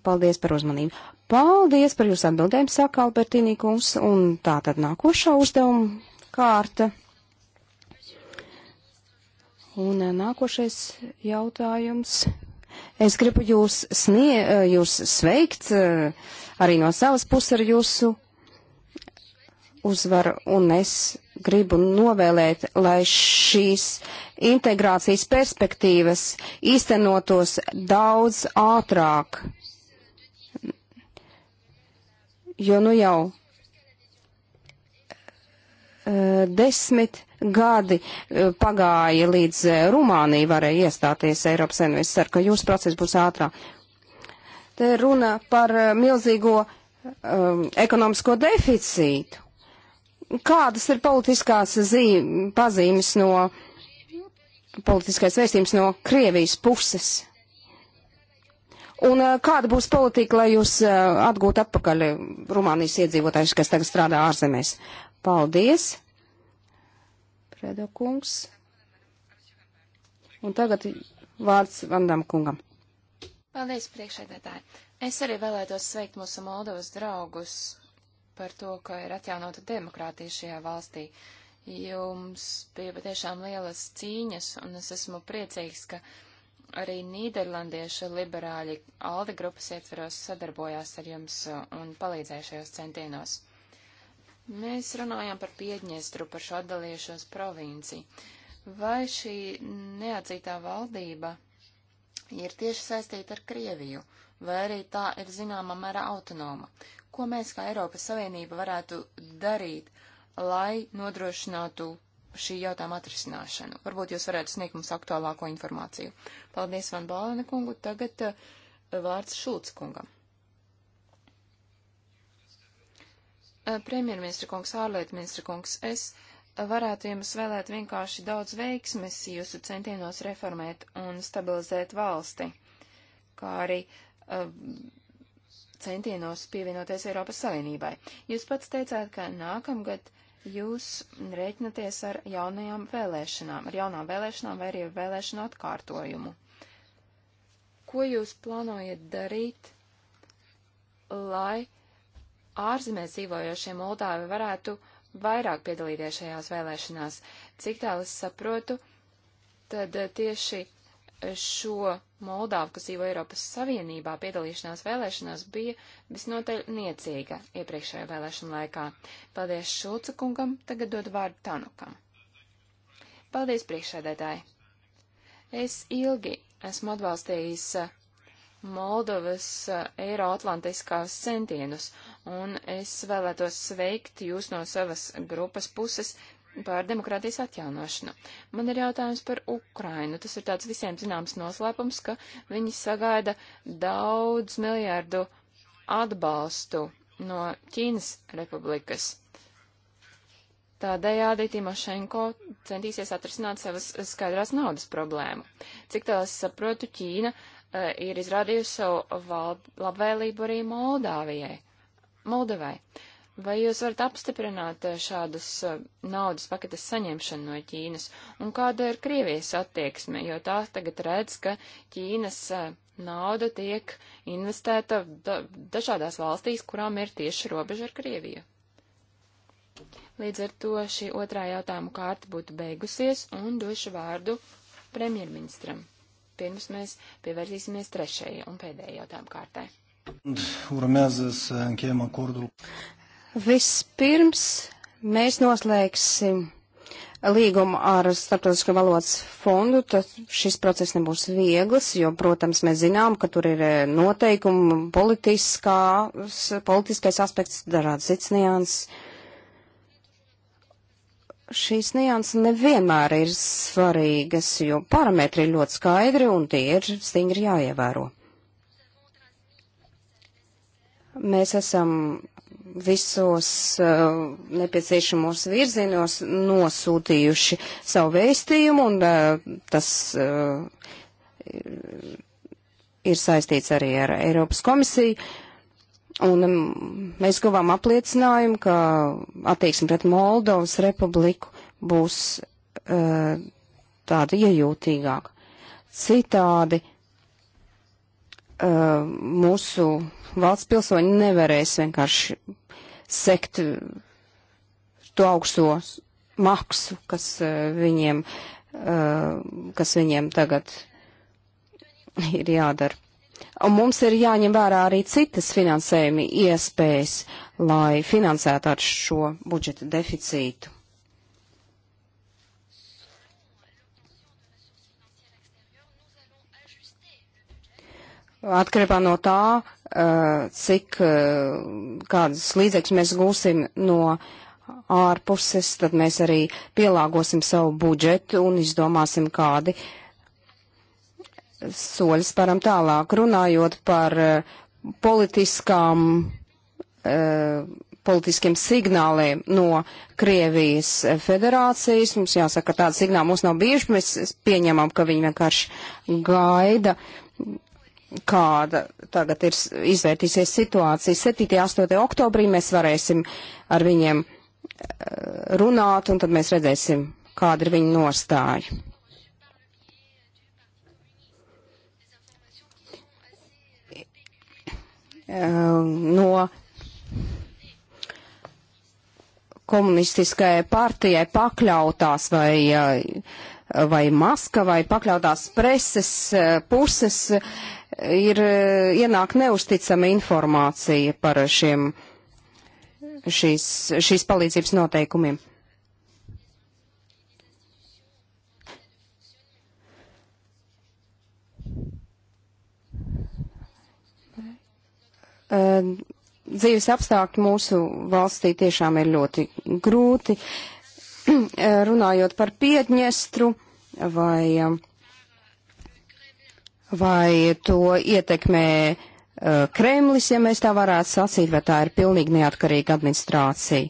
Paldies par uzmanību. Paldies par jūsu atbildēm, saka Albertīnī kungs. Un tā tad nākošā uzdevuma kārta. Un eh, nākošais jautājums. Es gribu jūs, snie, eh, jūs sveikt arī no savas puses ar jūsu uzvaru, un es gribu novēlēt, lai šīs integrācijas perspektīvas īstenotos daudz ātrāk, jo nu jau eh, desmit gadi eh, pagāja līdz eh, Rumānija varēja iestāties Eiropas Savienības. Es ceru, ka jūsu process būs ātrāk. Te runa par milzīgo um, ekonomisko deficītu kādas ir politiskās zīm, pazīmes no, politiskais vēstījums no Krievijas puses? Un eh, kāda būs politika, lai jūs eh, atgūtu atpakaļ Rumānijas iedzīvotājus, kas tagad strādā ārzemēs? Paldies, Predo kungs. Un tagad vārds Vandam kungam. Paldies, priekšēdētāji. Es arī vēlētos sveikt mūsu Moldovas draugus par to, ka ir atjaunota demokrātija šajā valstī. Jums bija patiešām lielas cīņas, un es esmu priecīgs, ka arī nīderlandieši liberāļi Alde grupas ietveros sadarbojās ar jums uh, un palīdzēja šajos centienos. Mēs runājām par Piedņestru, par šo atdalījušos provinciju. Vai šī neatzītā valdība ir tieši saistīta ar Krieviju, vai arī tā ir zināmā mērā autonoma? Ko mēs kā Eiropas Savienība varētu darīt, lai nodrošinātu šī jautājuma atrisināšanu? Varbūt jūs varētu sniegt mums aktuālāko informāciju. Paldies, Van Bālēna kungu. Tagad uh, vārds Šulc kungam. Uh, Premjerministra kungs, ārlietu ministra kungs, es varētu jums vēlēt vienkārši daudz veiksmes jūsu centienos reformēt un stabilizēt valsti, kā arī uh, centienos pievienoties Eiropas Savienībai. Jūs pats teicāt, ka nākamgad jūs rēķinaties ar jaunajām vēlēšanām, ar jaunām vēlēšanām vai arī ar vēlēšanu atkārtojumu. Ko jūs plānojat darīt, lai ārzemēs dzīvojošie Moldāvi varētu vairāk piedalīties šajās vēlēšanās? Cik tālu es saprotu, tad tieši šo Moldāvu, kas dzīvo Eiropas Savienībā, piedalīšanās vēlēšanās bija visnotaļ niecīga iepriekšējā vēlēšana laikā. Paldies Šulca kungam, tagad dod vārdu Tanukam. Paldies priekšsēdētāji. Es ilgi esmu atbalstījis uh, Moldovas uh, Eiroatlantiskās centienus, un es vēlētos sveikt jūs no savas grupas puses par demokrātijas atjaunošanu. Man ir jautājums par Ukrainu. Tas ir tāds visiem zināms noslēpums, ka viņi sagaida daudz miljārdu atbalstu no Ķīnas republikas. Tādējādi Timošenko centīsies atrisināt savas skaidrās naudas problēmu. Cik tās saprotu, Ķīna e, ir izrādījusi savu labvēlību arī Moldāvijai. Moldavai. Uh, Vai jūs varat apstiprināt eh, šādus eh, naudas paketes saņemšanu no Ķīnas? Un kāda ir Krievijas attieksme? Jo tā tagad redz, ka Ķīnas eh, nauda tiek investēta da dažādās valstīs, kurām ir tieši robeža ar Krieviju. Līdz ar to šī otrā jautājuma kārta būtu beigusies un došu vārdu premjerministram. Pirms mēs pievērsīsimies trešajai un pēdējai jautājuma kārtai. Urmează să încheiem acordul. Vispirms mēs noslēgsim līgumu ar Startautisko valodas fondu, tad šis process nebūs viegls, jo, protams, mēs zinām, ka tur ir eh, noteikumi, politiskās, politiskais aspekts, dažādas cits nianses. Šīs nianses nevienmēr ir svarīgas, jo parametri ir ļoti skaidri un tie ir stingri jāievēro. Mēs esam visos uh, nepieciešamos virzienos nosūtījuši savu vēstījumu, un uh, tas uh, ir saistīts arī ar Eiropas komisiju. Un um, mēs guvām apliecinājumu, ka attieksme pret Moldovas republiku būs uh, tāda iejūtīgāka. Citādi uh, mūsu valsts pilsoņi nevarēs vienkārši sekt eh, to augsto maksu, kas eh, viņiem, eh, kas viņiem tagad ir jādara. Un mums ir jāņem vērā arī citas finansējumi iespējas, lai finansētu ar šo budžeta deficītu. atkarībā no tā, eh, cik eh, kādas līdzekļus mēs gūsim no ārpuses, tad mēs arī pielāgosim savu budžetu un izdomāsim, kādi soļi sparam tālāk. Runājot par eh, politiskām, politiskiem signāliem no Krievijas federācijas, mums jāsaka, ka tāda signāla mums nav bieži, mēs pieņemam, ka viņi vienkārši gaida kāda tagad ir izvērtīsies situācija. 7. un 8. oktobrī mēs varēsim ar viņiem e, runāt, un tad mēs redzēsim, kāda ir viņa nostāja. E, no komunistiskajai partijai pakļautās vai, e, vai Maskavai pakļautās preses puses ir eh, ienāk neusticama informācija par šiem, šīs, šīs palīdzības noteikumiem. Eh, dzīves apstākļi mūsu valstī tiešām ir ļoti grūti. Eh, runājot par Piedņestru vai uh, vai to ietekmē uh, Kremlis, ja mēs tā varētu sacīt, vai tā ir pilnīgi neatkarīga administrācija.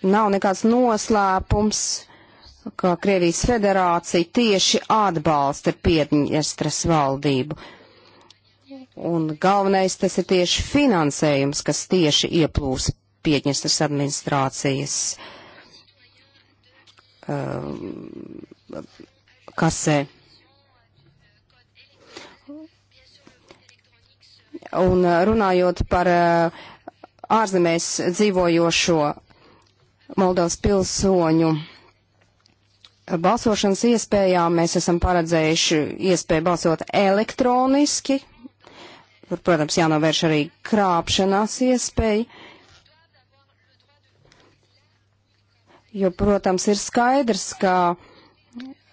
Nav nekāds noslēpums, ka Krievijas federācija tieši atbalsta Piedņestras valdību. Un galvenais tas ir tieši finansējums, kas tieši ieplūs Piedņestras administrācijas. Um, kasē. Un uh, runājot par uh, ārzemēs dzīvojošo Moldovas pilsoņu balsošanas iespējām, mēs esam paredzējuši iespēju balsot elektroniski, kur, protams, jānovērš arī krāpšanās iespēja. Jo, protams, ir skaidrs, ka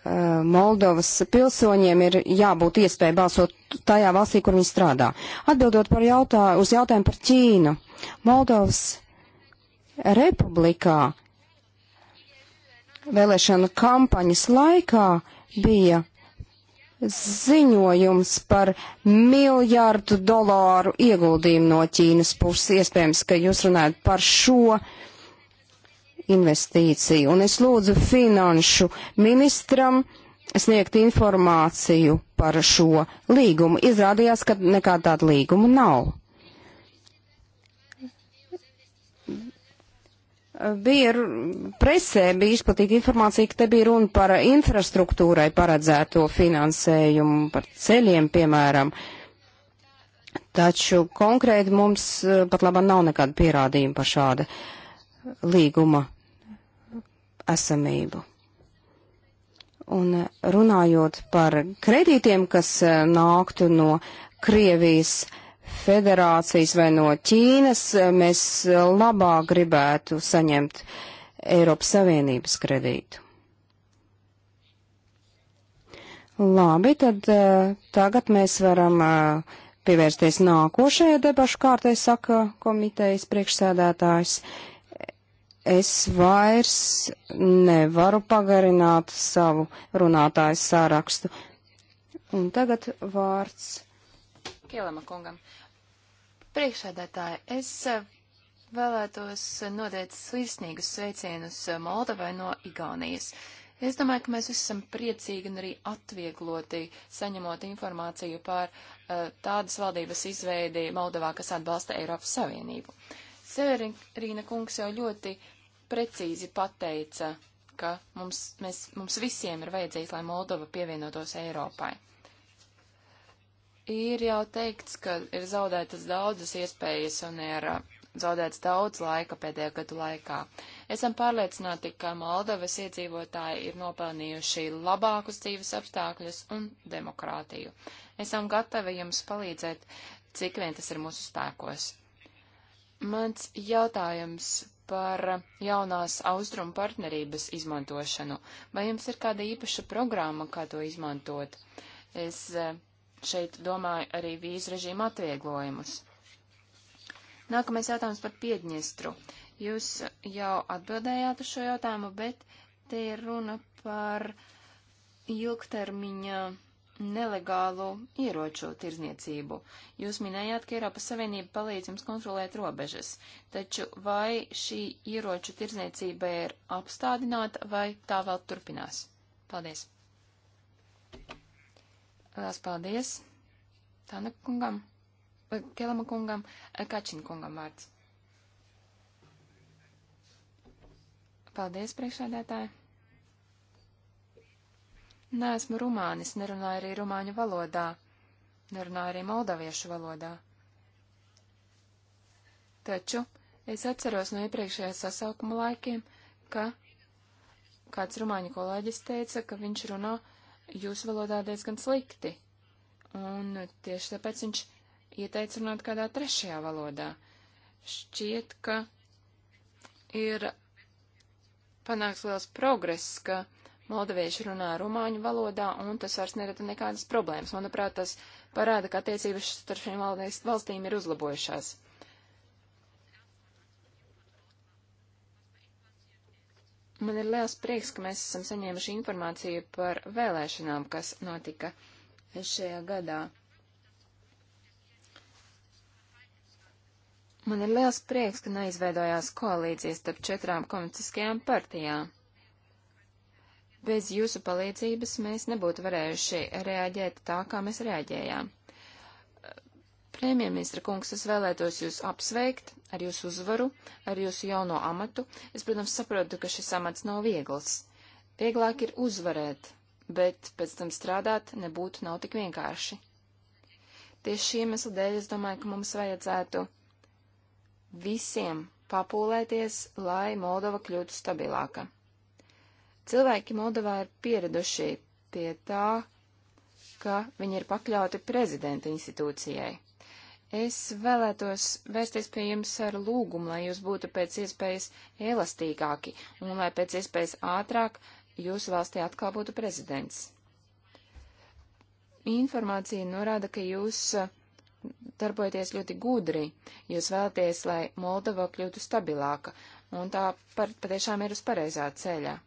Eh, Moldovas pilsoņiem ir jābūt iespēja balsot tajā valstī, kur viņi strādā. Atbildot par jautā, uz jautājumu par Ķīnu, Moldovas republikā vēlēšana kampaņas laikā bija ziņojums par miljārdu dolāru ieguldījumu no Ķīnas puses. Iespējams, ka jūs runājat par šo uh, investīciju. Un es lūdzu finanšu ministram sniegt informāciju par šo līgumu. Izrādījās, ka nekāda tāda līguma nav. Bija presē, bija izplatīta informācija, ka te bija runa par infrastruktūrai paredzēto finansējumu, par ceļiem, piemēram. Taču konkrēti mums eh, pat labā nav nekāda pierādījuma par šāda līguma esamību. Un runājot par kredītiem, kas eh, nāktu no Krievijas federācijas vai no Ķīnas, eh, mēs labāk gribētu saņemt Eiropas Savienības kredītu. Labi, tad eh, tagad mēs varam pievērsties nākošajai debašu kārtai, saka komitejas priekšsēdētājs es vairs nevaru pagarināt savu runātāju sārakstu. Un tagad vārds. Kielama kungam. Priekšādētāji, es eh, vēlētos nodēt sirsnīgus sveicienus eh, Moldovai no Igaunijas. Es domāju, ka mēs visi esam priecīgi un arī atviegloti saņemot informāciju par uh, tādas valdības izveidi Moldovā, kas atbalsta Eiropas Savienību. Severīna kungs jau ļoti precīzi pateica, ka mums, mēs, mums visiem ir vajadzīgs, lai Moldova pievienotos Eiropai. Ir jau teikts, ka ir zaudētas daudzas iespējas un ir uh, zaudēts daudz laika pēdējā gadu laikā. Esam pārliecināti, ka Moldovas iedzīvotāji ir nopelnījuši labākus dzīves apstākļus un demokrātiju. Esam gatavi jums palīdzēt, cik vien tas ir mūsu spēkos. Mans jautājums par jaunās austrumu partnerības izmantošanu. Vai jums ir kāda īpaša programma, kā to izmantot? Es e, šeit domāju arī vīzu režīmu atvieglojumus. Nākamais jautājums par Piedņestru. Jūs jau atbildējāt uz šo jautājumu, bet te ir runa par ilgtermiņa nelegālu ieroču tirzniecību. Jūs minējāt, ka Eiropas Savienība palīdz jums kontrolēt robežas, taču vai šī ieroču tirzniecība ir apstādināta vai tā vēl turpinās? Paldies! Lielas paldies! Tāna kungam, eh, Kelama kungam, eh, Kačina kungam vārds. Paldies, priekšādētāji! Neesmu rumānis, nerunāju arī rumāņu valodā, nerunāju arī moldaviešu valodā. Taču es atceros no iepriekšējā sasaukuma laikiem, ka kāds rumāņu kolēģis teica, ka viņš runā jūsu valodā diezgan slikti, un tieši tāpēc viņš ieteica runāt kādā trešajā valodā. Šķiet, ka ir panāks liels progress, ka moldovieši runā rumāņu valodā, un tas vairs nerada nekādas problēmas. Manuprāt, tas parāda, ka attiecības starp šīm valstīm ir uzlabojušās. Man ir liels prieks, ka mēs esam saņēmuši informāciju par vēlēšanām, kas notika šajā gadā. Man ir liels prieks, ka neizveidojās koalīcijas starp četrām komunistiskajām partijām. Bez jūsu palīdzības mēs nebūtu varējuši reaģēt tā, kā mēs reaģējām. Premjerministra kungs, es vēlētos jūs apsveikt ar jūsu uzvaru, ar jūsu jauno amatu. Es, protams, saprotu, ka šis amats nav viegls. Vieglāk ir uzvarēt, bet pēc tam strādāt nebūtu nav tik vienkārši. Tieši šī iemesla dēļ es domāju, ka mums vajadzētu visiem papūlēties, lai Moldova kļūtu stabilāka. Cilvēki Moldovā ir pieraduši pie tā, ka viņi ir pakļauti prezidenta institūcijai. Es vēlētos vērsties pie jums ar lūgumu, lai jūs būtu pēc iespējas elastīgāki un lai pēc iespējas ātrāk jūsu valstī atkal būtu prezidents. Informācija norāda, ka jūs uh, darbojaties ļoti gudri, jūs vēlaties, lai Moldova kļūtu stabilāka, un tā par, patiešām ir uz pareizā ceļā.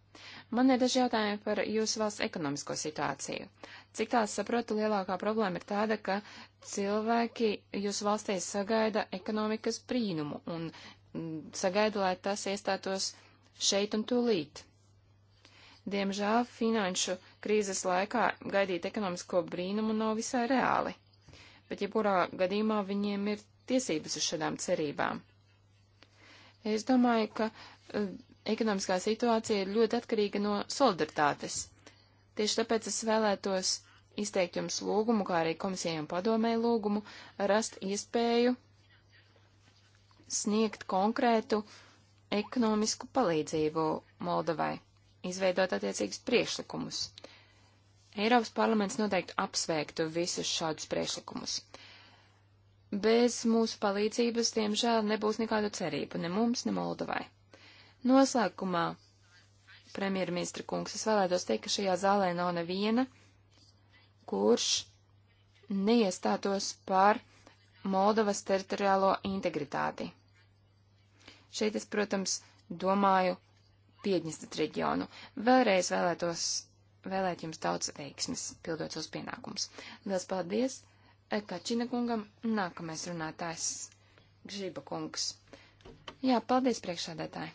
Man ir daži jautājumi par jūsu valsts ekonomisko situāciju. Cik tā saprotu, lielākā problēma ir tāda, ka cilvēki jūsu valstī sagaida ekonomikas brīnumu un mm, sagaida, lai tas iestātos šeit un tūlīt. Diemžēl finanšu krīzes laikā gaidīt ekonomisko brīnumu nav visai reāli, bet jebkurā gadījumā viņiem ir tiesības uz šādām cerībām. Es domāju, ka eh, ekonomiskā situācija ir ļoti atkarīga no solidaritātes. Tieši tāpēc es vēlētos izteikt jums lūgumu, kā arī komisijai un padomēju lūgumu, rast iespēju sniegt konkrētu ekonomisku palīdzību Moldovai, izveidot attiecīgus priešlikumus. Eiropas parlaments noteikti apsveiktu visus šādus priešlikumus. Bez mūsu palīdzības, diemžēl, nebūs nekādu cerību ne mums, ne Moldovai. Noslēgumā, premjerministra kungs, es vēlētos teikt, ka šajā zālē nav neviena, kurš neiestātos par Moldovas teritoriālo integritāti. Šeit es, protams, domāju Piedņestat reģionu. Vēlreiz vēlētos vēlēt jums daudz veiksmes, pildot savus pienākumus. Lielas paldies Kačina kungam, nākamais runātājs Gžiba kungs. Jā, paldies priekšādētāji.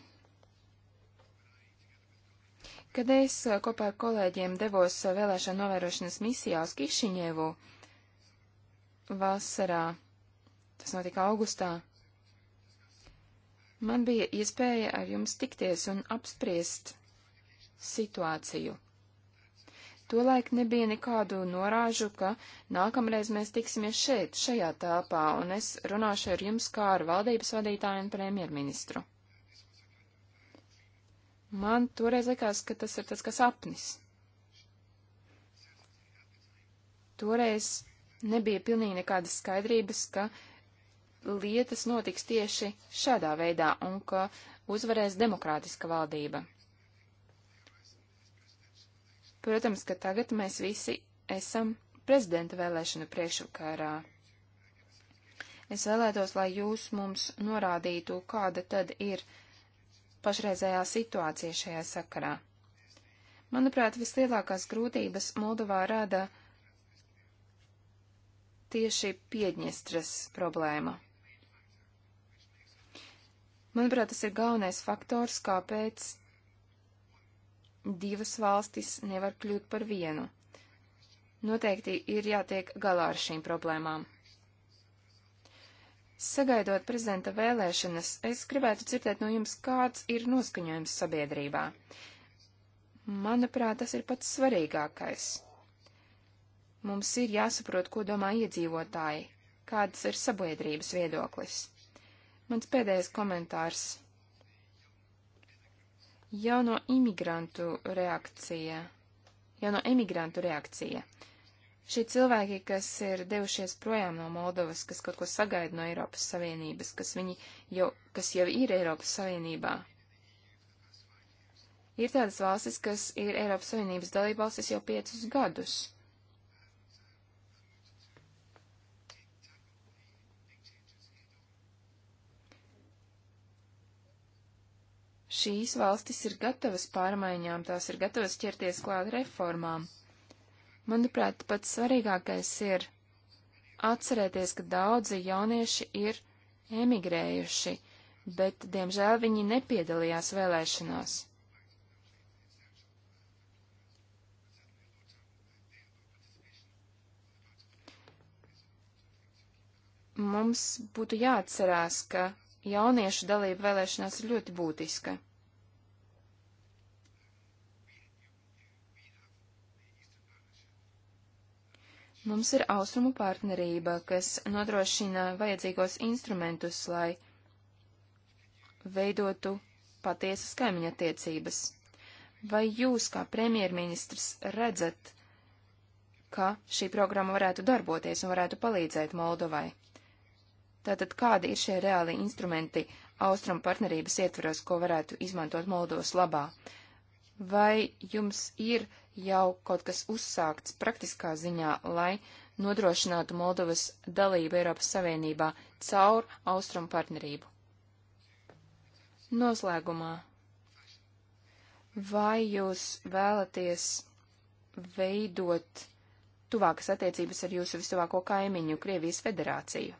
Kad es kopā ar kolēģiem devos vēlēšana novērošanas misijā uz Kišiņievu vasarā, tas notika augustā, man bija iespēja ar jums tikties un apspriest situāciju. Tolaik nebija nekādu norāžu, ka nākamreiz mēs tiksimies šeit, šajā telpā, un es runāšu ar jums kā ar valdības vadītāju un premjerministru. Man toreiz likās, ka tas ir tas, kas apnis. Toreiz nebija pilnīgi nekādas skaidrības, ka lietas notiks tieši šādā veidā un ka uzvarēs demokrātiska valdība. Protams, ka tagad mēs visi esam prezidenta vēlēšanu priekšvakarā. Es vēlētos, lai jūs mums norādītu, kāda tad ir pašreizējā situācija šajā sakarā. Manuprāt, vislielākās grūtības Moldovā rada tieši Piedņestras problēma. Manuprāt, tas ir galvenais faktors, kāpēc divas valstis nevar kļūt par vienu. Noteikti ir jātiek galā ar šīm problēmām. Sagaidot prezidenta vēlēšanas, es gribētu dzirdēt no jums, kāds ir noskaņojums sabiedrībā. Manuprāt, tas ir pats svarīgākais. Mums ir jāsaprot, ko domā iedzīvotāji, kādas ir sabiedrības viedoklis. Mans pēdējais komentārs. Jauno imigrantu reakcija. Jauno emigrantu reakcija. Uh, Šie cilvēki, kas ir devušies projām no Moldovas, kas kaut ko sagaida no Eiropas Savienības, kas, viņi jau, kas jau ir Eiropas Savienībā, ir tādas valstis, kas ir Eiropas Savienības dalībvalstis jau piecus gadus. šīs valstis ir gatavas pārmaiņām, tās ir gatavas ķerties klāt reformām. Manuprāt, pats svarīgākais ir atcerēties, ka daudzi jaunieši ir emigrējuši, bet, diemžēl, viņi nepiedalījās vēlēšanās. Mums būtu jāatcerās, ka jauniešu dalība vēlēšanās ir ļoti būtiska. Mums ir austrumu partnerība, kas nodrošina vajadzīgos instrumentus, lai veidotu patiesas kaimiņa attiecības. Vai jūs, kā premjerministrs, redzat, ka šī programma varētu darboties un varētu palīdzēt Moldovai? Tātad kādi ir šie reāli instrumenti austrumu partnerības ietveros, ko varētu izmantot Moldovas labā? vai jums ir jau kaut kas uzsākts praktiskā ziņā, lai nodrošinātu Moldovas dalību Eiropas Savienībā caur austrumu partnerību? Noslēgumā. Vai jūs vēlaties veidot tuvākas attiecības ar jūsu vistuvāko kaimiņu, Krievijas federāciju?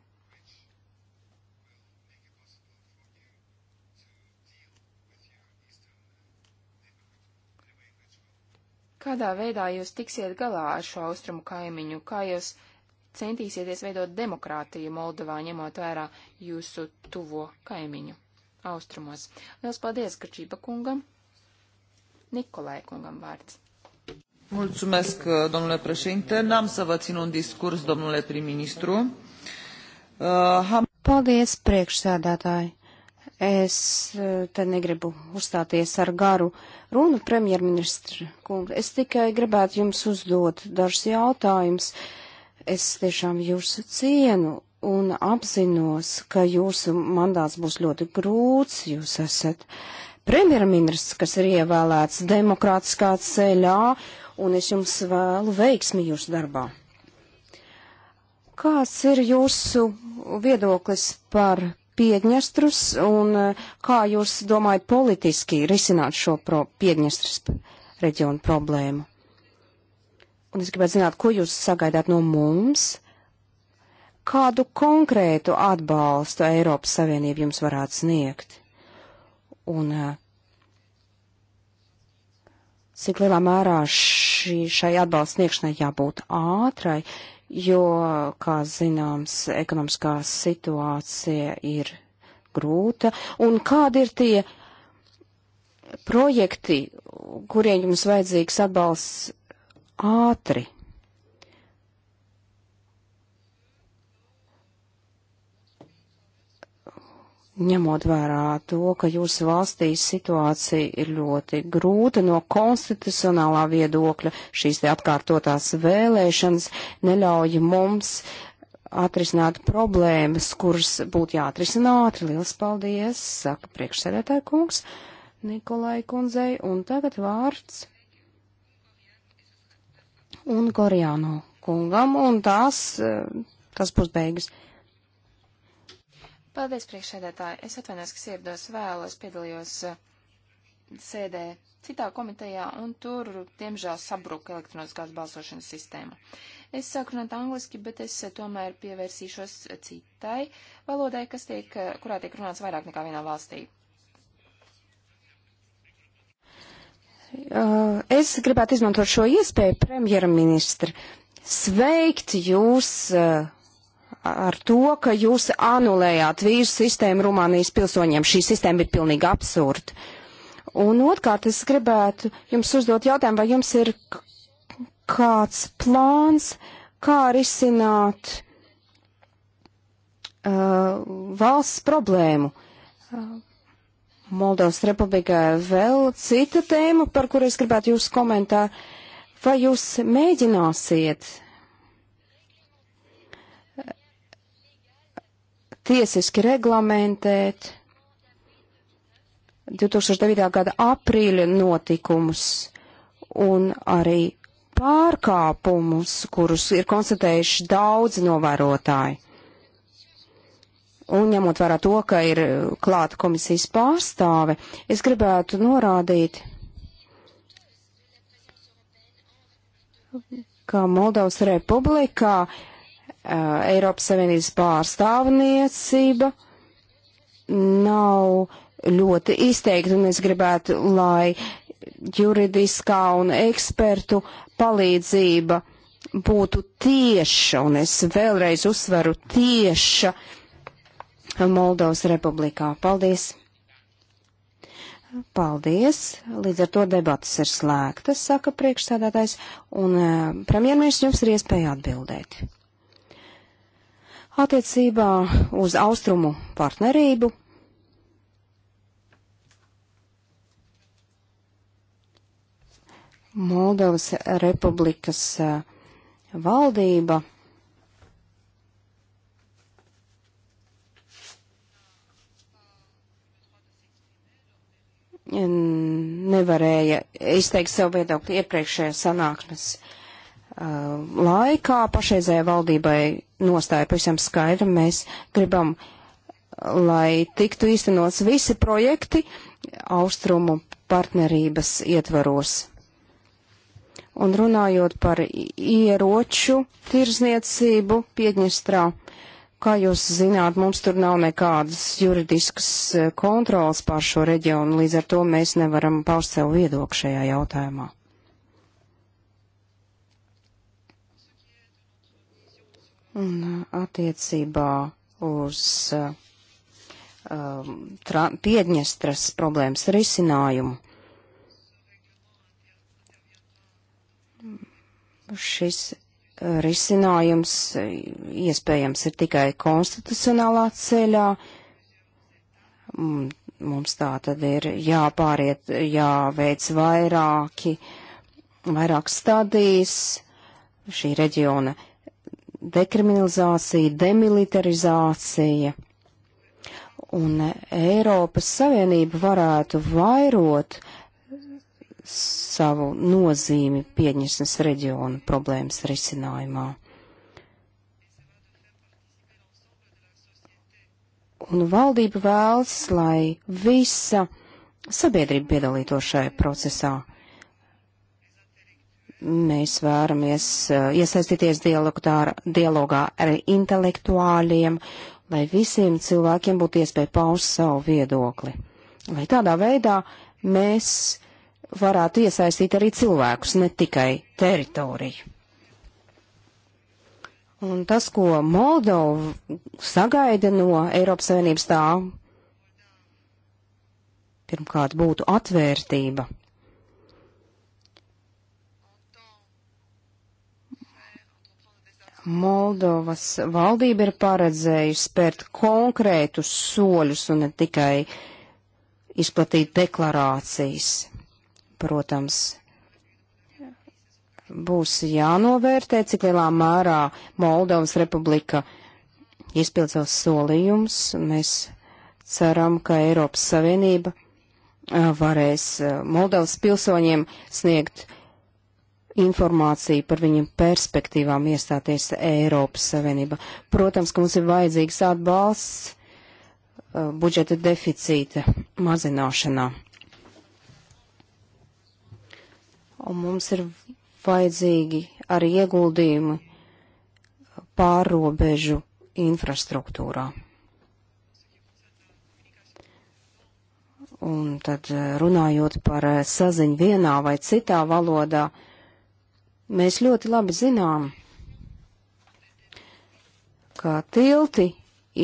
Kādā veidā jūs tiksiet galā ar šo austrumu kaimiņu? Kā jūs centīsieties veidot demokrātiju Moldovā, ņemot vērā jūsu tuvo kaimiņu austrumos? Liels paldies, Kačība kungam! Nikolai kungam vārds. Mulțumesc, domnule președinte. N-am să vă țin un discurs, domnule prim-ministru. Uh, ham... Paldies, priekšsēdētāji. Es eh, te negribu uzstāties ar garu runu, premjerministra kunga. Es tikai gribētu jums uzdot dažus jautājumus. Es tiešām jūsu cienu un apzinos, ka jūsu mandāts būs ļoti grūts. Jūs esat premjerministrs, kas ir ievēlēts demokrātiskā ceļā, un es jums vēlu veiksmi jūsu darbā. Kāds ir jūsu viedoklis par Piedņestrus un eh, kā jūs domājat politiski risināt šo pro Piedņestrus reģionu problēmu? Un es gribētu zināt, ko jūs sagaidāt no mums? Kādu konkrētu atbalstu Eiropas Savienība jums varētu sniegt? Un eh, cik lielā mērā šī, šai atbalstu sniegšanai jābūt ātrai? Uh, jo, kā zināms, ekonomiskā situācija ir grūta. Un kādi ir tie projekti, kuriem jums vajadzīgs atbalsts ātri? ņemot vērā to, ka jūsu valstī situācija ir ļoti grūta no konstitucionālā viedokļa, šīs te atkārtotās vēlēšanas neļauj mums atrisināt problēmas, kuras būtu jāatrisina ātri. Liels paldies, saka priekšsēdētāja kungs Nikolai kundzei, un tagad vārds un Gorjāno kungam, un tās, eh, tas būs beigas. Paldies, priekšsēdētāji. Es atvainojos, ka ierados vēlos, piedalījos uh, sēdē citā komitejā, un tur, diemžēl, sabruka elektroniskās balsošanas sistēma. Es sāku runāt angliski, bet es uh, tomēr pievērsīšos uh, citai valodai, kas tiek, kurā tiek runāts vairāk nekā vienā valstī. Es gribētu izmantot šo iespēju premjerministru sveikt jūs uh, ar to, ka jūs anulējāt vīzu sistēmu Rumānijas pilsoņiem. Šī sistēma ir pilnīgi absurda. Un otrkārt, es gribētu jums uzdot jautājumu, vai jums ir kāds plāns, kā risināt uh, valsts problēmu. Uh, Moldovas republikā vēl cita tēma, par kuru es gribētu jūs komentēt. Vai jūs mēģināsiet tiesiski reglamentēt 2009. gada aprīļa notikumus un arī pārkāpumus, kurus ir konstatējuši daudzi novērotāji. Un ņemot vērā to, ka ir klāta komisijas pārstāve, es gribētu norādīt, ka Moldovas republikā uh, Eh, Eiropas Savienības pārstāvniecība nav ļoti izteikti, un es gribētu, lai juridiskā un ekspertu palīdzība būtu tieša, un es vēlreiz uzsveru tieša Moldovas republikā. Paldies! Paldies! Līdz ar to debatas ir slēgtas, saka priekšsēdētājs, un eh, premjerministrs jums ir iespēja atbildēt. Attiecībā uz austrumu partnerību Moldovas republikas eh, valdība nevarēja izteikt savu viedokli iepriekšējā sanāksmes Uh, laikā pašreizējai valdībai nostāja pavisam skaidra. Mēs gribam, lai tiktu īstenots visi projekti austrumu partnerības ietvaros. Un runājot par ieroču tirzniecību Piedņestrā, kā jūs zināt, mums tur nav nekādas juridiskas uh, kontrolas pār šo reģionu, līdz ar to mēs nevaram paust sev viedokli šajā jautājumā. Un uh, attiecībā uz uh, um, Piedņestras problēmas risinājumu. Šis uh, risinājums iespējams ir tikai konstitucionālā ceļā. Mm, mums tā tad ir jāpāriet, jāveic vairāki, vairāk stadijas šī reģiona dekriminalizācija, demilitarizācija. Un Eiropas Savienība varētu vairot savu nozīmi Piedņesnes reģiona problēmas risinājumā. Un valdība vēlas, lai visa sabiedrība piedalītos šajā procesā. Mēs vēramies eh, iesaistīties dialogā ar intelektuāļiem, lai visiem cilvēkiem būtu iespēja paust savu viedokli. Lai tādā veidā mēs varētu iesaistīt arī cilvēkus, ne tikai teritoriju. Un tas, ko Moldova sagaida no Eiropas Savienības tā, pirmkārt būtu atvērtība Moldovas valdība ir paredzējusi spērt konkrētus soļus un ne tikai izplatīt deklarācijas. Protams, būs jānovērtē, cik lielā mērā Moldovas republika izpild savus solījumus. Mēs ceram, ka Eiropas Savienība eh, varēs eh, Moldovas pilsoņiem sniegt informāciju par viņu perspektīvām iestāties Eiropas Savienībā. Protams, ka mums ir vajadzīgs atbalsts uh, budžeta deficīta mazināšanā. Un mums ir vajadzīgi arī ieguldījumi pārrobežu infrastruktūrā. Un tad uh, runājot par uh, saziņu vienā vai citā valodā, uh, Mēs ļoti labi zinām, ka tilti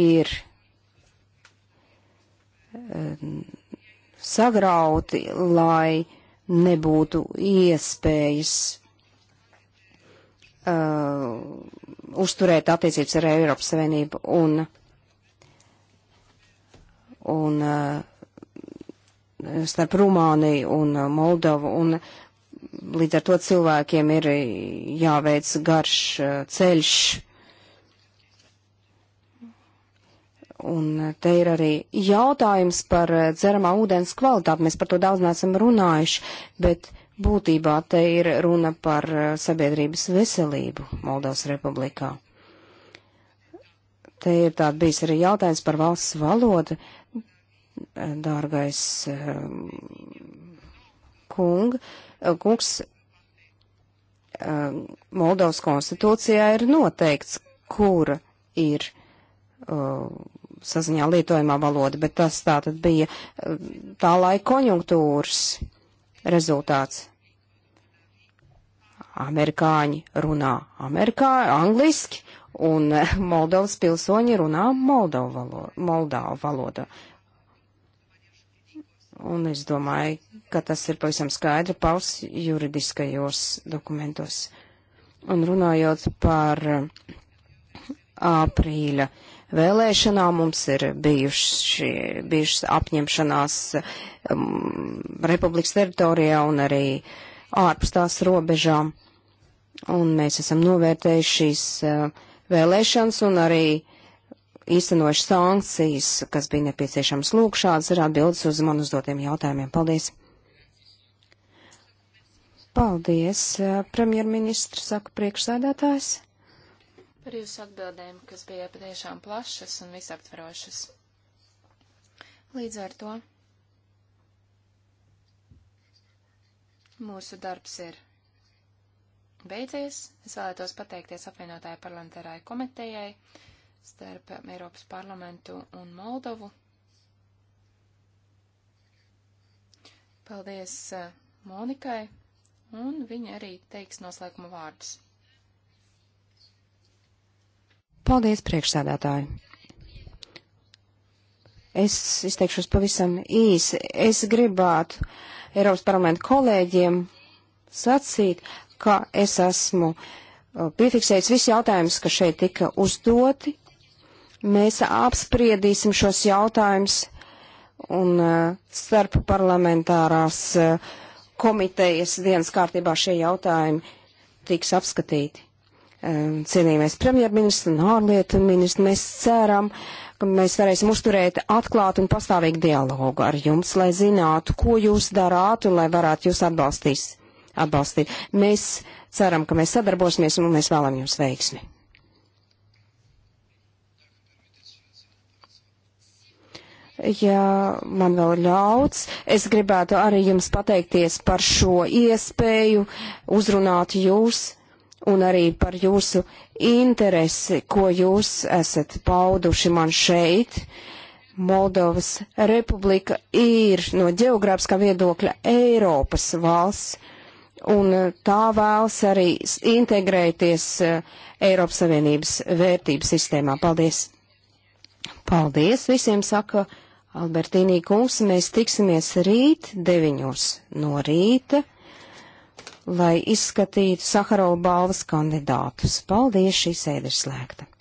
ir eh, sagrauti, lai nebūtu iespējas uh, uzturēt attiecības ar Eiropas Savienību un, un uh, starp Rumāniju un Moldovu un līdz ar to cilvēkiem ir jāveic garš eh, ceļš. Un eh, te ir arī jautājums par eh, dzeramā ūdens kvalitāti. Mēs par to daudz neesam runājuši, bet būtībā te ir runa par sabiedrības veselību Moldovas republikā. Te ir tāds bijis arī jautājums par valsts valodu. Dārgais kunga, Eh, kungs, eh, Moldovas konstitūcijā ir noteikts, kura ir eh, saziņā lietojamā valoda, bet tas tā tad bija tā laika konjunktūras rezultāts. Amerikāņi runā amerikā, angliski, un Moldovas pilsoņi runā Moldovu valodā. Un es domāju, ka tas ir pavisam skaidri paus juridiskajos dokumentos. Un runājot par eh, aprīļa vēlēšanām, mums ir bijuši, bijušas apņemšanās um, republikas teritorijā un arī ārpus tās robežām. Un mēs esam novērtējuši šīs uh, vēlēšanas un arī īstenojuši sankcijas, kas bija nepieciešams. Lūk, šāds ir atbildes uz man uzdotiem jautājumiem. Paldies! Paldies, premjerministrs, saka priekšsēdētājs. Par jūsu atbildēm, kas bija patiešām plašas un visaptverošas. Līdz ar to mūsu darbs ir beidzies. Es vēlētos pateikties apvienotāju parlamentārai komitejai starp Eiropas parlamentu un Moldovu. Paldies eh, Monikai, un viņa arī teiks noslēguma vārdus. Paldies, priekšsēdētāji! Es izteikšos pavisam īsi. Es gribētu Eiropas parlamenta kolēģiem sacīt, ka es esmu eh, piefiksējis visi jautājumus, kas šeit tika uzdoti, Mēs apspriedīsim šos jautājumus un eh, starp parlamentārās eh, komitejas dienas kārtībā šie jautājumi tiks apskatīti. Eh, Cienījamais premjerministrs un ārlietu ministrs, mēs ceram, ka mēs varēsim uzturēt atklātu un pastāvīgu dialogu ar jums, lai zinātu, ko jūs darātu, lai varētu jūs atbalstīs, atbalstīt. Mēs ceram, ka mēs sadarbosimies un mēs vēlam jums veiksmi. Ja man vēl ļauts, es gribētu arī jums pateikties par šo iespēju uzrunāt jūs un arī par jūsu interesi, ko jūs esat pauduši man šeit. Moldovas republika ir no geogrāfiskā viedokļa Eiropas valsts, un tā vēlas arī integrēties eh, Eiropas Savienības vērtības sistēmā. Paldies! Paldies visiem, saka Albertīnī kungs, mēs tiksimies rīt, 9 no rīta, lai izskatītu Saharovu balvas kandidātus. Paldies, šī sēde ir slēgta!